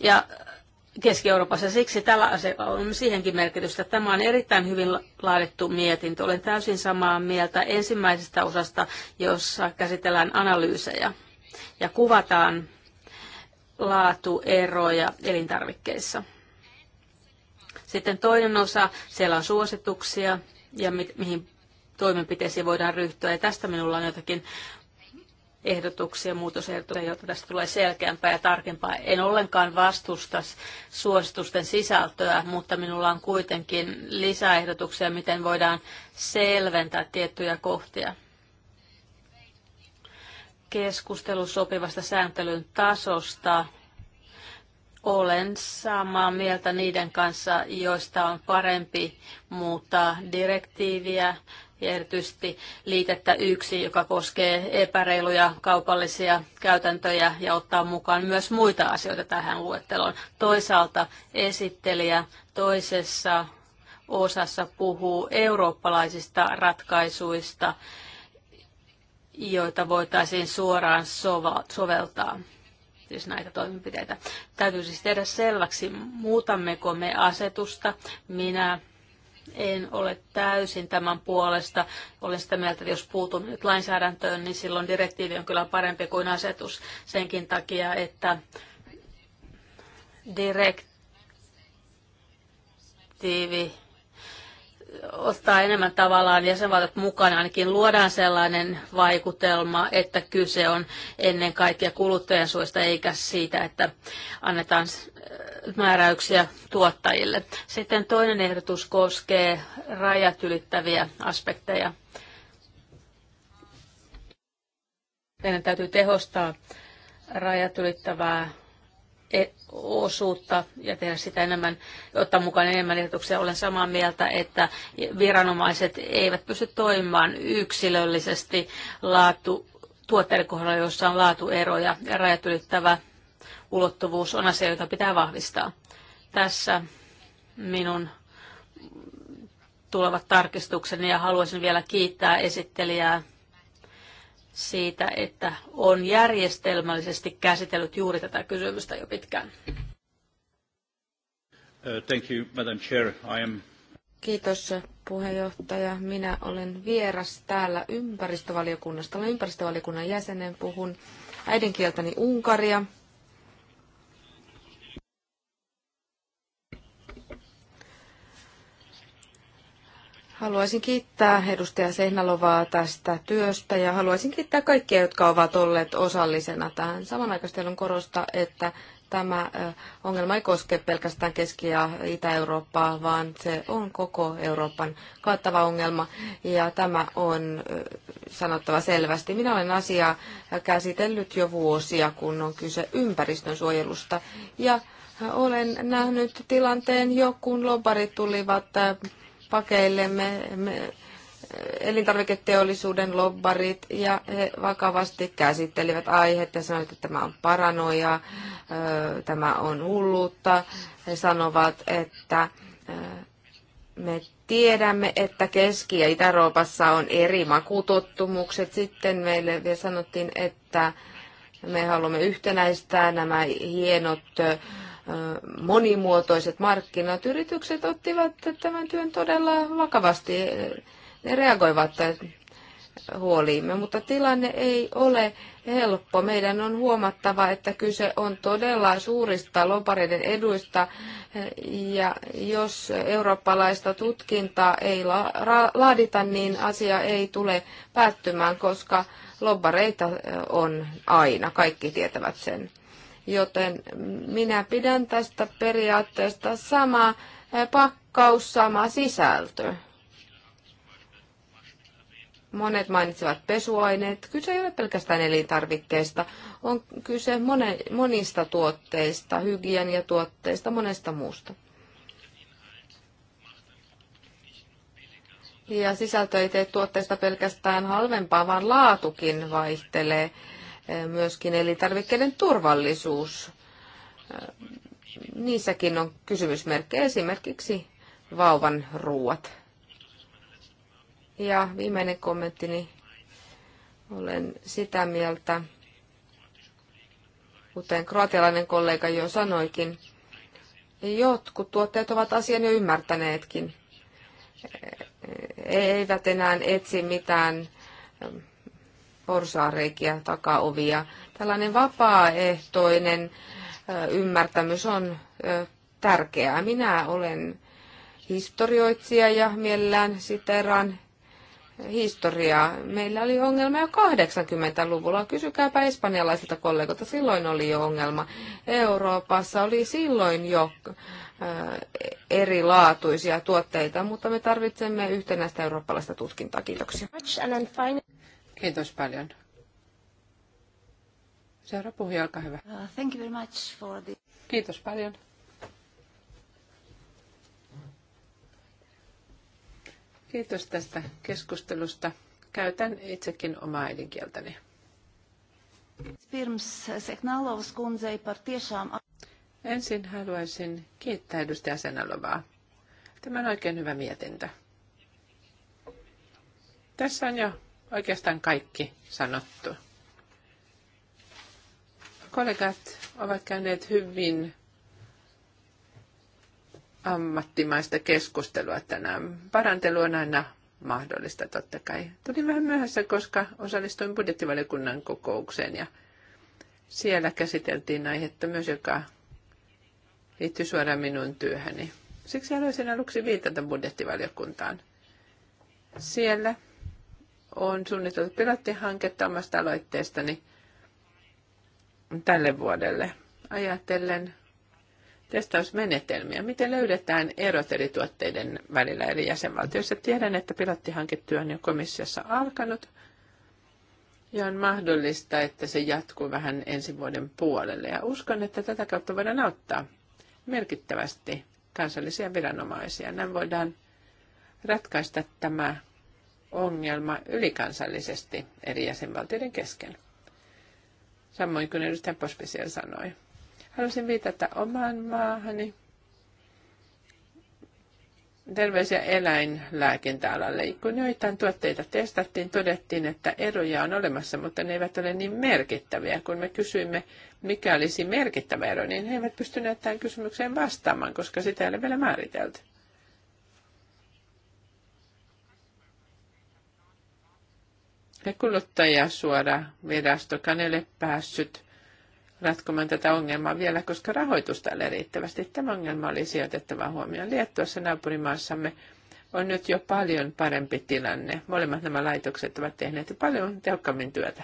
C: Ja Keski-Euroopassa. Siksi tällä on siihenkin merkitystä. Tämä on erittäin hyvin laadittu mietintö. Olen täysin samaa mieltä ensimmäisestä osasta, jossa käsitellään analyysejä ja kuvataan laatueroja elintarvikkeissa. Sitten toinen osa, siellä on suosituksia ja mi- mihin toimenpiteisiin voidaan ryhtyä. Ja tästä minulla on jotakin ehdotuksia, muutosehdotuksia, jotta tästä tulee selkeämpää ja tarkempaa. En ollenkaan vastusta suositusten sisältöä, mutta minulla on kuitenkin lisäehdotuksia, miten voidaan selventää tiettyjä kohtia. Keskustelu sopivasta sääntelyn tasosta. Olen samaa mieltä niiden kanssa, joista on parempi muuttaa direktiiviä ja erityisesti liitettä yksi, joka koskee epäreiluja kaupallisia käytäntöjä ja ottaa mukaan myös muita asioita tähän luetteloon. Toisaalta esittelijä toisessa osassa puhuu eurooppalaisista ratkaisuista, joita voitaisiin suoraan soveltaa siis näitä toimenpiteitä. Täytyy siis tehdä selväksi, muutammeko me asetusta. Minä en ole täysin tämän puolesta. Olen sitä mieltä, että jos puutun nyt lainsäädäntöön, niin silloin direktiivi on kyllä parempi kuin asetus senkin takia, että direktiivi ottaa enemmän tavallaan jäsenvaltiot mukana, ainakin luodaan sellainen vaikutelma, että kyse on ennen kaikkea kuluttajansuojasta eikä siitä, että annetaan määräyksiä tuottajille. Sitten toinen ehdotus koskee rajat ylittäviä aspekteja. Meidän täytyy tehostaa rajat ylittävää e- osuutta ja tehdä sitä enemmän, ottaa mukaan enemmän ehdotuksia. Olen samaa mieltä, että viranomaiset eivät pysty toimimaan yksilöllisesti laatu, tuotteiden kohdalla, joissa on laatueroja ja rajat ylittävä ulottuvuus on asia, jota pitää vahvistaa. Tässä minun tulevat tarkistukseni ja haluaisin vielä kiittää esittelijää siitä, että on järjestelmällisesti käsitellyt juuri tätä kysymystä jo pitkään. Uh,
A: thank you, Madam Chair. I am...
B: Kiitos puheenjohtaja. Minä olen vieras täällä ympäristövaliokunnasta. Olen ympäristövaliokunnan jäsenen, puhun äidinkieltäni Unkaria. Haluaisin kiittää edustaja Sehnalovaa tästä työstä ja haluaisin kiittää kaikkia, jotka ovat olleet osallisena tähän. Samanaikaisesti haluan korostaa, että tämä ongelma ei koske pelkästään Keski- ja Itä-Eurooppaa, vaan se on koko Euroopan kattava ongelma ja tämä on sanottava selvästi. Minä olen asiaa käsitellyt jo vuosia, kun on kyse ympäristönsuojelusta ja olen nähnyt tilanteen jo, kun lobarit tulivat pakeillemme elintarviketeollisuuden lobbarit ja he vakavasti käsittelivät aihetta ja sanoivat, että tämä on paranoia, tämä on hulluutta. He sanovat, että me tiedämme, että Keski- ja Itä-Euroopassa on eri makutottumukset. Sitten meille vielä sanottiin, että me haluamme yhtenäistää nämä hienot äh, monimuotoiset markkinat. Yritykset ottivat tämän työn todella vakavasti. Ne reagoivat huoliimme, mutta tilanne ei ole helppo. Meidän on huomattava, että kyse on todella suurista lopareiden eduista, ja jos eurooppalaista tutkintaa ei laadita, niin asia ei tule päättymään, koska lobbareita on aina, kaikki tietävät sen joten minä pidän tästä periaatteesta sama pakkaus, sama sisältö. Monet mainitsevat pesuaineet. Kyse ei ole pelkästään elintarvikkeista. On kyse monista tuotteista, hygieniatuotteista, monesta muusta. Ja sisältö ei tee tuotteista pelkästään halvempaa, vaan laatukin vaihtelee myöskin elintarvikkeiden turvallisuus. Niissäkin on kysymysmerkkejä, esimerkiksi vauvan ruuat. Ja viimeinen kommenttini. Olen sitä mieltä, kuten kroatialainen kollega jo sanoikin, jotkut tuotteet ovat asian jo ymmärtäneetkin. Eivät enää etsi mitään porsaareikiä, takaovia. Tällainen vapaaehtoinen ymmärtämys on tärkeää. Minä olen historioitsija ja mielellään siteraan historiaa. Meillä oli ongelma jo 80-luvulla. Kysykääpä espanjalaisilta kollegoilta. Silloin oli jo ongelma. Euroopassa oli silloin jo erilaatuisia tuotteita, mutta me tarvitsemme yhtenäistä eurooppalaista tutkintaa. Kiitoksia. Kiitos
A: paljon. Seuraava puhuja, olkaa hyvä. Uh, thank you very much for the... Kiitos paljon. Kiitos tästä keskustelusta. Käytän itsekin omaa äidinkieltäni. Ensin haluaisin kiittää edustaja Senalovaa. Tämä on oikein hyvä mietintä. Tässä on jo oikeastaan kaikki sanottu. Kollegat ovat käyneet hyvin ammattimaista keskustelua tänään. Parantelu on aina mahdollista totta kai. Tulin vähän myöhässä, koska osallistuin budjettivaliokunnan kokoukseen ja siellä käsiteltiin aihetta myös, joka liittyy suoraan minun työhöni. Siksi haluaisin aluksi viitata budjettivaliokuntaan. Siellä on suunniteltu pilottihanketta omasta aloitteestani tälle vuodelle. Ajatellen testausmenetelmiä, miten löydetään erot eri tuotteiden välillä eri jäsenvaltioissa. Tiedän, että pilottihanketyö on jo komissiossa alkanut ja on mahdollista, että se jatkuu vähän ensi vuoden puolelle. Ja uskon, että tätä kautta voidaan auttaa merkittävästi kansallisia viranomaisia. Näin voidaan ratkaista tämä ongelma ylikansallisesti eri jäsenvaltioiden kesken. Samoin kuin edustaja Pospisiel sanoi. Haluaisin viitata omaan maahani terveys- ja eläinlääkintäalalle. Kun joitain tuotteita testattiin, todettiin, että eroja on olemassa, mutta ne eivät ole niin merkittäviä. Kun me kysyimme, mikä olisi merkittävä ero, niin he eivät pystyneet tähän kysymykseen vastaamaan, koska sitä ei ole vielä määritelty. Ja kuluttajasuoravirastokaan ei ole päässyt ratkomaan tätä ongelmaa vielä, koska rahoitusta ei ole riittävästi. Tämä ongelma oli sijoitettava huomioon. Liettuassa naapurimaassamme on nyt jo paljon parempi tilanne. Molemmat nämä laitokset ovat tehneet paljon tehokkaammin työtä.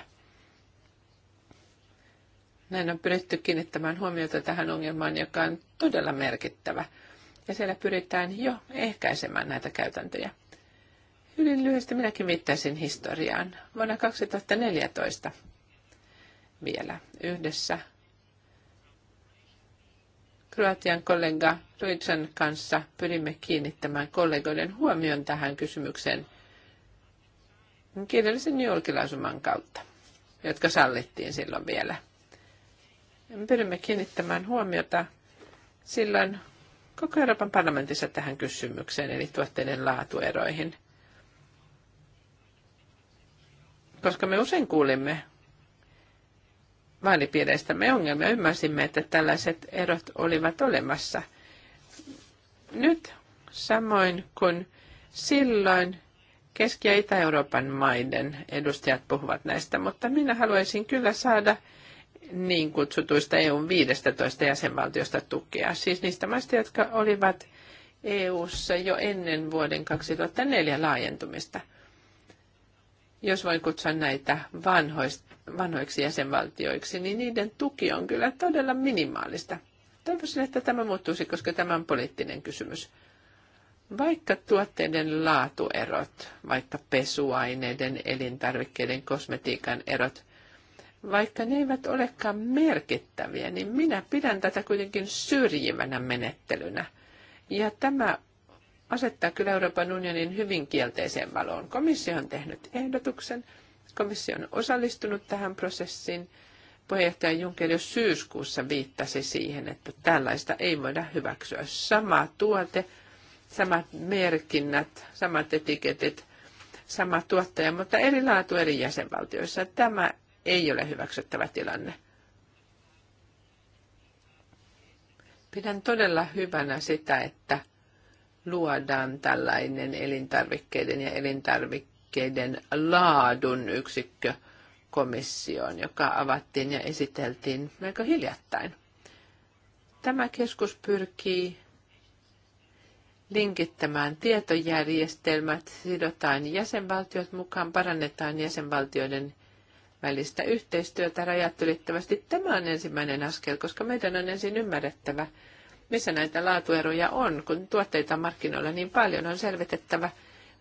A: Näin on pyritty kiinnittämään huomiota tähän ongelmaan, joka on todella merkittävä. Ja siellä pyritään jo ehkäisemään näitä käytäntöjä. Hyvin lyhyesti minäkin viittaisin historiaan. Vuonna 2014 vielä yhdessä Kroatian kollega Luitsan kanssa pyrimme kiinnittämään kollegoiden huomion tähän kysymykseen kirjallisen julkilausuman kautta, jotka sallittiin silloin vielä. Pyrimme kiinnittämään huomiota silloin koko Euroopan parlamentissa tähän kysymykseen, eli tuotteiden laatueroihin – koska me usein kuulimme vaalipiireistämme ongelmia. Ymmärsimme, että tällaiset erot olivat olemassa. Nyt samoin kuin silloin Keski- ja Itä-Euroopan maiden edustajat puhuvat näistä, mutta minä haluaisin kyllä saada niin kutsutuista EUn 15 jäsenvaltiosta tukea, siis niistä maista, jotka olivat EUssa jo ennen vuoden 2004 laajentumista – jos voin kutsua näitä vanhoista, vanhoiksi jäsenvaltioiksi, niin niiden tuki on kyllä todella minimaalista. Toivoisin, että tämä muuttuisi, koska tämä on poliittinen kysymys. Vaikka tuotteiden laatuerot, vaikka pesuaineiden, elintarvikkeiden, kosmetiikan erot, vaikka ne eivät olekaan merkittäviä, niin minä pidän tätä kuitenkin syrjivänä menettelynä. Ja tämä asettaa kyllä Euroopan unionin hyvin kielteiseen valoon. Komissio on tehnyt ehdotuksen, komissio on osallistunut tähän prosessiin. Puheenjohtaja Juncker jo syyskuussa viittasi siihen, että tällaista ei voida hyväksyä. Sama tuote, samat merkinnät, samat etiketit, sama tuottaja, mutta eri laatu eri jäsenvaltioissa. Tämä ei ole hyväksyttävä tilanne. Pidän todella hyvänä sitä, että luodaan tällainen elintarvikkeiden ja elintarvikkeiden laadun yksikkö komissioon, joka avattiin ja esiteltiin melko hiljattain. Tämä keskus pyrkii linkittämään tietojärjestelmät, sidotaan jäsenvaltiot mukaan, parannetaan jäsenvaltioiden välistä yhteistyötä rajat ylittävästi. Tämä on ensimmäinen askel, koska meidän on ensin ymmärrettävä, missä näitä laatueroja on, kun tuotteita on markkinoilla niin paljon, on selvitettävä,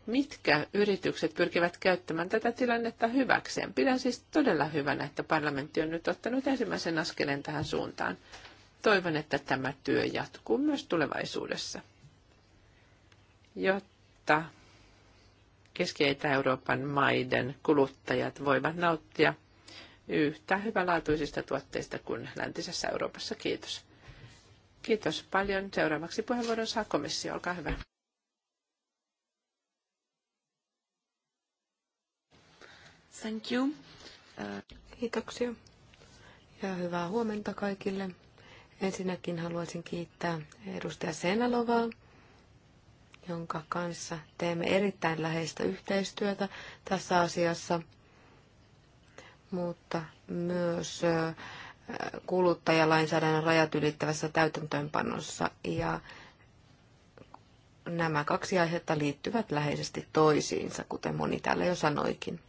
A: mitkä yritykset pyrkivät käyttämään tätä tilannetta hyväkseen. Pidän siis todella hyvänä, että parlamentti on nyt ottanut ensimmäisen askeleen tähän suuntaan. Toivon, että tämä työ jatkuu myös tulevaisuudessa, jotta Keski- ja Itä-Euroopan maiden kuluttajat voivat nauttia yhtä hyvälaatuisista tuotteista kuin läntisessä Euroopassa. Kiitos. Kiitos paljon. Seuraavaksi puheenvuoron saa komissio. Olkaa hyvä. Thank you.
B: Kiitoksia ja hyvää huomenta kaikille. Ensinnäkin haluaisin kiittää edustaja Senalovaa, jonka kanssa teemme erittäin läheistä yhteistyötä tässä asiassa, mutta myös kuluttajalainsäädännön rajat ylittävässä täytäntöönpanossa. Ja nämä kaksi aihetta liittyvät läheisesti toisiinsa, kuten moni täällä jo sanoikin.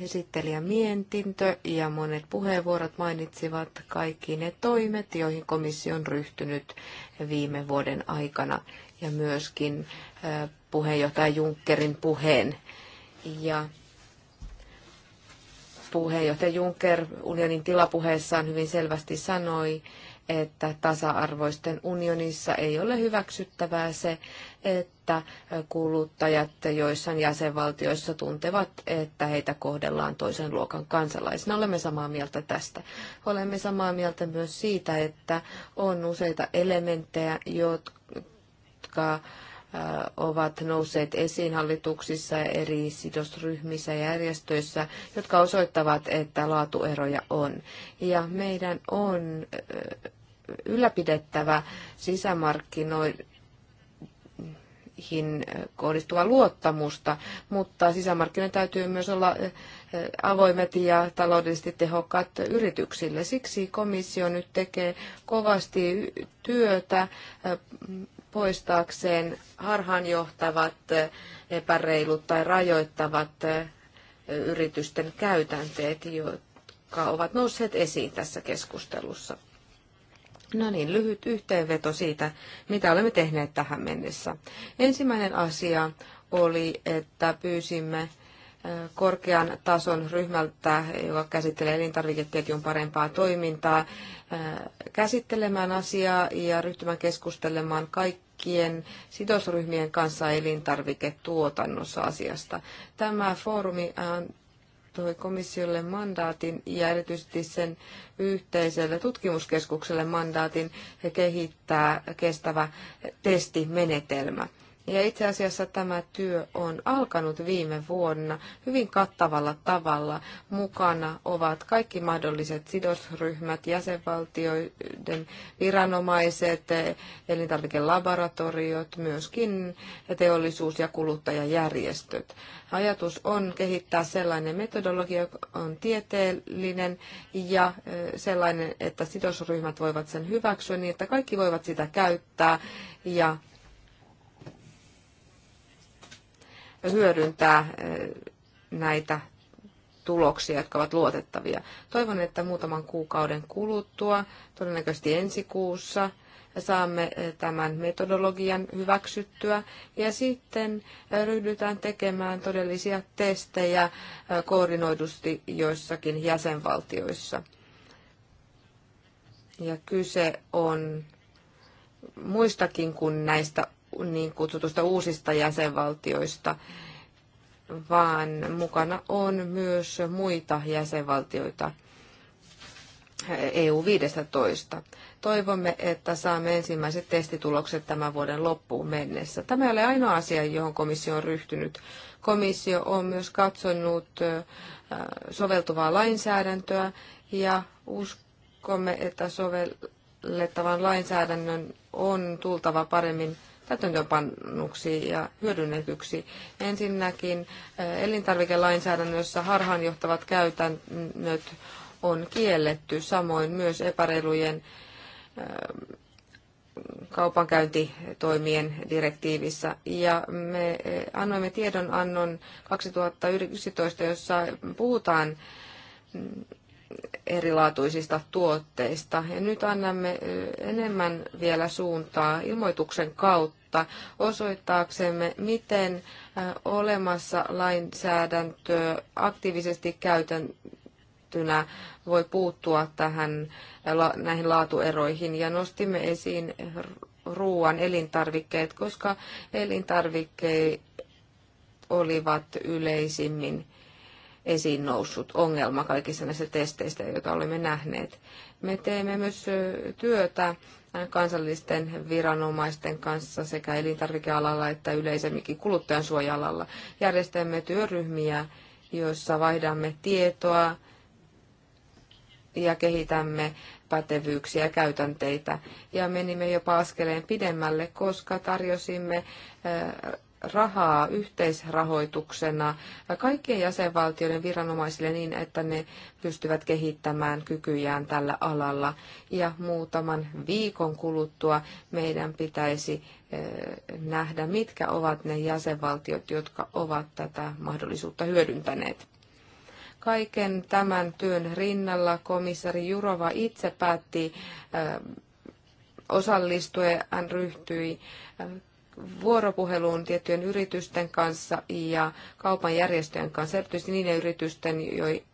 B: Esittelijä mietintö ja monet puheenvuorot mainitsivat kaikki ne toimet, joihin komissio on ryhtynyt viime vuoden aikana ja myöskin puheenjohtaja Junckerin puheen. Ja puheenjohtaja Juncker unionin tilapuheessaan hyvin selvästi sanoi, että tasa-arvoisten unionissa ei ole hyväksyttävää se, että kuluttajat joissain jäsenvaltioissa tuntevat, että heitä kohdellaan toisen luokan kansalaisina. Olemme samaa mieltä tästä. Olemme samaa mieltä myös siitä, että on useita elementtejä, jotka ovat nousseet esiin hallituksissa, eri sidosryhmissä ja järjestöissä, jotka osoittavat, että laatueroja on. Ja meidän on ylläpidettävä sisämarkkinoihin markkinoihin kohdistuvaa luottamusta, mutta sisämarkkinoiden täytyy myös olla avoimet ja taloudellisesti tehokkaat yrityksille. Siksi komissio nyt tekee kovasti työtä poistaakseen harhaanjohtavat, epäreilut tai rajoittavat eh, yritysten käytänteet, jotka ovat nousseet esiin tässä keskustelussa. No niin, lyhyt yhteenveto siitä, mitä olemme tehneet tähän mennessä. Ensimmäinen asia oli, että pyysimme korkean tason ryhmältä, joka käsittelee elintarvikeketjun parempaa toimintaa, käsittelemään asiaa ja ryhtymään keskustelemaan kaikkien sidosryhmien kanssa elintarviketuotannossa asiasta. Tämä foorumi antoi komissiolle mandaatin ja erityisesti sen yhteiselle tutkimuskeskukselle mandaatin kehittää kestävä testimenetelmä. Ja itse asiassa tämä työ on alkanut viime vuonna hyvin kattavalla tavalla. Mukana ovat kaikki mahdolliset sidosryhmät, jäsenvaltioiden viranomaiset, elintarvikelaboratoriot, myöskin teollisuus- ja kuluttajajärjestöt. Ajatus on kehittää sellainen metodologia, joka on tieteellinen ja sellainen, että sidosryhmät voivat sen hyväksyä niin, että kaikki voivat sitä käyttää ja hyödyntää eh, näitä tuloksia, jotka ovat luotettavia. Toivon, että muutaman kuukauden kuluttua, todennäköisesti ensi kuussa, saamme eh, tämän metodologian hyväksyttyä ja sitten eh, ryhdytään tekemään todellisia testejä koordinoidusti joissakin jäsenvaltioissa. Ja kyse on muistakin kuin näistä niin kutsutusta uusista jäsenvaltioista, vaan mukana on myös muita jäsenvaltioita EU-15. Toivomme, että saamme ensimmäiset testitulokset tämän vuoden loppuun mennessä. Tämä ei ole ainoa asia, johon komissio on ryhtynyt. Komissio on myös katsonut soveltuvaa lainsäädäntöä ja uskomme, että sovellettavan lainsäädännön on tultava paremmin täytäntöönpannuksi ja hyödynnetyksi. Ensinnäkin elintarvikelainsäädännössä harhaanjohtavat käytännöt on kielletty, samoin myös epäreilujen kaupankäyntitoimien direktiivissä. Ja me annoimme tiedonannon 2011, jossa puhutaan mm, erilaatuisista tuotteista. Ja nyt annamme enemmän vielä suuntaa ilmoituksen kautta kautta osoittaaksemme, miten olemassa lainsäädäntö aktiivisesti käytäntynä voi puuttua tähän, näihin laatueroihin. Ja nostimme esiin ruoan elintarvikkeet, koska elintarvikkeet olivat yleisimmin esiin noussut ongelma kaikissa näissä testeissä, joita olemme nähneet. Me teemme myös työtä kansallisten viranomaisten kanssa sekä elintarvikealalla että yleisemminkin kuluttajansuoja-alalla. Järjestämme työryhmiä, joissa vaihdamme tietoa ja kehitämme pätevyyksiä ja käytänteitä. Ja menimme jopa askeleen pidemmälle, koska tarjosimme eh, rahaa yhteisrahoituksena kaikkien jäsenvaltioiden viranomaisille niin, että ne pystyvät kehittämään kykyjään tällä alalla. Ja muutaman viikon kuluttua meidän pitäisi eh, nähdä, mitkä ovat ne jäsenvaltiot, jotka ovat tätä mahdollisuutta hyödyntäneet. Kaiken tämän työn rinnalla komissari Jurova itse päätti eh, osallistua. Hän ryhtyi eh, vuoropuheluun tiettyjen yritysten kanssa ja kaupan järjestöjen kanssa, erityisesti niiden yritysten, joita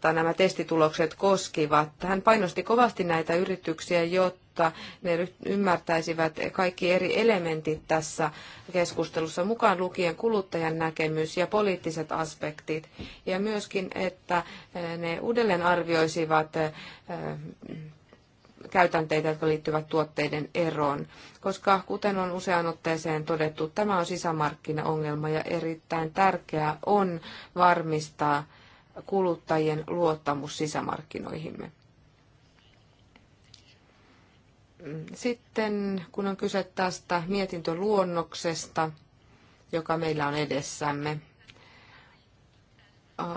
B: tai nämä testitulokset koskivat. Hän painosti kovasti näitä yrityksiä, jotta ne ymmärtäisivät kaikki eri elementit tässä keskustelussa, mukaan lukien kuluttajan näkemys ja poliittiset aspektit. Ja myöskin, että ne uudelleen arvioisivat eh, käytänteitä, jotka liittyvät tuotteiden eroon, koska kuten on useaan otteeseen todettu, tämä on sisämarkkinaongelma ja erittäin tärkeää on varmistaa kuluttajien luottamus sisämarkkinoihimme. Sitten kun on kyse tästä mietintöluonnoksesta, joka meillä on edessämme,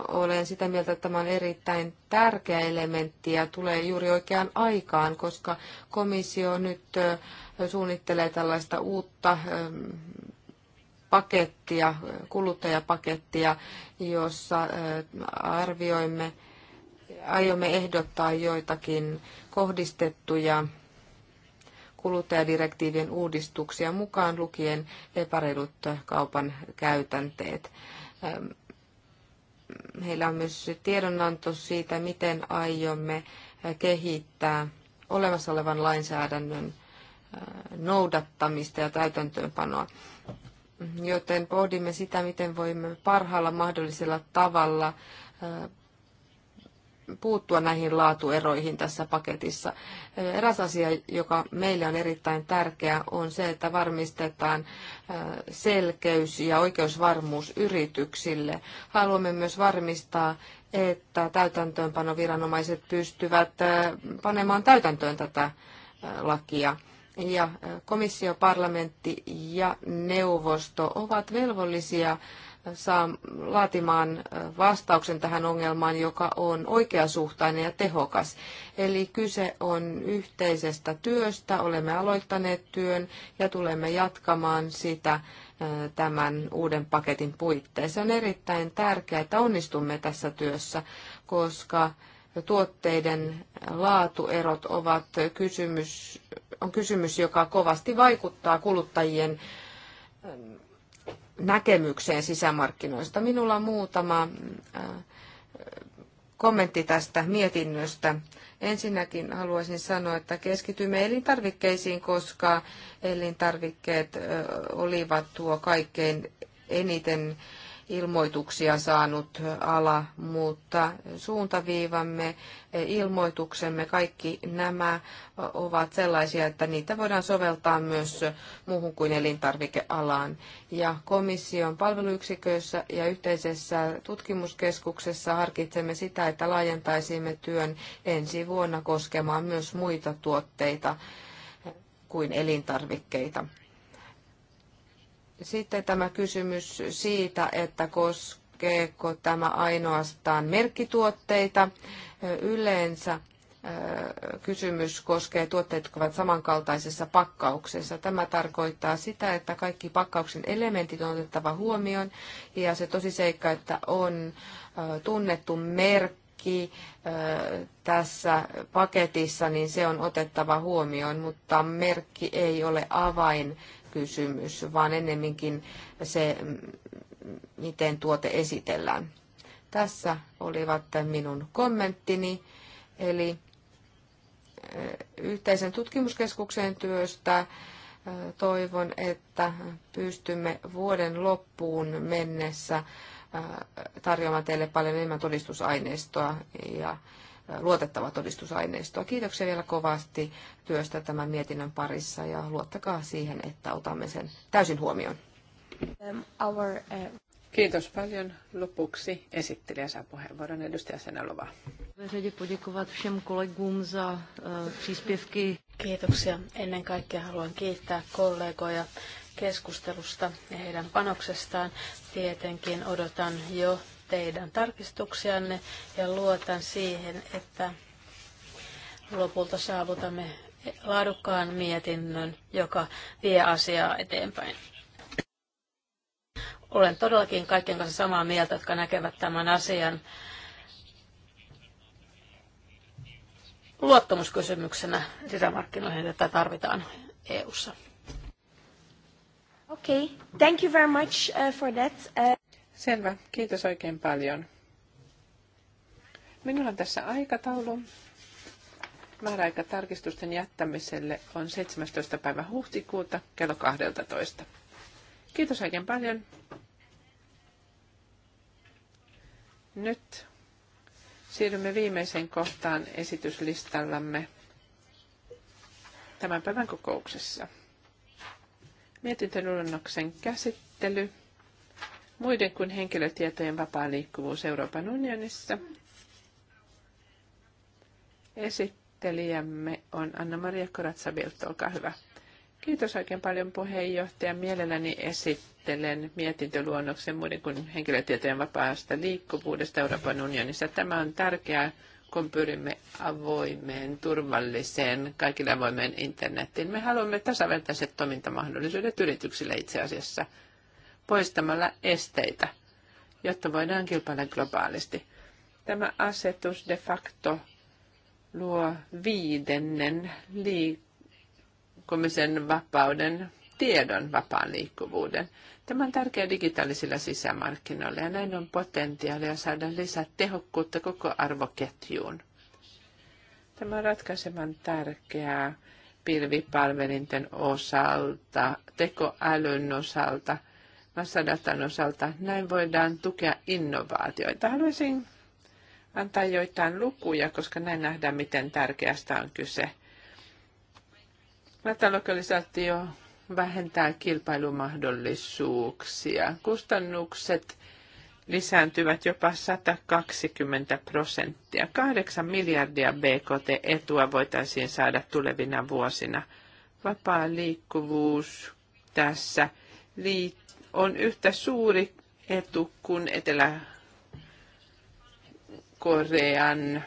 B: olen sitä mieltä, että tämä on erittäin tärkeä elementti ja tulee juuri oikeaan aikaan, koska komissio nyt suunnittelee tällaista uutta pakettia, kuluttajapakettia, jossa arvioimme, aiomme ehdottaa joitakin kohdistettuja kuluttajadirektiivien uudistuksia mukaan lukien epäreilut kaupan käytänteet heillä on myös tiedonanto siitä, miten aiomme kehittää olemassa olevan lainsäädännön noudattamista ja täytäntöönpanoa. Joten pohdimme sitä, miten voimme parhaalla mahdollisella tavalla puuttua näihin laatueroihin tässä paketissa. Eräs asia, joka meille on erittäin tärkeä, on se, että varmistetaan selkeys ja oikeusvarmuus yrityksille. Haluamme myös varmistaa, että täytäntöönpanoviranomaiset pystyvät panemaan täytäntöön tätä lakia. Ja komissio, parlamentti ja neuvosto ovat velvollisia saa laatimaan vastauksen tähän ongelmaan, joka on oikeasuhtainen ja tehokas. Eli kyse on yhteisestä työstä, olemme aloittaneet työn ja tulemme jatkamaan sitä tämän uuden paketin puitteissa. On erittäin tärkeää, että onnistumme tässä työssä, koska tuotteiden laatuerot ovat kysymys, on kysymys, joka kovasti vaikuttaa kuluttajien näkemykseen sisämarkkinoista. Minulla on muutama kommentti tästä mietinnöstä. Ensinnäkin haluaisin sanoa, että keskitymme elintarvikkeisiin, koska elintarvikkeet olivat tuo kaikkein eniten ilmoituksia saanut ala, mutta suuntaviivamme, ilmoituksemme, kaikki nämä ovat sellaisia, että niitä voidaan soveltaa myös muuhun kuin elintarvikealaan. Ja komission palveluyksiköissä ja yhteisessä tutkimuskeskuksessa harkitsemme sitä, että laajentaisimme työn ensi vuonna koskemaan myös muita tuotteita kuin elintarvikkeita. Sitten tämä kysymys siitä, että koskeeko tämä ainoastaan merkkituotteita. Yleensä kysymys koskee tuotteita, jotka ovat samankaltaisessa pakkauksessa. Tämä tarkoittaa sitä, että kaikki pakkauksen elementit on otettava huomioon ja se tosiseikka, että on tunnettu merkki tässä paketissa, niin se on otettava huomioon, mutta merkki ei ole avain kysymys, vaan ennemminkin se, miten tuote esitellään. Tässä olivat minun kommenttini, eli eh, yhteisen tutkimuskeskuksen työstä. Eh, toivon, että pystymme vuoden loppuun mennessä eh, tarjoamaan teille paljon enemmän todistusaineistoa ja luotettavaa todistusaineistoa. Kiitoksia vielä kovasti työstä tämän mietinnön parissa ja luottakaa siihen, että otamme sen täysin huomioon.
A: Um, uh, Kiitos paljon. Lopuksi esittelijä saa puheenvuoron edustaja Senelova.
C: Uh, Kiitoksia. Ennen kaikkea haluan kiittää kollegoja keskustelusta ja heidän panoksestaan. Tietenkin odotan jo teidän tarkistuksianne ja luotan siihen, että lopulta saavutamme laadukkaan mietinnön, joka vie asiaa eteenpäin. Olen todellakin kaikkien kanssa samaa mieltä, jotka näkevät tämän asian luottamuskysymyksenä sisämarkkinoihin, että tarvitaan EU:ssa.
A: Okay, thank you very much uh, for that. Uh, Selvä, kiitos oikein paljon. Minulla on tässä aikataulu. Määräaika tarkistusten jättämiselle on 17. päivä huhtikuuta kello 12. Kiitos oikein paljon. Nyt siirrymme viimeiseen kohtaan esityslistallamme tämän päivän kokouksessa. Mietintöluonnoksen käsittely muiden kuin henkilötietojen vapaa liikkuvuus Euroopan unionissa. Esittelijämme on Anna-Maria Koratsabilt, olkaa hyvä. Kiitos oikein paljon puheenjohtaja. Mielelläni esittelen mietintöluonnoksen muiden kuin henkilötietojen vapaasta liikkuvuudesta Euroopan unionissa. Tämä on tärkeää, kun pyrimme avoimeen, turvalliseen, kaikille avoimeen internetiin. Me haluamme tasavertaiset toimintamahdollisuudet yrityksille itse asiassa – poistamalla esteitä, jotta voidaan kilpailla globaalisti. Tämä asetus de facto luo viidennen liikkumisen vapauden tiedon vapaan liikkuvuuden. Tämä on tärkeä digitaalisilla sisämarkkinoilla ja näin on potentiaalia saada lisää tehokkuutta koko arvoketjuun. Tämä on ratkaisevan tärkeää pilvipalvelinten osalta, tekoälyn osalta, sadatan osalta. Näin voidaan tukea innovaatioita. Haluaisin antaa joitain lukuja, koska näin nähdään, miten tärkeästä on kyse. Matalokalisaatio vähentää kilpailumahdollisuuksia. Kustannukset lisääntyvät jopa 120 prosenttia. 8 miljardia BKT-etua voitaisiin saada tulevina vuosina. Vapaa liikkuvuus tässä liittyy on yhtä suuri etu kuin Etelä-Korean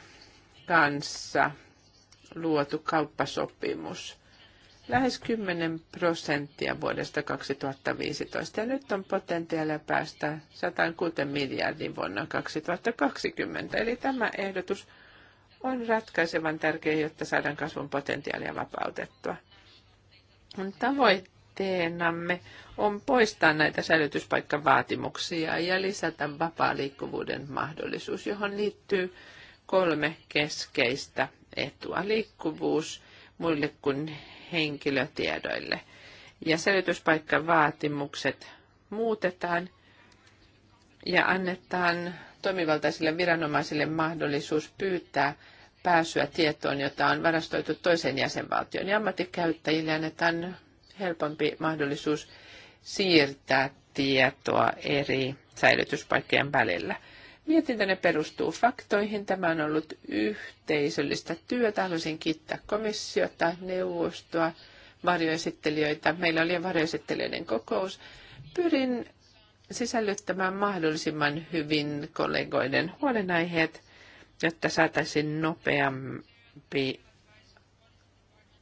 A: kanssa luotu kauppasopimus. Lähes 10 prosenttia vuodesta 2015 ja nyt on potentiaalia päästä 106 miljardin vuonna 2020. Eli tämä ehdotus on ratkaisevan tärkeä, jotta saadaan kasvun potentiaalia vapautettua. Tavoitteet tavoitteenamme on poistaa näitä säilytyspaikkavaatimuksia ja lisätä vapaa liikkuvuuden mahdollisuus, johon liittyy kolme keskeistä etua. Liikkuvuus muille kuin henkilötiedoille. Ja säilytyspaikkavaatimukset muutetaan ja annetaan toimivaltaisille viranomaisille mahdollisuus pyytää pääsyä tietoon, jota on varastoitu toisen jäsenvaltion. Ja ammattikäyttäjille annetaan helpompi mahdollisuus siirtää tietoa eri säilytyspaikkojen välillä. Mietintönne perustuu faktoihin. Tämä on ollut yhteisöllistä työtä. Haluaisin kiittää komissiota, neuvostoa, varjoesittelijöitä. Meillä oli varjoesittelijöiden kokous. Pyrin sisällyttämään mahdollisimman hyvin kollegoiden huolenaiheet, jotta saataisiin nopeampi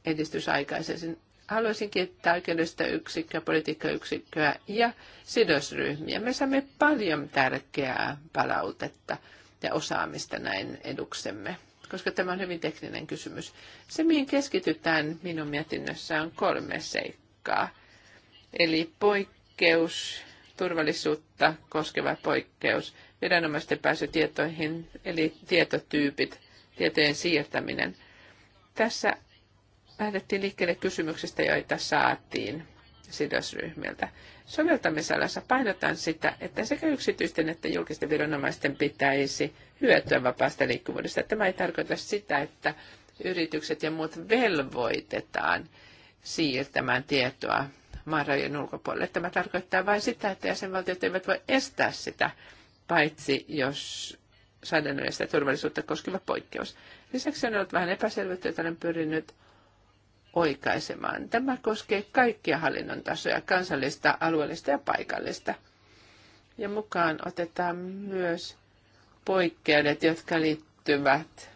A: edistys aikaisemmin Haluaisin kiittää oikeudellista yksikköä, politiikkayksikköä ja sidosryhmiä. Me saamme paljon tärkeää palautetta ja osaamista näin eduksemme, koska tämä on hyvin tekninen kysymys. Se, mihin keskitytään minun mietinnössä, on kolme seikkaa. Eli poikkeus, turvallisuutta koskeva poikkeus, viranomaisten pääsy tietoihin, eli tietotyypit, tietojen siirtäminen. Tässä lähdettiin liikkeelle kysymyksistä, joita saatiin sidosryhmiltä. Soveltamisalassa painotan sitä, että sekä yksityisten että julkisten viranomaisten pitäisi hyötyä vapaasta liikkuvuudesta. Tämä ei tarkoita sitä, että yritykset ja muut velvoitetaan siirtämään tietoa maan ulkopuolelle. Tämä tarkoittaa vain sitä, että jäsenvaltiot eivät voi estää sitä, paitsi jos säädännöllistä turvallisuutta koskeva poikkeus. Lisäksi on ollut vähän epäselvyyttä, jota olen pyrinyt oikaisemaan. Tämä koskee kaikkia hallinnon tasoja, kansallista, alueellista ja paikallista. Ja mukaan otetaan myös poikkeudet, jotka liittyvät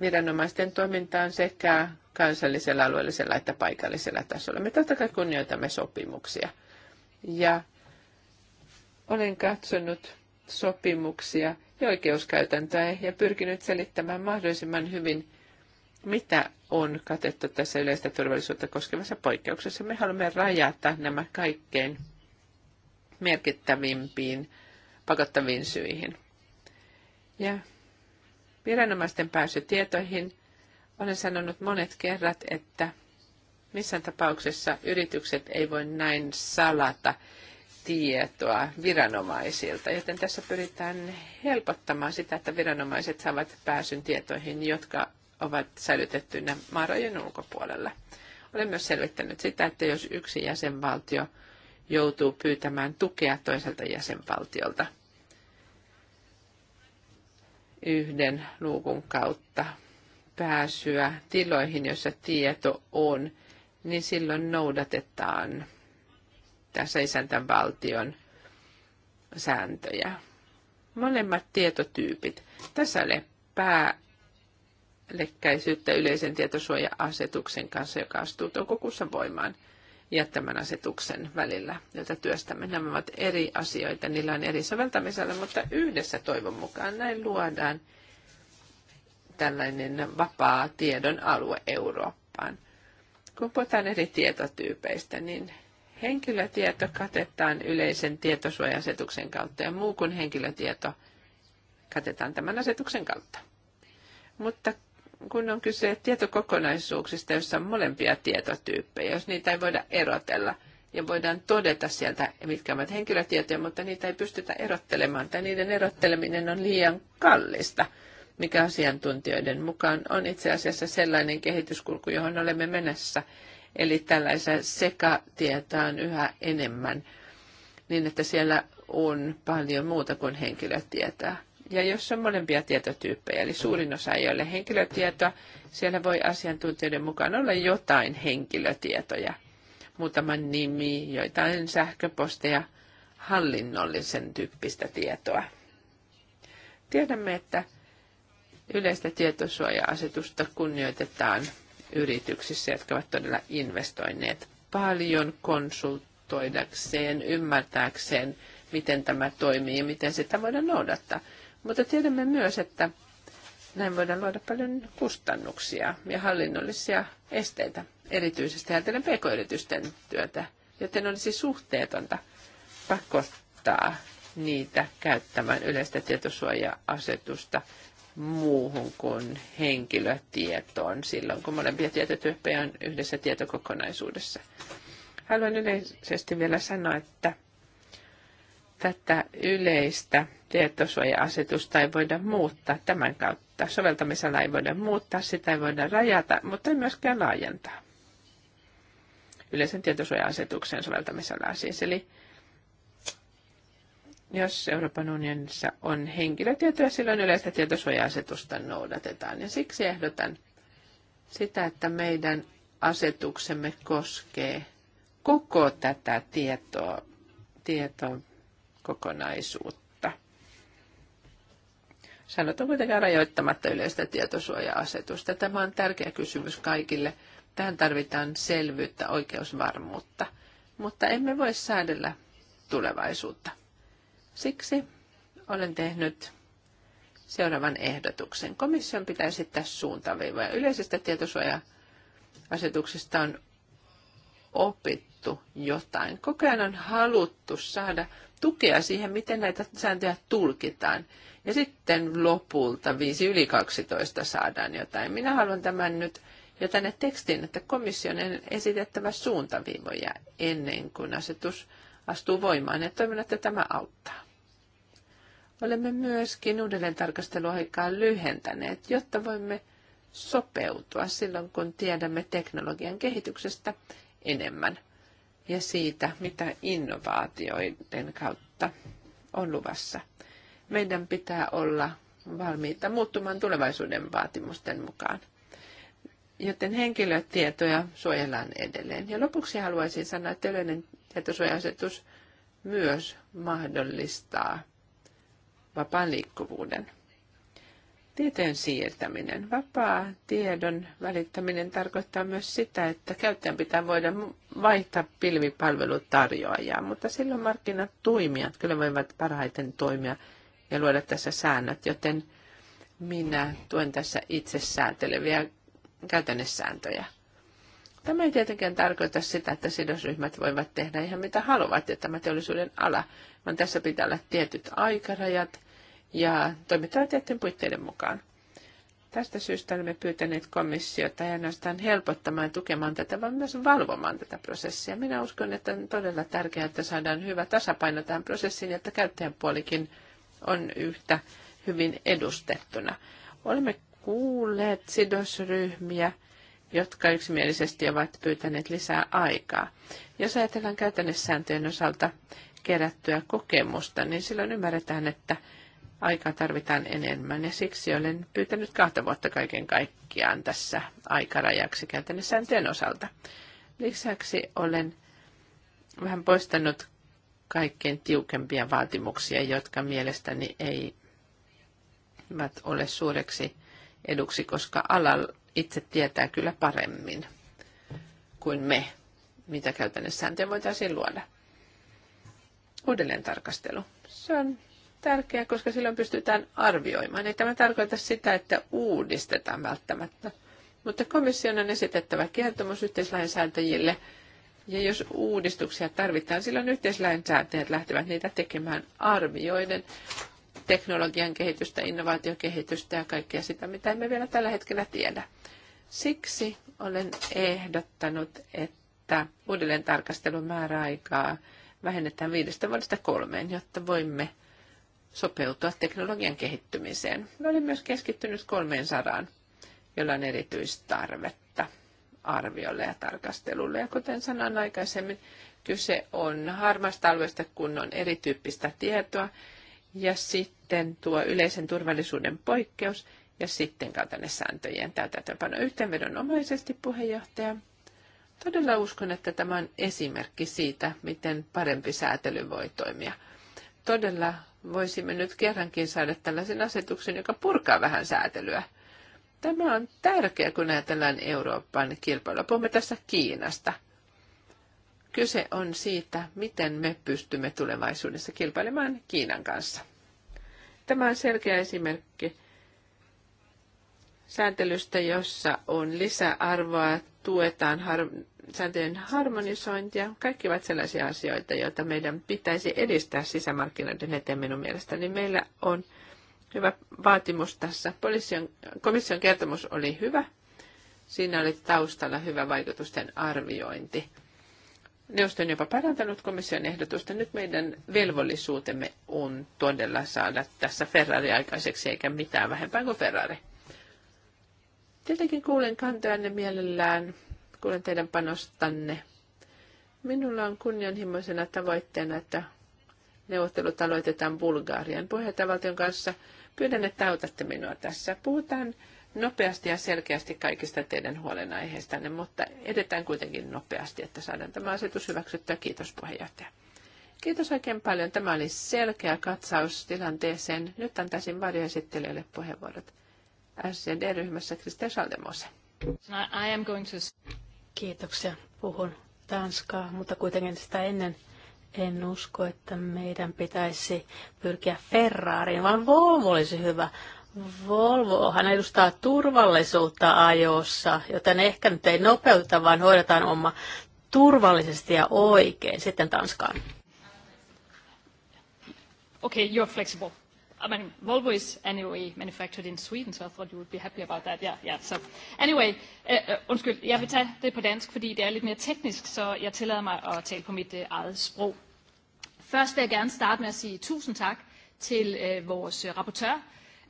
A: viranomaisten toimintaan sekä kansallisella, alueellisella että paikallisella tasolla. Me totta kai kunnioitamme sopimuksia. Ja olen katsonut sopimuksia ja oikeuskäytäntöä ja pyrkinyt selittämään mahdollisimman hyvin, mitä on katettu tässä yleistä turvallisuutta koskevassa poikkeuksessa. Me haluamme rajata nämä kaikkein merkittävimpiin pakottaviin syihin. Ja viranomaisten pääsy tietoihin. Olen sanonut monet kerrat, että missään tapauksessa yritykset ei voi näin salata tietoa viranomaisilta, joten tässä pyritään helpottamaan sitä, että viranomaiset saavat pääsyn tietoihin, jotka ovat säilytettyinä maarajojen ulkopuolella. Olen myös selvittänyt sitä, että jos yksi jäsenvaltio joutuu pyytämään tukea toiselta jäsenvaltiolta yhden luukun kautta pääsyä tiloihin, joissa tieto on, niin silloin noudatetaan tässä isäntävaltion sääntöjä. Molemmat tietotyypit. Tässä oli pää päällekkäisyyttä yleisen tietosuoja-asetuksen kanssa, joka astuu toukokuussa voimaan ja tämän asetuksen välillä, jota työstämme. Nämä ovat eri asioita, niillä on eri soveltamisella, mutta yhdessä toivon mukaan näin luodaan tällainen vapaa tiedon alue Eurooppaan. Kun puhutaan eri tietotyypeistä, niin henkilötieto katetaan yleisen tietosuojasetuksen kautta ja muu kuin henkilötieto katetaan tämän asetuksen kautta. Mutta kun on kyse tietokokonaisuuksista, joissa on molempia tietotyyppejä, jos niitä ei voida erotella ja voidaan todeta sieltä, mitkä ovat henkilötietoja, mutta niitä ei pystytä erottelemaan tai niiden erotteleminen on liian kallista, mikä asiantuntijoiden mukaan on itse asiassa sellainen kehityskulku, johon olemme mennessä. Eli tällaisia sekatietoa on yhä enemmän, niin että siellä on paljon muuta kuin henkilötietoa. Ja jos on molempia tietotyyppejä, eli suurin osa ei ole henkilötietoa, siellä voi asiantuntijoiden mukaan olla jotain henkilötietoja. Muutama nimi, joitain sähköposteja, hallinnollisen tyyppistä tietoa. Tiedämme, että yleistä tietosuoja-asetusta kunnioitetaan yrityksissä, jotka ovat todella investoineet paljon konsultoidakseen, ymmärtääkseen, miten tämä toimii ja miten sitä voidaan noudattaa. Mutta tiedämme myös, että näin voidaan luoda paljon kustannuksia ja hallinnollisia esteitä, erityisesti ajatellen pk-yritysten työtä, joten olisi suhteetonta pakottaa niitä käyttämään yleistä tietosuoja-asetusta muuhun kuin henkilötietoon silloin, kun molempia tietotyyppejä on yhdessä tietokokonaisuudessa. Haluan yleisesti vielä sanoa, että tätä yleistä tietosuoja-asetusta ei voida muuttaa tämän kautta. Soveltamisella ei voida muuttaa, sitä ei voida rajata, mutta ei myöskään laajentaa. Yleisen tietosuoja-asetuksen soveltamisella siis. Eli jos Euroopan unionissa on henkilötietoja, silloin yleistä tietosuoja-asetusta noudatetaan. Ja siksi ehdotan sitä, että meidän asetuksemme koskee koko tätä tietoa, tietoa kokonaisuutta. Sanot on kuitenkaan rajoittamatta yleistä tietosuoja-asetusta. Tämä on tärkeä kysymys kaikille. Tähän tarvitaan selvyyttä, oikeusvarmuutta, mutta emme voi säädellä tulevaisuutta. Siksi olen tehnyt seuraavan ehdotuksen. Komission pitää esittää suuntaviivoja. Yleisestä tietosuoja-asetuksesta on opittu jotain. Koko ajan on haluttu saada tukea siihen, miten näitä sääntöjä tulkitaan. Ja sitten lopulta 5 yli 12 saadaan jotain. Minä haluan tämän nyt jo tänne tekstiin, että komission on esitettävä suuntaviivoja ennen kuin asetus astuu voimaan. Ja toivon, että tämä auttaa. Olemme myöskin uudelleen tarkasteluaikaa lyhentäneet, jotta voimme sopeutua silloin, kun tiedämme teknologian kehityksestä enemmän ja siitä, mitä innovaatioiden kautta on luvassa. Meidän pitää olla valmiita muuttumaan tulevaisuuden vaatimusten mukaan. Joten henkilötietoja suojellaan edelleen. Ja lopuksi haluaisin sanoa, että yleinen tietosuoja-asetus myös mahdollistaa vapaan liikkuvuuden. Tieteen siirtäminen. Vapaa tiedon välittäminen tarkoittaa myös sitä, että käyttäjän pitää voida vaihtaa pilvipalvelutarjoajaa, mutta silloin markkinat toimijat kyllä voivat parhaiten toimia ja luoda tässä säännöt, joten minä tuen tässä itse säänteleviä käytännössääntöjä. Tämä ei tietenkään tarkoita sitä, että sidosryhmät voivat tehdä ihan mitä haluavat ja tämä teollisuuden ala, vaan tässä pitää olla tietyt aikarajat ja toimitaan tiettyjen puitteiden mukaan. Tästä syystä olemme pyytäneet komissiota ja ainoastaan helpottamaan ja tukemaan tätä, vaan myös valvomaan tätä prosessia. Minä uskon, että on todella tärkeää, että saadaan hyvä tasapaino tähän prosessiin, että käyttäjän puolikin on yhtä hyvin edustettuna. Olemme kuulleet sidosryhmiä, jotka yksimielisesti ovat pyytäneet lisää aikaa. Jos ajatellaan käytännössääntöjen osalta kerättyä kokemusta, niin silloin ymmärretään, että – aikaa tarvitaan enemmän ja siksi olen pyytänyt kahta vuotta kaiken kaikkiaan tässä aikarajaksi käytännössä sääntöjen osalta. Lisäksi olen vähän poistanut kaikkein tiukempia vaatimuksia, jotka mielestäni ei ole suureksi eduksi, koska ala itse tietää kyllä paremmin kuin me, mitä käytännössä sääntöjä voitaisiin luoda. Uudelleen tarkastelu. Se on tärkeää, koska silloin pystytään arvioimaan. Ei tämä tarkoita sitä, että uudistetaan välttämättä. Mutta komission on esitettävä kertomus yhteislainsäätäjille, ja jos uudistuksia tarvitaan, silloin yhteislainsäätäjät lähtevät niitä tekemään arvioiden teknologian kehitystä, innovaatiokehitystä ja kaikkea sitä, mitä emme vielä tällä hetkellä tiedä. Siksi olen ehdottanut, että uudelleen tarkastelun määräaikaa vähennetään viidestä vuodesta kolmeen, jotta voimme sopeutua teknologian kehittymiseen. Ne oli myös keskittynyt 300, jolla on erityistarvetta arviolle ja tarkastelulle. Ja kuten sanoin aikaisemmin, kyse on harmaasta alueesta, kun on erityyppistä tietoa, ja sitten tuo yleisen turvallisuuden poikkeus, ja sitten kaltainen sääntöjen täytäntöpano yhteenvedonomaisesti puheenjohtaja. Todella uskon, että tämä on esimerkki siitä, miten parempi säätely voi toimia. Todella voisimme nyt kerrankin saada tällaisen asetuksen, joka purkaa vähän säätelyä. Tämä on tärkeä kun ajatellaan Euroopan kilpailua. Puhumme tässä Kiinasta. Kyse on siitä, miten me pystymme tulevaisuudessa kilpailemaan Kiinan kanssa. Tämä on selkeä esimerkki sääntelystä, jossa on lisäarvoa, tuetaan har- sääntöjen harmonisointia. Kaikki ovat sellaisia asioita, joita meidän pitäisi edistää sisämarkkinoiden eteen minun mielestäni. Meillä on hyvä vaatimus tässä. Polision, komission kertomus oli hyvä. Siinä oli taustalla hyvä vaikutusten arviointi. Neuvosto on jopa parantanut komission ehdotusta. Nyt meidän velvollisuutemme on todella saada tässä Ferrari aikaiseksi, eikä mitään vähempää kuin Ferrari. Tietenkin kuulen kantojanne mielellään, kuulen teidän panostanne. Minulla on kunnianhimoisena tavoitteena, että neuvottelut aloitetaan Bulgarian puheenjohtajavaltion kanssa. Pyydän, että autatte minua tässä. Puhutaan nopeasti ja selkeästi kaikista teidän huolenaiheistanne, mutta edetään kuitenkin nopeasti, että saadaan tämä asetus hyväksyttyä. Kiitos puheenjohtaja. Kiitos oikein paljon. Tämä oli selkeä katsaus tilanteeseen. Nyt antaisin varjoesittelijöille puheenvuorot. SCD-ryhmässä Kristel Schaldemose.
C: I am going to... Kiitoksia. Puhun tanskaa, mutta kuitenkin sitä ennen en usko, että meidän pitäisi pyrkiä Ferrariin, vaan Volvo olisi hyvä. Volvohan edustaa turvallisuutta ajossa, joten ehkä nyt ei nopeuta, vaan hoidetaan oma turvallisesti ja oikein. Sitten Tanskaan. Okei, okay, you're flexible. I mean, Volvo is anyway manufactured in Sweden, so I thought you would be happy about that. Yeah, yeah. So anyway, uh, uh undskyld, jeg vil tage det på dansk, fordi det er lidt mere teknisk, så jeg tillader mig at tale på mit uh, eget sprog. Først vil jeg gerne starte med at sige tusind tak til uh, vores øh, rapportør,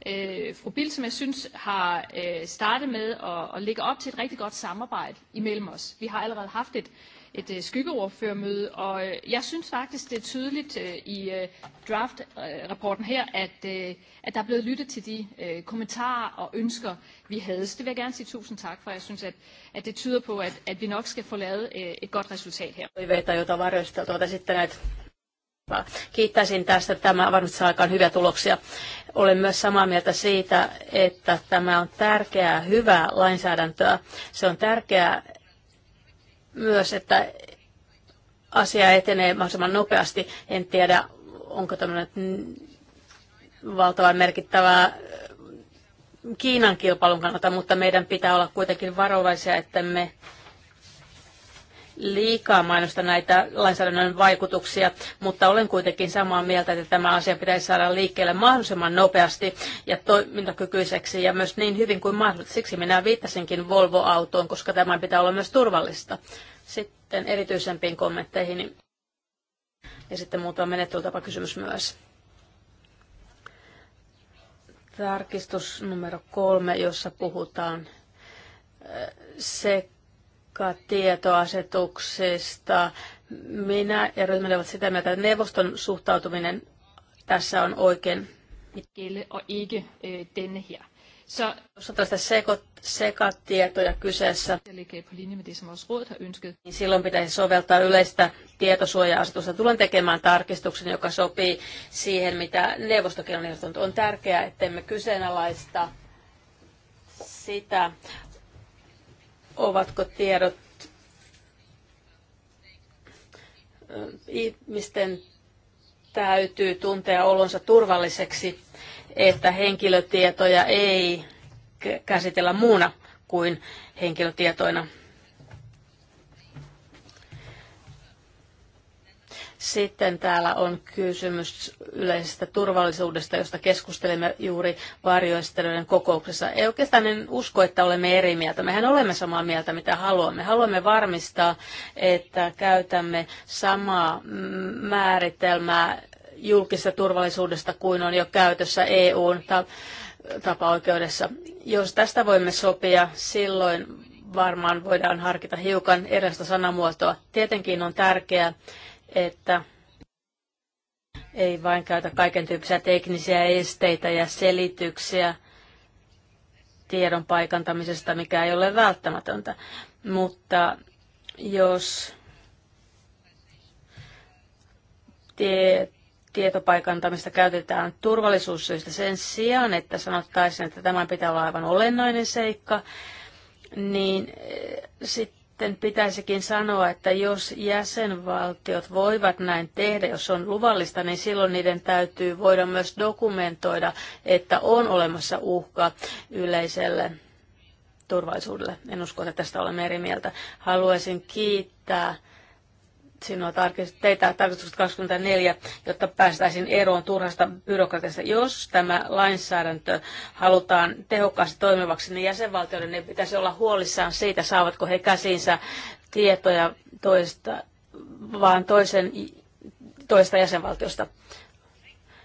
C: uh, fru Bill, som jeg synes har uh, startet med at, at lægge op til et rigtig godt samarbejde imellem os. Vi har allerede haft et et øh, skyggeordførmøde, og øh, jeg synes faktisk, det er tydeligt øh, i øh, draft-rapporten her, at, øh, at der er blevet lyttet til de øh, kommentarer og ønsker, vi havde. Så det vil jeg gerne sige tusind tak for. Jeg synes, at, at det tyder på, at, at vi nok skal få lavet øh, et godt resultat her. Toiveita, joita varjoista tuota sitten näitä Kiittäisin tästä. Tämä varmasti saa aikaan hyviä tuloksia. Olen myös samaa mieltä siitä, että tämä on tärkeää, hyvää lainsäädäntöä. Se on tärkeää myös, että asia etenee mahdollisimman nopeasti. En tiedä, onko tämmöinen valtavan merkittävää Kiinan kilpailun kannalta, mutta meidän pitää olla kuitenkin varovaisia, että me liikaa mainosta näitä lainsäädännön vaikutuksia, mutta olen kuitenkin samaa mieltä, että tämä asia pitäisi saada liikkeelle mahdollisimman nopeasti ja toimintakykyiseksi ja myös niin hyvin kuin mahdollista. Siksi minä viittasinkin Volvo-autoon, koska tämä pitää olla myös turvallista. Sitten erityisempiin kommentteihin ja sitten muutama menettelytapa kysymys myös. Tarkistus numero kolme, jossa puhutaan se tietoasetuksesta. Minä ja ryhmä ovat sitä mieltä, että neuvoston suhtautuminen tässä on oikein. Gille on ikke øh, eh, denne her. Så så tästä sekatietoja kyseessä, niin silloin pitäisi soveltaa yleistä tietosuoja-asetusta. Tulen tekemään tarkistuksen, joka sopii siihen, mitä neuvostokin on On tärkeää, ettemme kyseenalaista sitä Ovatko tiedot ihmisten täytyy tuntea olonsa turvalliseksi, että henkilötietoja ei käsitellä muuna kuin henkilötietoina Sitten täällä on kysymys yleisestä turvallisuudesta, josta keskustelimme juuri varjoistelujen kokouksessa. Ei oikeastaan en usko, että olemme eri mieltä. Mehän olemme samaa mieltä, mitä haluamme. Haluamme varmistaa, että käytämme samaa määritelmää julkisesta turvallisuudesta kuin on jo käytössä EUn tapaoikeudessa. Jos tästä voimme sopia, silloin varmaan voidaan harkita hiukan erästä sanamuotoa. Tietenkin on tärkeää, että ei vain käytä kaiken tyyppisiä teknisiä esteitä ja selityksiä tiedon paikantamisesta, mikä ei ole välttämätöntä. Mutta jos tie, tietopaikantamista käytetään turvallisuussyistä sen sijaan, että sanottaisiin, että tämä pitää olla aivan olennainen seikka, niin eh, sit sitten pitäisikin sanoa, että jos jäsenvaltiot voivat näin tehdä, jos on luvallista, niin silloin niiden täytyy voida myös dokumentoida, että on olemassa uhka yleiselle turvallisuudelle. En usko, että tästä olemme eri mieltä. Haluaisin kiittää sinua tarkist, teitä tarkistukset 24, jotta päästäisiin eroon turhasta byrokratiasta. Jos tämä lainsäädäntö halutaan tehokkaasti toimivaksi, niin jäsenvaltioiden ne pitäisi olla huolissaan siitä, saavatko he käsinsä tietoja toista, vaan toisen, toista jäsenvaltiosta.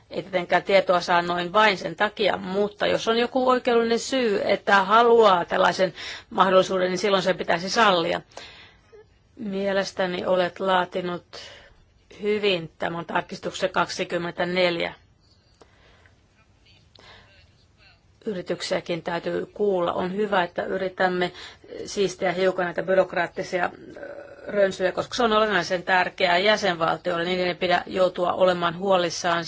C: Ei tietenkään tietoa saa noin vain sen takia, mutta jos on joku oikeudellinen syy, että haluaa tällaisen mahdollisuuden, niin silloin se pitäisi sallia. Mielestäni olet laatinut hyvin tämän tarkistuksen 24. Yrityksiäkin täytyy kuulla. On hyvä, että yritämme siistiä hiukan näitä byrokraattisia rönsyjä, koska se on olennaisen tärkeää jäsenvaltioille. Niiden ei pidä joutua olemaan huolissaan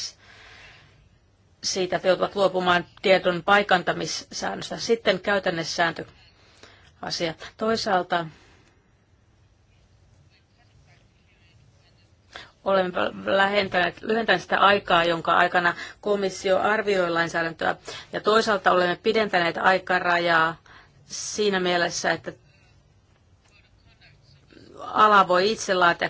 C: siitä, että joutuvat luopumaan tiedon paikantamissäännöstä. Sitten käytännössääntö asia. Toisaalta olemme lähentäneet, lyhentäneet sitä aikaa, jonka aikana komissio arvioi lainsäädäntöä, ja toisaalta olemme pidentäneet aikarajaa siinä mielessä, että ala voi itse laatia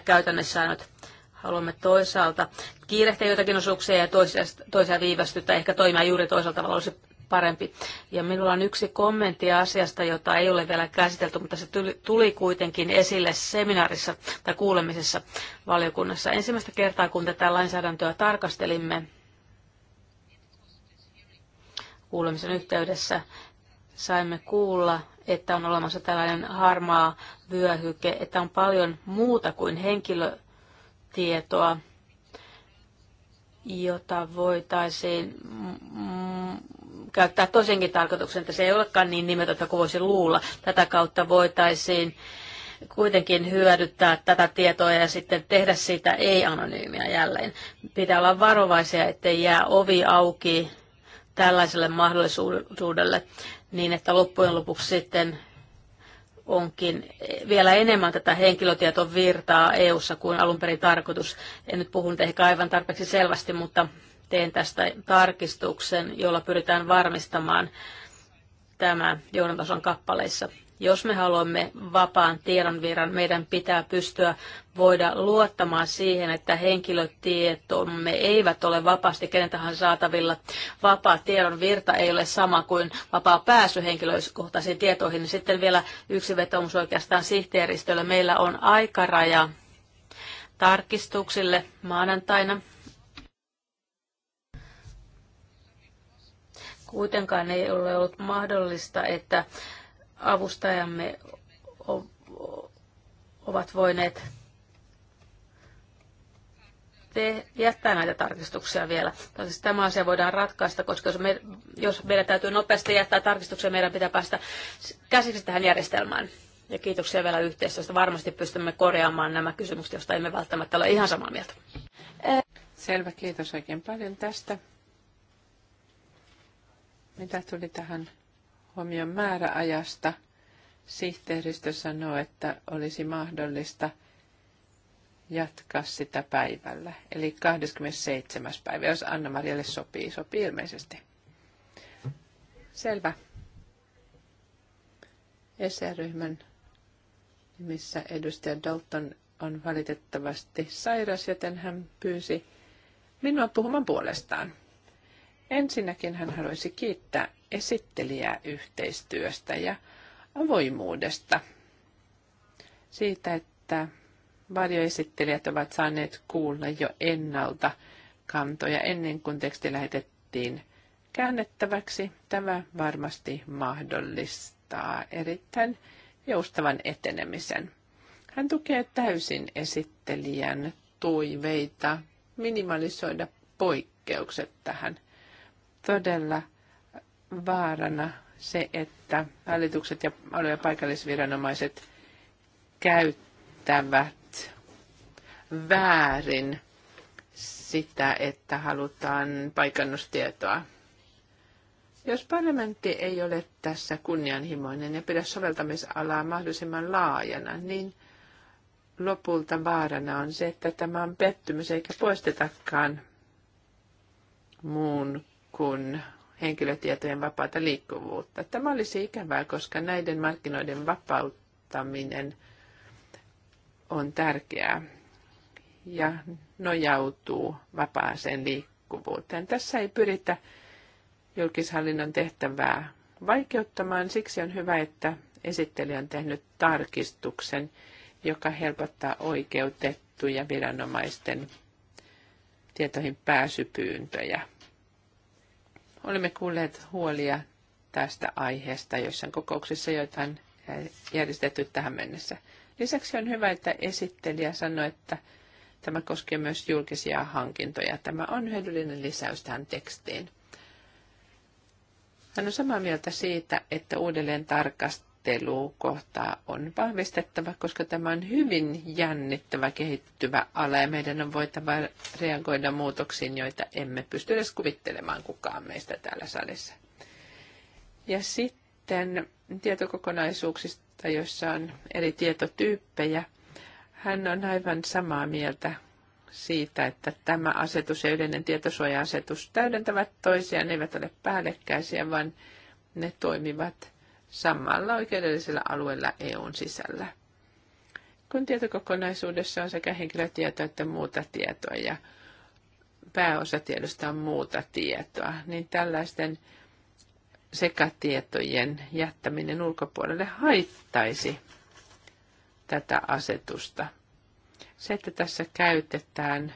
C: nyt Haluamme toisaalta kiirehtiä jotakin osuuksia ja toisia, toisia viivästyttää, ehkä toimia juuri toisaalta tavalla olisi parempi. Ja minulla on yksi kommentti asiasta, jota ei ole vielä käsitelty, mutta se tuli kuitenkin esille seminaarissa tai kuulemisessa valiokunnassa. Ensimmäistä kertaa, kun tätä lainsäädäntöä tarkastelimme kuulemisen yhteydessä, saimme kuulla, että on olemassa tällainen harmaa vyöhyke, että on paljon muuta kuin henkilötietoa, jota voitaisiin mm, käyttää toisenkin tarkoituksen, että se ei olekaan niin nimetöntä kuin voisi luulla. Tätä kautta voitaisiin kuitenkin hyödyttää tätä tietoa ja sitten tehdä siitä ei-anonyymiä jälleen. Pitää olla varovaisia, ettei jää ovi auki tällaiselle mahdollisuudelle niin, että loppujen lopuksi sitten onkin vielä enemmän tätä henkilötietovirtaa EU-ssa kuin alun perin tarkoitus. En nyt puhu ehkä aivan tarpeeksi selvästi, mutta teen tästä tarkistuksen, jolla pyritään varmistamaan tämä johdantason kappaleissa. Jos me haluamme vapaan tiedonvirran, meidän pitää pystyä voida luottamaan siihen, että henkilötietomme eivät ole vapaasti kenen tahansa saatavilla. Vapaa tiedonvirta ei ole sama kuin vapaa pääsy henkilökohtaisiin tietoihin. Sitten vielä yksi vetomus oikeastaan sihteeristölle. Meillä on aikaraja tarkistuksille maanantaina. Kuitenkaan ei ole ollut mahdollista, että avustajamme ovat voineet te, jättää näitä tarkistuksia vielä. tämä asia voidaan ratkaista, koska jos, me, jos meidän täytyy nopeasti jättää tarkistuksia, meidän pitää päästä käsiksi tähän järjestelmään. Ja kiitoksia vielä yhteistyöstä. Varmasti pystymme korjaamaan nämä kysymykset, joista emme välttämättä ole ihan samaa mieltä.
A: Selvä, kiitos oikein paljon tästä. Mitä tuli tähän huomion määräajasta. Sihteeristö sanoo, että olisi mahdollista jatkaa sitä päivällä, eli 27. päivä, jos anna marjalle sopii, sopii ilmeisesti. Selvä. Eseryhmän missä nimissä edustaja Dalton on valitettavasti sairas, joten hän pyysi minua puhumaan puolestaan. Ensinnäkin hän haluaisi kiittää esittelijää yhteistyöstä ja avoimuudesta. Siitä, että varjoesittelijät ovat saaneet kuulla jo ennalta kantoja ennen kuin teksti lähetettiin käännettäväksi. Tämä varmasti mahdollistaa erittäin joustavan etenemisen. Hän tukee täysin esittelijän toiveita minimalisoida poikkeukset tähän. Todella vaarana se, että hallitukset ja alue- ja paikallisviranomaiset käyttävät väärin sitä, että halutaan paikannustietoa. Jos parlamentti ei ole tässä kunnianhimoinen ja pidä soveltamisalaa mahdollisimman laajana, niin lopulta vaarana on se, että tämä on pettymys eikä poistetakaan muun kuin henkilötietojen vapaata liikkuvuutta. Tämä olisi ikävää, koska näiden markkinoiden vapauttaminen on tärkeää ja nojautuu vapaaseen liikkuvuuteen. Tässä ei pyritä julkishallinnon tehtävää vaikeuttamaan. Siksi on hyvä, että esittelijä on tehnyt tarkistuksen, joka helpottaa oikeutettuja viranomaisten tietoihin pääsypyyntöjä. Olemme kuulleet huolia tästä aiheesta joissain kokouksissa, joitain järjestetty tähän mennessä. Lisäksi on hyvä, että esittelijä sanoi, että tämä koskee myös julkisia hankintoja. Tämä on hyödyllinen lisäys tähän tekstiin. Hän on samaa mieltä siitä, että uudelleen tarkastelua ajattelukohtaa on vahvistettava, koska tämä on hyvin jännittävä kehittyvä ala ja meidän on voitava reagoida muutoksiin, joita emme pysty edes kuvittelemaan kukaan meistä täällä salissa. Ja sitten tietokokonaisuuksista, joissa on eri tietotyyppejä. Hän on aivan samaa mieltä siitä, että tämä asetus ja yleinen tietosuoja-asetus täydentävät toisiaan, ne eivät ole päällekkäisiä, vaan ne toimivat samalla oikeudellisella alueella EUn sisällä. Kun tietokokonaisuudessa on sekä henkilötietoa että muuta tietoa ja pääosa tiedosta on muuta tietoa, niin tällaisten sekatietojen jättäminen ulkopuolelle haittaisi tätä asetusta. Se, että tässä käytetään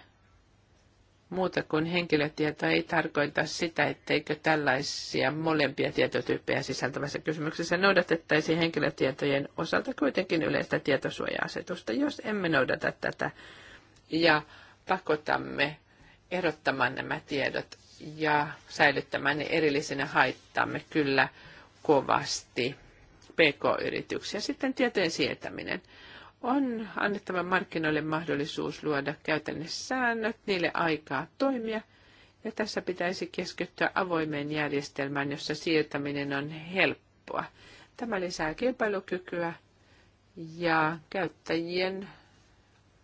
A: muuta kuin henkilötieto ei tarkoita sitä, etteikö tällaisia molempia tietotyyppejä sisältävässä kysymyksessä noudatettaisi henkilötietojen osalta kuitenkin yleistä tietosuoja-asetusta, jos emme noudata tätä ja pakotamme erottamaan nämä tiedot ja säilyttämään ne erillisinä haittaamme kyllä kovasti PK-yrityksiä. Sitten tietojen sietäminen on annettava markkinoille mahdollisuus luoda käytännössä säännöt, niille aikaa toimia, ja tässä pitäisi keskittyä avoimeen järjestelmään, jossa siirtäminen on helppoa. Tämä lisää kilpailukykyä ja käyttäjien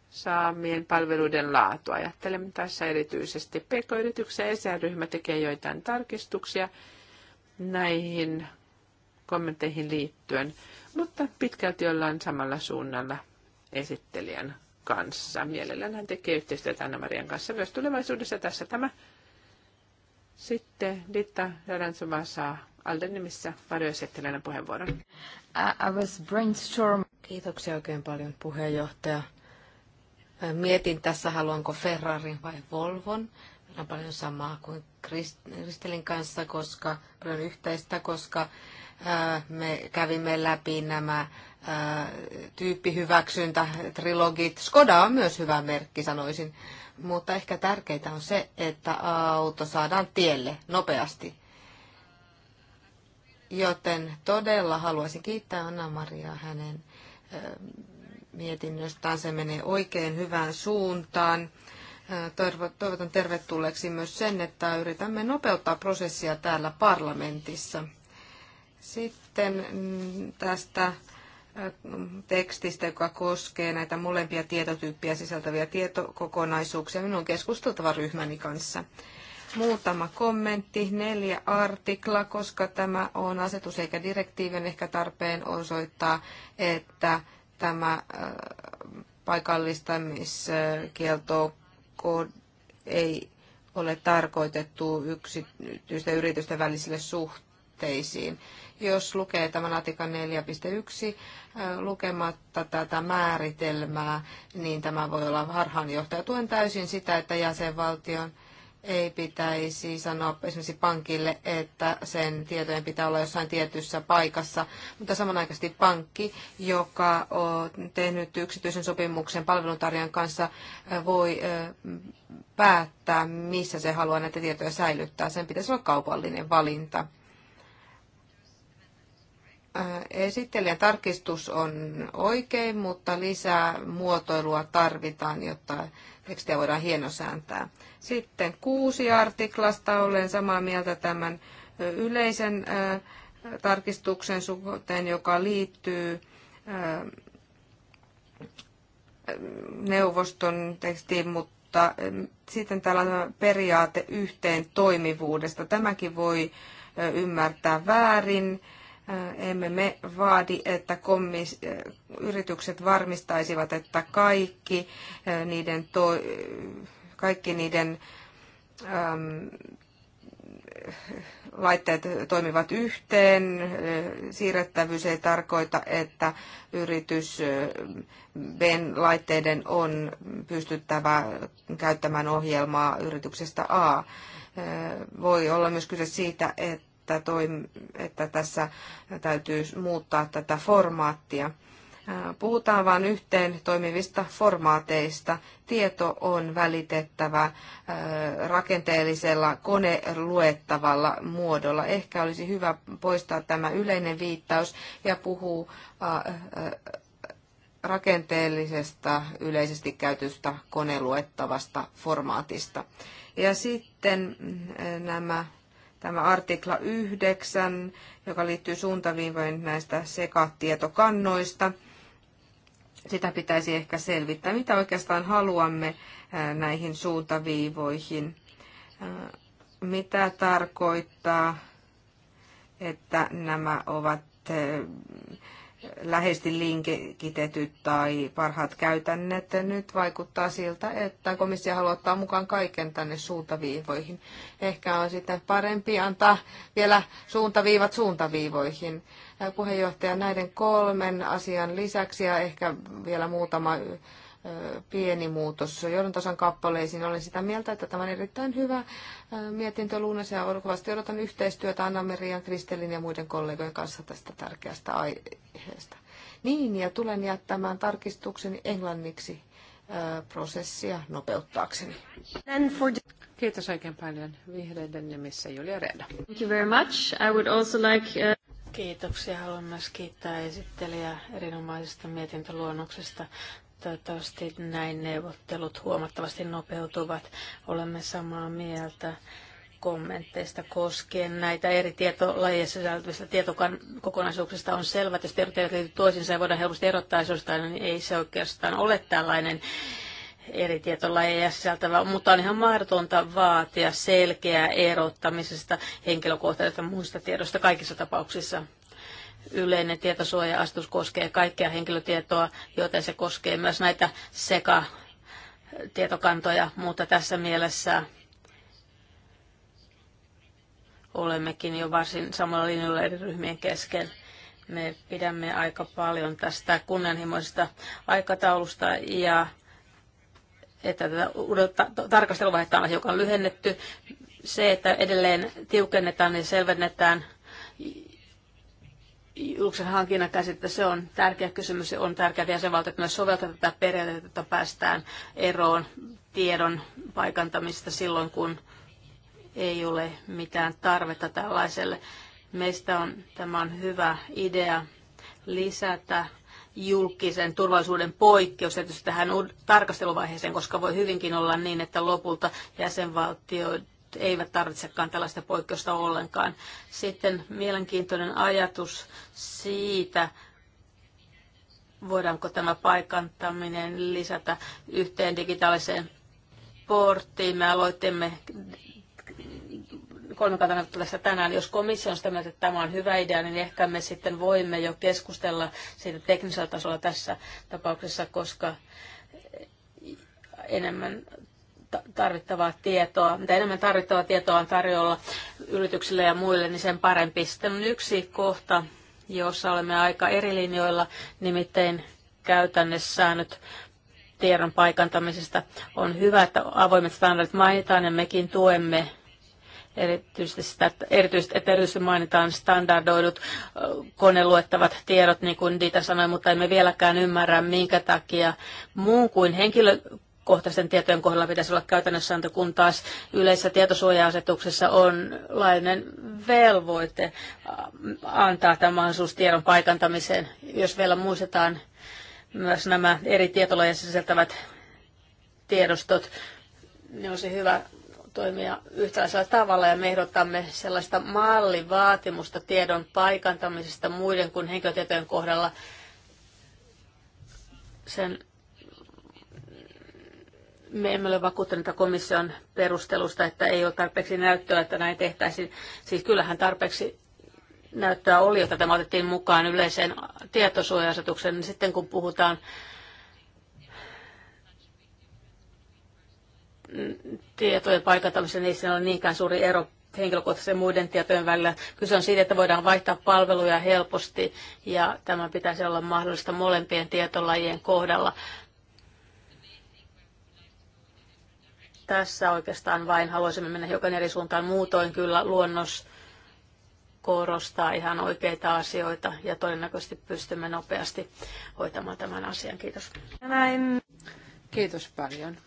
A: saamien palveluiden laatua. Ajattelemme tässä erityisesti pk yrityksen ESR-ryhmä tekee joitain tarkistuksia näihin kommentteihin liittyen, mutta pitkälti ollaan samalla suunnalla esittelijän kanssa. Mielellään hän tekee yhteistyötä Anna-Marian kanssa myös tulevaisuudessa tässä tämä. Sitten Ditta Radantsova saa Alden nimissä varjoesittelijänä puheenvuoron.
B: Uh, I was brainstorm. Kiitoksia oikein paljon puheenjohtaja. Mietin tässä, haluanko Ferrarin vai Volvon. Meillä on paljon samaa kuin Kristelin kanssa, koska on yhteistä, koska Äh, me kävimme läpi nämä äh, tyyppihyväksyntätrilogit. Skoda on myös hyvä merkki, sanoisin. Mutta ehkä tärkeintä on se, että auto saadaan tielle nopeasti. Joten todella haluaisin kiittää anna Maria hänen äh, mietinnöstään. Se menee oikein hyvään suuntaan. Toivotan tervetulleeksi myös sen, että yritämme nopeuttaa prosessia täällä parlamentissa. Sitten mm, tästä mm, tekstistä, joka koskee näitä molempia tietotyyppiä sisältäviä tietokokonaisuuksia. Minun on keskusteltava ryhmäni kanssa. Muutama kommentti, neljä artikla, koska tämä on asetus eikä direktiivin ehkä tarpeen osoittaa, että tämä äh, paikallistamiskielto ei ole tarkoitettu yksityisten yritysten välisille suhteille tavoitteisiin. Jos lukee tämän artikan 4.1 äh, lukematta tätä määritelmää, niin tämä voi olla harhaanjohtaja. Tuen täysin sitä, että jäsenvaltion ei pitäisi sanoa esimerkiksi pankille, että sen tietojen pitää olla jossain tietyssä paikassa, mutta samanaikaisesti pankki, joka on tehnyt yksityisen sopimuksen palveluntarjan kanssa, äh, voi äh, päättää, missä se haluaa näitä tietoja säilyttää. Sen pitäisi olla kaupallinen valinta. Äh, esittelijän tarkistus on oikein, mutta lisää muotoilua tarvitaan, jotta tekstiä voidaan hienosääntää. Sitten kuusi artiklasta olen samaa mieltä tämän yleisen äh, tarkistuksen suhteen, joka liittyy äh, neuvoston tekstiin, mutta ähm, sitten täällä on periaate yhteen toimivuudesta. Tämäkin voi ymmärtää väärin emme me vaadi, että kommis, yritykset varmistaisivat, että kaikki niiden, to, kaikki niiden äm, laitteet toimivat yhteen. Siirrettävyys ei tarkoita, että yritys Ben laitteiden on pystyttävä käyttämään ohjelmaa yrityksestä A. Voi olla myös kyse siitä, että että, toim, että tässä täytyy muuttaa tätä formaattia. Puhutaan vain yhteen toimivista formaateista. Tieto on välitettävä rakenteellisella koneluettavalla muodolla. Ehkä olisi hyvä poistaa tämä yleinen viittaus ja puhua rakenteellisesta yleisesti käytystä koneluettavasta formaatista. Ja sitten mm, nämä tämä artikla 9, joka liittyy suuntaviivojen näistä sekatietokannoista. Sitä pitäisi ehkä selvittää, mitä oikeastaan haluamme näihin suuntaviivoihin. Mitä tarkoittaa, että nämä ovat läheisesti linkitetyt tai parhaat käytännöt. Nyt vaikuttaa siltä, että komissio haluaa ottaa mukaan kaiken tänne suuntaviivoihin. Ehkä on sitten parempi antaa vielä suuntaviivat suuntaviivoihin. Puheenjohtaja, näiden kolmen asian lisäksi ja ehkä vielä muutama pieni muutos tasan kappaleisiin. Olen sitä mieltä, että tämä on erittäin hyvä mietintö Luunas ja kovasti odotan yhteistyötä anna merian Kristelin ja muiden kollegojen kanssa tästä tärkeästä aiheesta. Niin, ja tulen jättämään tarkistukseni englanniksi prosessia nopeuttaakseni.
A: Kiitos oikein paljon vihreiden nimissä Julia Reda. Thank you very much. I would also like, uh... Kiitoksia. Haluan myös kiittää
C: esittelijää erinomaisesta mietintöluonnoksesta. Toivottavasti näin neuvottelut huomattavasti nopeutuvat. Olemme samaa mieltä kommentteista koskien näitä eri tietolajeja sisältyvistä tietokokonaisuuksista on selvä, että jos tiedot eivät liity toisiinsa ja voidaan helposti erottaa isosta, niin ei se oikeastaan ole tällainen eri tietolajeja sisältävä, mutta on ihan mahdotonta vaatia selkeää erottamisesta henkilökohtaisesta muista tiedosta kaikissa tapauksissa yleinen tietosuoja-astus koskee kaikkea henkilötietoa, joten se koskee myös näitä sekatietokantoja, mutta tässä mielessä olemmekin jo varsin samalla linjalla eri ryhmien kesken. Me pidämme aika paljon tästä kunnianhimoisesta aikataulusta ja että tätä tarkasteluvaihetta on hiukan lyhennetty. Se, että edelleen tiukennetaan ja selvennetään julkisen hankinnan käsittää, se on tärkeä kysymys ja on tärkeää jäsenvaltiot myös soveltaa tätä periaatetta, että päästään eroon tiedon paikantamista silloin, kun ei ole mitään tarvetta tällaiselle. Meistä on, tämä on hyvä idea lisätä julkisen turvallisuuden poikkeus tietysti tähän tarkasteluvaiheeseen, koska voi hyvinkin olla niin, että lopulta jäsenvaltioiden eivät tarvitsekaan tällaista poikkeusta ollenkaan. Sitten mielenkiintoinen ajatus siitä, voidaanko tämä paikantaminen lisätä yhteen digitaaliseen porttiin. Me aloitimme kolmikantaneuvottelusta tänään. Jos komissio on sitä mieltä, että tämä on hyvä idea, niin ehkä me sitten voimme jo keskustella siitä teknisellä tasolla tässä tapauksessa, koska enemmän tarvittavaa tietoa. Mitä enemmän tarvittavaa tietoa on tarjolla yrityksille ja muille, niin sen parempi. Sitten on yksi kohta, jossa olemme aika eri linjoilla, nimittäin nyt tiedon paikantamisesta. On hyvä, että avoimet standardit mainitaan ja mekin tuemme erityisesti, sitä, että erityisesti, että erityisesti mainitaan standardoidut koneluettavat tiedot, niin kuin Dita sanoi, mutta emme vieläkään ymmärrä, minkä takia muun kuin henkilö, henkilökohtaisten tietojen kohdalla pitäisi olla käytännössä sääntö, kun taas yleisessä tietosuoja-asetuksessa on laillinen velvoite äh, antaa tämä mahdollisuus tiedon paikantamiseen. Jos vielä muistetaan myös nämä eri tietolajeja sisältävät tiedostot, niin olisi hyvä toimia yhtäläisellä tavalla ja me ehdotamme sellaista mallivaatimusta tiedon paikantamisesta muiden kuin henkilötietojen kohdalla sen me emme ole vakuuttuneita komission perustelusta, että ei ole tarpeeksi näyttöä, että näin tehtäisiin. Siis kyllähän tarpeeksi näyttöä oli, että tämä otettiin mukaan yleiseen tietosuoja-asetukseen. Niin sitten kun puhutaan tietojen paikantamisesta, niin siinä on niinkään suuri ero henkilökohtaisen muiden tietojen välillä. Kyse on siitä, että voidaan vaihtaa palveluja helposti ja tämä pitäisi olla mahdollista molempien tietolajien kohdalla. Tässä oikeastaan vain haluaisimme mennä hiukan eri suuntaan. Muutoin kyllä luonnos korostaa ihan oikeita asioita ja todennäköisesti
A: pystymme nopeasti hoitamaan tämän asian. Kiitos. Näin. Kiitos paljon.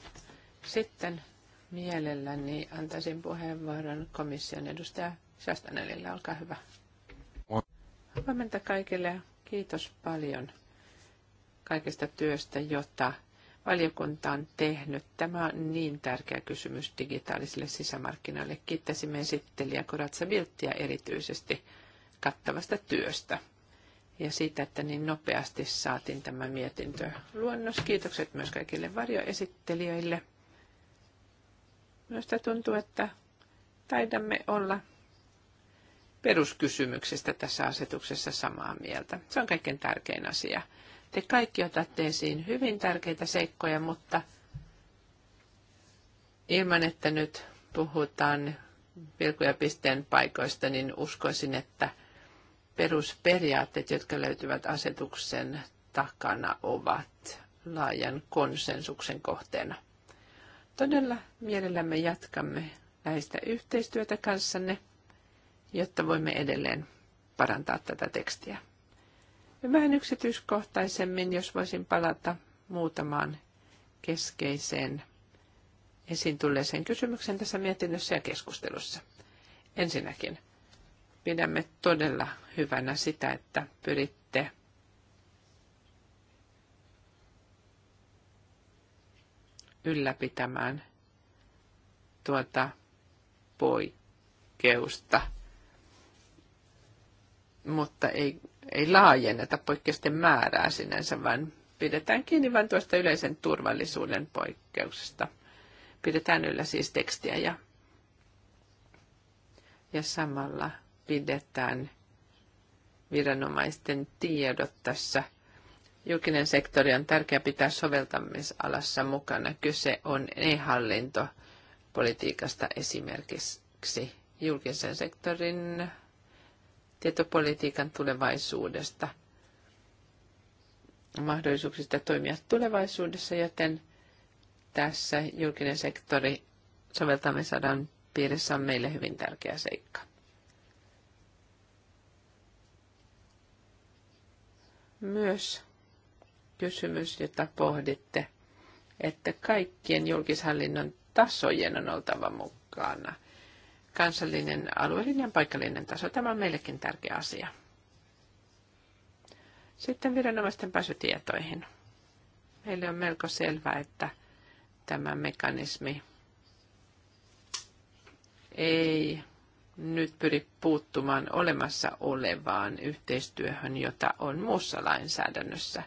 A: Sitten mielelläni antaisin puheenvuoron komission edustaja Sastanelille. Olkaa hyvä. Huomenta kaikille ja kiitos paljon kaikesta työstä, jota valiokunta on tehnyt. Tämä on niin tärkeä kysymys digitaalisille sisämarkkinoille. Kiittäisimme esittelijä Koratsa Vilttiä erityisesti kattavasta työstä ja siitä, että niin nopeasti saatiin tämä mietintö luonnos. Kiitokset myös kaikille varjoesittelijöille. Minusta tuntuu, että taidamme olla peruskysymyksestä tässä asetuksessa samaa mieltä. Se on kaikkein tärkein asia. Te kaikki otatte esiin hyvin tärkeitä seikkoja, mutta ilman, että nyt puhutaan pilkuja pisteen paikoista, niin uskoisin, että perusperiaatteet, jotka löytyvät asetuksen takana, ovat laajan konsensuksen kohteena. Todella mielellämme jatkamme näistä yhteistyötä kanssanne, jotta voimme edelleen parantaa tätä tekstiä. Vähän yksityiskohtaisemmin, jos voisin palata muutamaan keskeiseen esiin tulleeseen kysymykseen tässä mietinnössä ja keskustelussa. Ensinnäkin, pidämme todella hyvänä sitä, että pyritte ylläpitämään tuota poikkeusta, mutta ei ei laajenneta poikkeusten määrää sinänsä, vaan pidetään kiinni vain tuosta yleisen turvallisuuden poikkeuksesta. Pidetään yllä siis tekstiä ja, ja samalla pidetään viranomaisten tiedot tässä. Julkinen sektori on tärkeä pitää soveltamisalassa mukana. Kyse on e-hallintopolitiikasta esimerkiksi julkisen sektorin tietopolitiikan tulevaisuudesta, mahdollisuuksista toimia tulevaisuudessa, joten tässä julkinen sektori soveltamisadan piirissä on meille hyvin tärkeä seikka. Myös kysymys, jota pohditte, että kaikkien julkishallinnon tasojen on oltava mukana – kansallinen, alueellinen ja paikallinen taso. Tämä on meillekin tärkeä asia. Sitten viranomaisten pääsytietoihin. Meille on melko selvää, että tämä mekanismi ei nyt pyri puuttumaan olemassa olevaan yhteistyöhön, jota on muussa lainsäädännössä.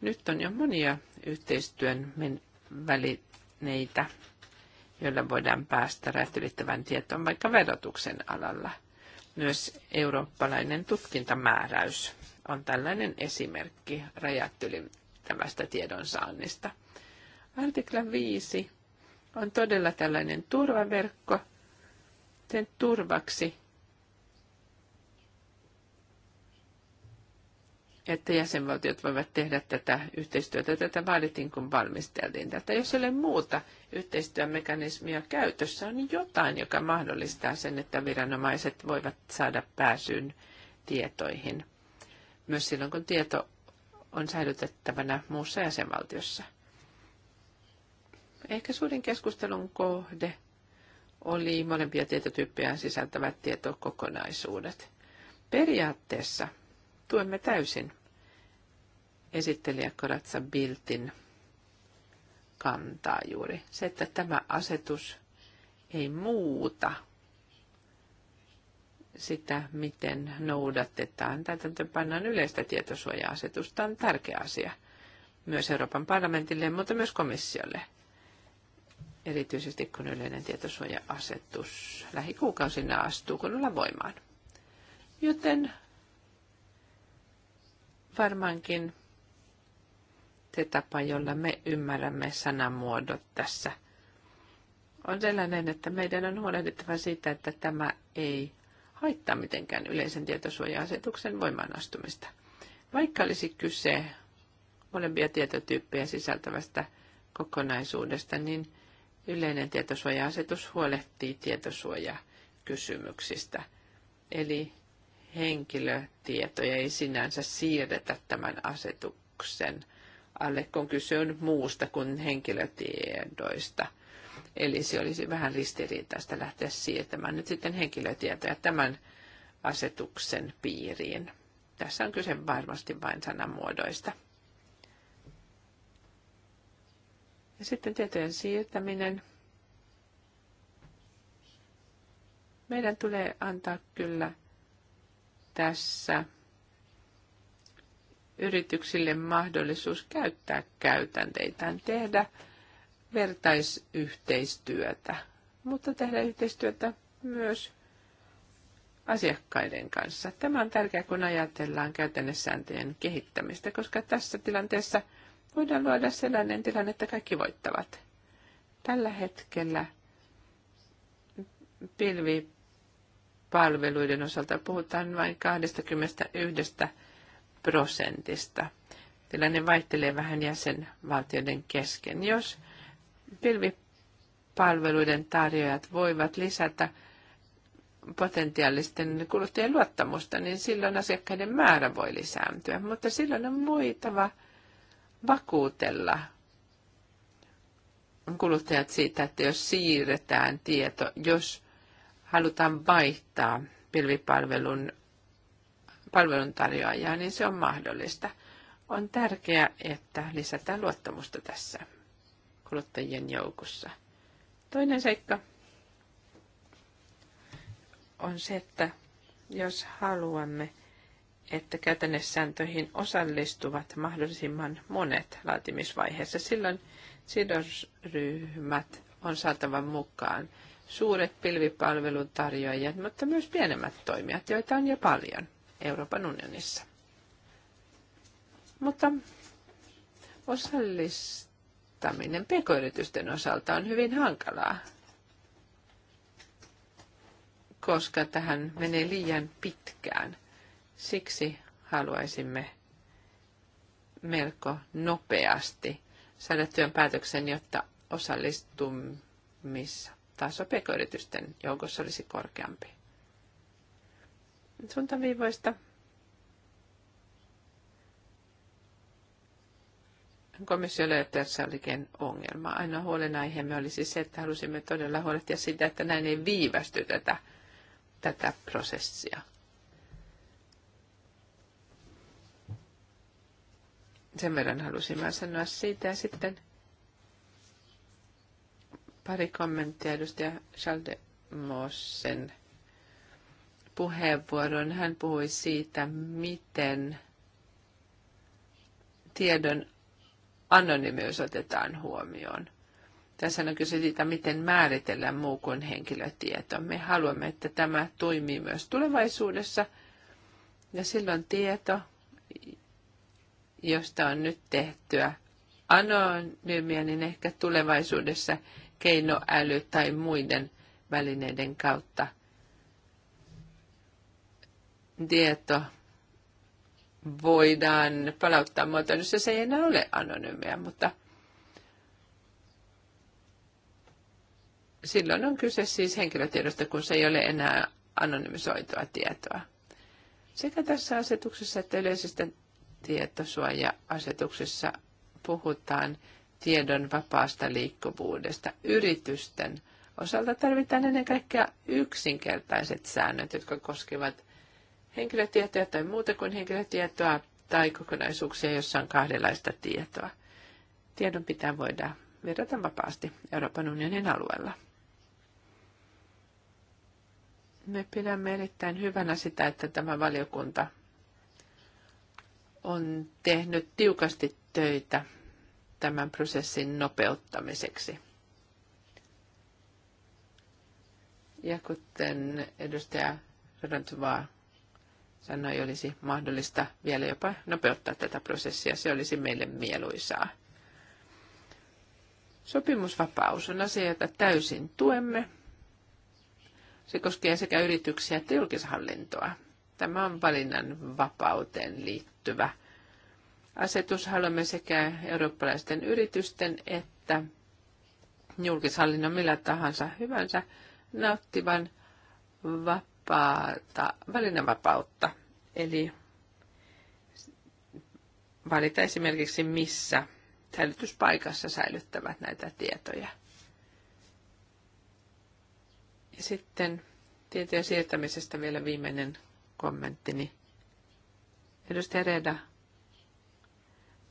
A: Nyt on jo monia yhteistyön välineitä joilla voidaan päästä rajat ylittävän tietoon vaikka verotuksen alalla. Myös eurooppalainen tutkintamääräys on tällainen esimerkki rajat ylittävästä tiedonsaannista. Artikla 5 on todella tällainen turvaverkko. Sen turvaksi että jäsenvaltiot voivat tehdä tätä yhteistyötä. Tätä vaadittiin, kun valmisteltiin tätä. Jos ei ole muuta yhteistyömekanismia käytössä, on jotain, joka mahdollistaa sen, että viranomaiset voivat saada pääsyn tietoihin. Myös silloin, kun tieto on säilytettävänä muussa jäsenvaltiossa. Ehkä suurin keskustelun kohde oli molempia tietotyyppejä sisältävät tietokokonaisuudet. Periaatteessa tuemme täysin esittelijä Karatsa Biltin kantaa juuri. Se, että tämä asetus ei muuta sitä, miten noudatetaan täytäntöpannaan yleistä tietosuoja-asetusta, on tärkeä asia myös Euroopan parlamentille, mutta myös komissiolle. Erityisesti kun yleinen tietosuoja-asetus lähikuukausina astuu kunnolla voimaan. Joten varmaankin se tapa, jolla me ymmärrämme sanamuodot tässä. On sellainen, että meidän on huolehdittava siitä, että tämä ei haittaa mitenkään yleisen tietosuoja-asetuksen voimaanastumista. Vaikka olisi kyse molempia tietotyyppejä sisältävästä kokonaisuudesta, niin yleinen tietosuoja-asetus huolehtii tietosuojakysymyksistä. Eli henkilötietoja ei sinänsä siirretä tämän asetuksen alle, kun kyse on muusta kuin henkilötiedoista. Eli se olisi vähän ristiriitaista lähteä siirtämään nyt sitten henkilötietoja tämän asetuksen piiriin. Tässä on kyse varmasti vain sanamuodoista. Ja sitten tietojen siirtäminen. Meidän tulee antaa kyllä tässä yrityksille mahdollisuus käyttää käytänteitään, tehdä vertaisyhteistyötä, mutta tehdä yhteistyötä myös asiakkaiden kanssa. Tämä on tärkeää, kun ajatellaan käytännössääntöjen kehittämistä, koska tässä tilanteessa voidaan luoda sellainen tilanne, että kaikki voittavat. Tällä hetkellä pilvipalveluiden osalta puhutaan vain 21 prosentista. Tilanne vaihtelee vähän jäsenvaltioiden kesken. Jos pilvipalveluiden tarjoajat voivat lisätä potentiaalisten kuluttajien luottamusta, niin silloin asiakkaiden määrä voi lisääntyä. Mutta silloin on muitava vakuutella kuluttajat siitä, että jos siirretään tieto, jos halutaan vaihtaa pilvipalvelun palveluntarjoajaa, niin se on mahdollista. On tärkeää, että lisätään luottamusta tässä kuluttajien joukossa. Toinen seikka on se, että jos haluamme, että käytännössääntöihin osallistuvat mahdollisimman monet laatimisvaiheessa, silloin sidosryhmät on saatava mukaan. Suuret pilvipalveluntarjoajat, mutta myös pienemmät toimijat, joita on jo paljon. Euroopan unionissa. Mutta osallistaminen pk-yritysten osalta on hyvin hankalaa, koska tähän menee liian pitkään. Siksi haluaisimme melko nopeasti saada työn päätöksen, jotta osallistumistaso pk-yritysten joukossa olisi korkeampi suuntaviivoista. komissio löytäessä olikin ongelma. Ainoa huolenaiheemme oli siis se, että halusimme todella huolehtia siitä, että näin ei viivästy tätä, tätä prosessia. Sen verran halusin vain sanoa siitä ja sitten pari kommenttia edustaja Schaldemosen puheenvuoron. Hän puhui siitä, miten tiedon anonymius otetaan huomioon. Tässä on kyse siitä, miten määritellään muu kuin henkilötieto. Me haluamme, että tämä toimii myös tulevaisuudessa. Ja silloin tieto, josta on nyt tehtyä anonyymiä, niin ehkä tulevaisuudessa keinoäly tai muiden välineiden kautta – tieto voidaan palauttaa muotoilussa, se ei enää ole anonyymiä, mutta silloin on kyse siis henkilötiedosta, kun se ei ole enää anonymisoitua tietoa. Sekä tässä asetuksessa että yleisestä tietosuoja-asetuksessa puhutaan tiedon vapaasta liikkuvuudesta. Yritysten osalta tarvitaan ennen kaikkea yksinkertaiset säännöt, jotka koskevat henkilötietoja tai muuta kuin henkilötietoa tai kokonaisuuksia, jossa on kahdenlaista tietoa. Tiedon pitää voida verrata vapaasti Euroopan unionin alueella. Me pidämme erittäin hyvänä sitä, että tämä valiokunta on tehnyt tiukasti töitä tämän prosessin nopeuttamiseksi. Ja kuten edustaja Rantvaa sanoi, olisi mahdollista vielä jopa nopeuttaa tätä prosessia. Se olisi meille mieluisaa. Sopimusvapaus on asia, jota täysin tuemme. Se koskee sekä yrityksiä että julkishallintoa. Tämä on valinnan vapauteen liittyvä asetus. Haluamme sekä eurooppalaisten yritysten että julkishallinnon millä tahansa hyvänsä nauttivan vapautta vapaata, valinnanvapautta. Eli valita esimerkiksi missä säilytyspaikassa säilyttävät näitä tietoja. Ja sitten tietojen siirtämisestä vielä viimeinen kommenttini. Edustaja Reda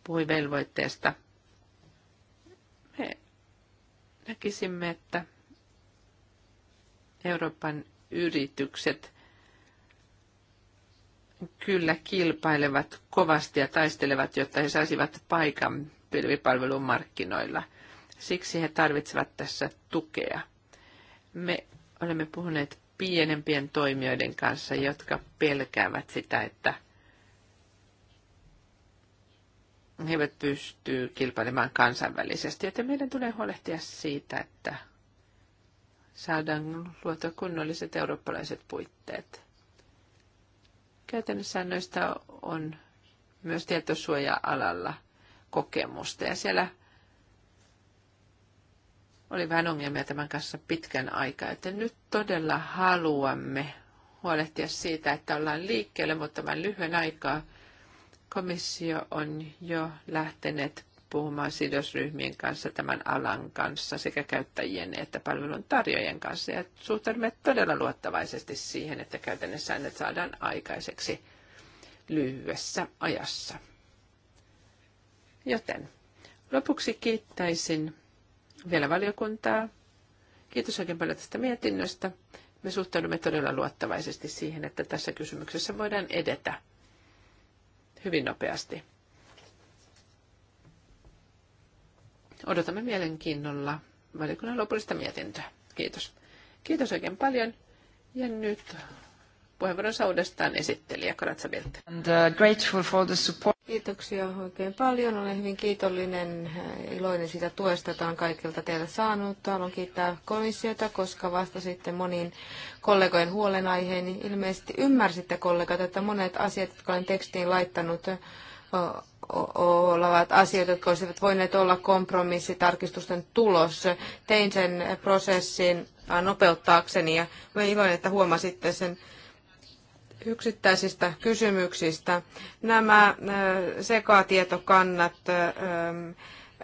A: puhui velvoitteesta. Me näkisimme, että Euroopan yritykset kyllä kilpailevat kovasti ja taistelevat, jotta he saisivat paikan pilvipalvelun markkinoilla. Siksi he tarvitsevat tässä tukea. Me olemme puhuneet pienempien toimijoiden kanssa, jotka pelkäävät sitä, että he eivät pysty kilpailemaan kansainvälisesti. Joten meidän tulee huolehtia siitä, että saadaan luotua kunnolliset eurooppalaiset puitteet. Käytännössä noista on myös tietosuoja-alalla kokemusta ja siellä oli vähän ongelmia tämän kanssa pitkän aikaa, että nyt todella haluamme huolehtia siitä, että ollaan liikkeelle, mutta tämän lyhyen aikaa komissio on jo lähtenyt puhumaan sidosryhmien kanssa, tämän alan kanssa, sekä käyttäjien että palvelun tarjoajien kanssa. Ja suhtaudumme todella luottavaisesti siihen, että käytännössä säännöt saadaan aikaiseksi lyhyessä ajassa. Joten lopuksi kiittäisin vielä valiokuntaa. Kiitos oikein paljon tästä mietinnöstä. Me suhtaudumme todella luottavaisesti siihen, että tässä kysymyksessä voidaan edetä hyvin nopeasti Odotamme mielenkiinnolla valiokunnan lopullista mietintöä. Kiitos. Kiitos oikein paljon. Ja nyt puheenvuoronsa uudestaan esittelijä Karatsa uh,
B: Kiitoksia oikein paljon. Olen hyvin kiitollinen äh, iloinen siitä tuesta, jota on kaikilta teiltä saanut. Haluan kiittää komissiota, koska vastasitte moniin kollegojen huolenaiheeni. Ilmeisesti ymmärsitte kollegat, että monet asiat, jotka olen tekstiin laittanut, olevat asiat, jotka olisivat voineet olla kompromissitarkistusten tulos. Tein sen prosessin nopeuttaakseni ja olen iloinen, että huomasitte sen yksittäisistä kysymyksistä. Nämä sekatietokannat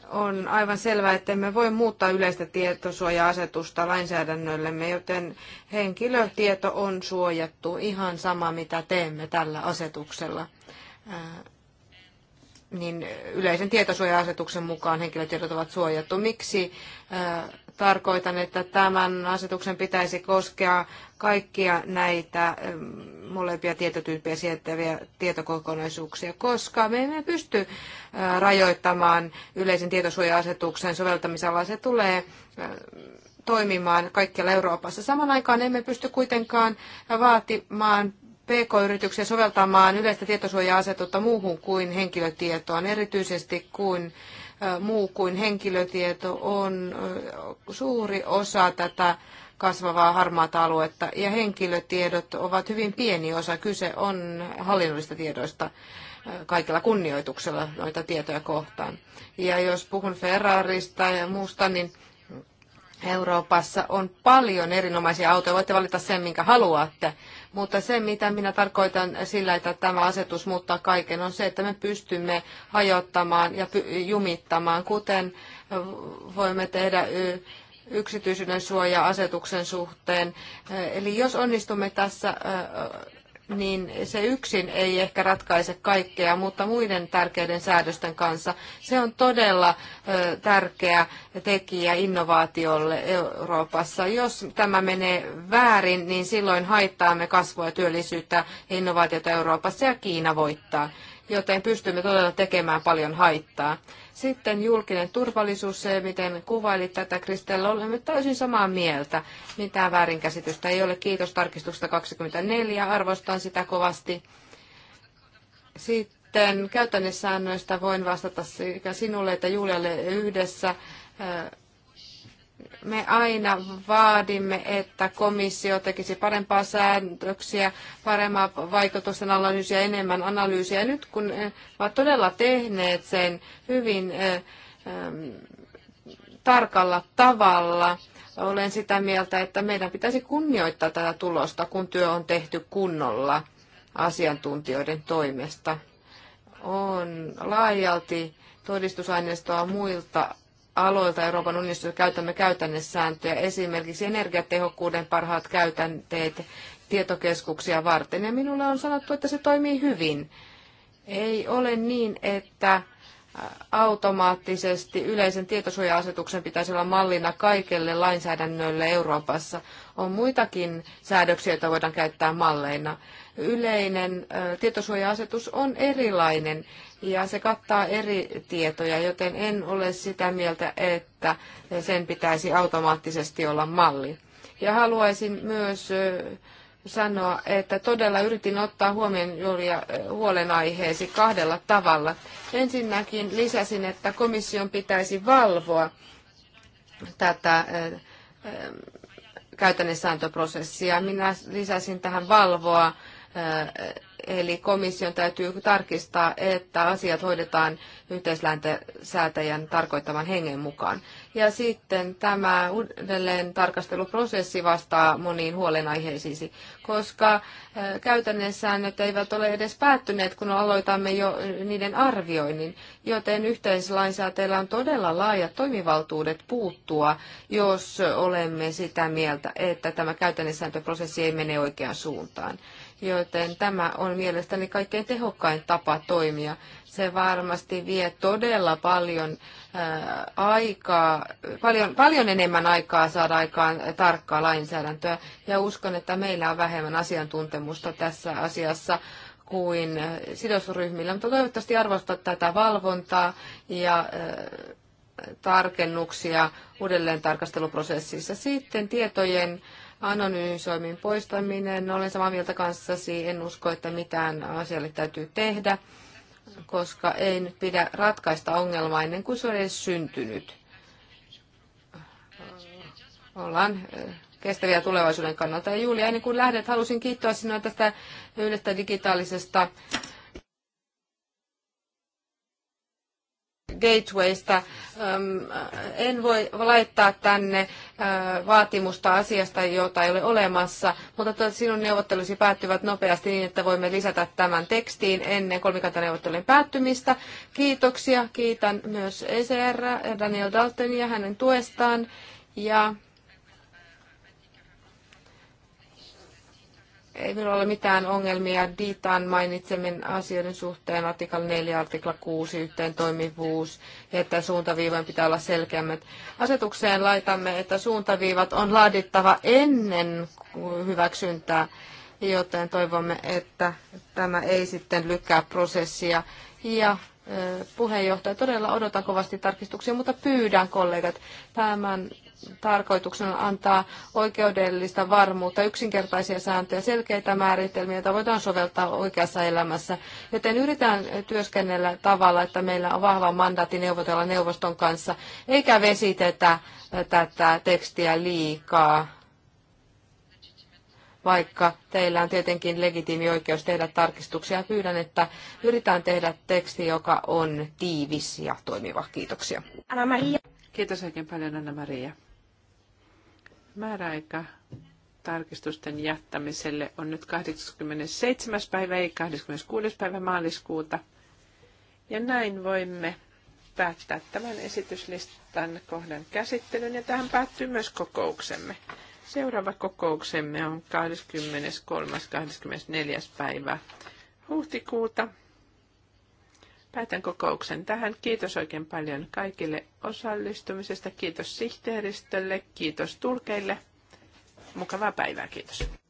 B: on aivan selvää, että emme voi muuttaa yleistä tietosuoja-asetusta lainsäädännöllemme, joten henkilötieto on suojattu ihan sama, mitä teemme tällä asetuksella niin yleisen tietosuoja-asetuksen mukaan henkilötiedot ovat suojattu. Miksi tarkoitan, että tämän asetuksen pitäisi koskea kaikkia näitä molempia tietotyyppejä sijoittavia tietokokonaisuuksia, koska me emme pysty rajoittamaan yleisen tietosuoja-asetuksen soveltamisalaa. Se tulee toimimaan kaikkialla Euroopassa. Saman aikaan emme pysty kuitenkaan vaatimaan PK-yrityksiä soveltamaan yleistä tietosuoja-asetusta muuhun kuin henkilötietoon, erityisesti kuin muu kuin henkilötieto on suuri osa tätä kasvavaa harmaata aluetta ja henkilötiedot ovat hyvin pieni osa. Kyse on hallinnollista tiedoista kaikilla kunnioituksella noita tietoja kohtaan. Ja jos puhun Ferrarista ja muusta, niin Euroopassa on paljon erinomaisia autoja. Voitte valita sen, minkä haluatte, mutta se, mitä minä tarkoitan sillä, että tämä asetus muuttaa kaiken, on se, että me pystymme hajottamaan ja jumittamaan, kuten voimme tehdä yksityisyyden suoja-asetuksen suhteen. Eli jos onnistumme tässä niin se yksin ei ehkä ratkaise kaikkea, mutta muiden tärkeiden säädösten kanssa se on todella tärkeä tekijä innovaatiolle Euroopassa. Jos tämä menee väärin, niin silloin haittaamme kasvua, työllisyyttä ja innovaatiota Euroopassa ja Kiina voittaa joten pystymme todella tekemään paljon haittaa. Sitten julkinen turvallisuus, se miten kuvailit tätä Kristella, olemme täysin samaa mieltä. Mitään väärinkäsitystä ei ole. Kiitos tarkistusta 24, arvostan sitä kovasti. Sitten käytännössäännöistä voin vastata sekä sinulle että Julialle yhdessä. Äh, me aina vaadimme, että komissio tekisi parempaa säännöksiä, paremmaa vaikutusten analyysiä, enemmän analyysiä. Nyt kun eh, ovat todella tehneet sen hyvin eh, ehm, tarkalla tavalla, olen sitä mieltä, että meidän pitäisi kunnioittaa tätä tulosta, kun työ on tehty kunnolla asiantuntijoiden toimesta. On laajalti todistusaineistoa muilta aloilta Euroopan unionissa käytämme käytännesääntöjä, esimerkiksi energiatehokkuuden parhaat käytänteet tietokeskuksia varten. Ja minulle on sanottu, että se toimii hyvin. Ei ole niin, että automaattisesti yleisen tietosuoja-asetuksen pitäisi olla mallina kaikelle lainsäädännölle Euroopassa on muitakin säädöksiä, joita voidaan käyttää malleina. Yleinen tietosuoja-asetus on erilainen ja se kattaa eri tietoja, joten en ole sitä mieltä, että sen pitäisi automaattisesti olla malli. Ja haluaisin myös sanoa, että todella yritin ottaa huomioon Julia huolenaiheesi kahdella tavalla. Ensinnäkin lisäsin, että komission pitäisi valvoa tätä käytännön sääntöprosessia. Minä lisäsin tähän valvoa, eh, eli komission täytyy tarkistaa, että asiat hoidetaan yhteisläätäjän tarkoittaman hengen mukaan. Ja sitten tämä uudelleen tarkasteluprosessi vastaa moniin huolenaiheisiisi, koska käytännön säännöt eivät ole edes päättyneet, kun aloitamme jo niiden arvioinnin, joten yhteislainsäätäjällä on todella laajat toimivaltuudet puuttua, jos olemme sitä mieltä, että tämä sääntöprosessi ei mene oikeaan suuntaan joten tämä on mielestäni kaikkein tehokkain tapa toimia. Se varmasti vie todella paljon aikaa, paljon, paljon enemmän aikaa saada aikaan tarkkaa lainsäädäntöä ja uskon, että meillä on vähemmän asiantuntemusta tässä asiassa kuin sidosryhmillä, mutta toivottavasti arvostat tätä valvontaa ja tarkennuksia uudelleen tarkasteluprosessissa. Sitten tietojen anonyysoimin poistaminen. Olen samaa mieltä kanssasi. En usko, että mitään asialle täytyy tehdä koska ei nyt pidä ratkaista ongelmaa ennen kuin se on edes syntynyt. Ollaan kestäviä tulevaisuuden kannalta. Ja Julia, ennen kuin lähdet, halusin kiittää sinua tästä yhdestä digitaalisesta gatewaysta. En voi laittaa tänne vaatimusta asiasta, jota ei ole olemassa, mutta sinun neuvottelusi päättyvät nopeasti niin, että voimme lisätä tämän tekstiin ennen kolmikantaneuvottelujen päättymistä. Kiitoksia. Kiitän myös ECR Daniel Daltonia hänen tuestaan. Ja ei minulla ole mitään ongelmia Diitan mainitsemin asioiden suhteen, artikla 4, artikla 6, yhteen toimivuus, että suuntaviivojen pitää olla selkeämmät. Asetukseen laitamme, että suuntaviivat on laadittava ennen hyväksyntää, joten toivomme, että tämä ei sitten lykkää prosessia. Ja eh, puheenjohtaja, todella odotan kovasti tarkistuksia, mutta pyydän kollegat tämän tarkoituksena on antaa oikeudellista varmuutta, yksinkertaisia sääntöjä, selkeitä määritelmiä, joita voidaan soveltaa oikeassa elämässä. Joten yritetään työskennellä tavalla, että meillä on vahva mandaatti neuvotella neuvoston kanssa, eikä vesitetä tätä tekstiä liikaa vaikka teillä on tietenkin legitiimi oikeus tehdä tarkistuksia. Pyydän, että yritetään tehdä teksti, joka on tiivis ja toimiva. Kiitoksia.
A: Anna Maria. Kiitos oikein paljon, Anna Maria. Määräaika tarkistusten jättämiselle on nyt 87. päivä, ei 26. päivä maaliskuuta. Ja näin voimme päättää tämän esityslistan kohdan käsittelyn ja tähän päättyy myös kokouksemme. Seuraava kokouksemme on 23. 24. päivä huhtikuuta. Päätän kokouksen tähän. Kiitos oikein paljon kaikille osallistumisesta. Kiitos sihteeristölle. Kiitos tulkeille. Mukavaa päivää. Kiitos.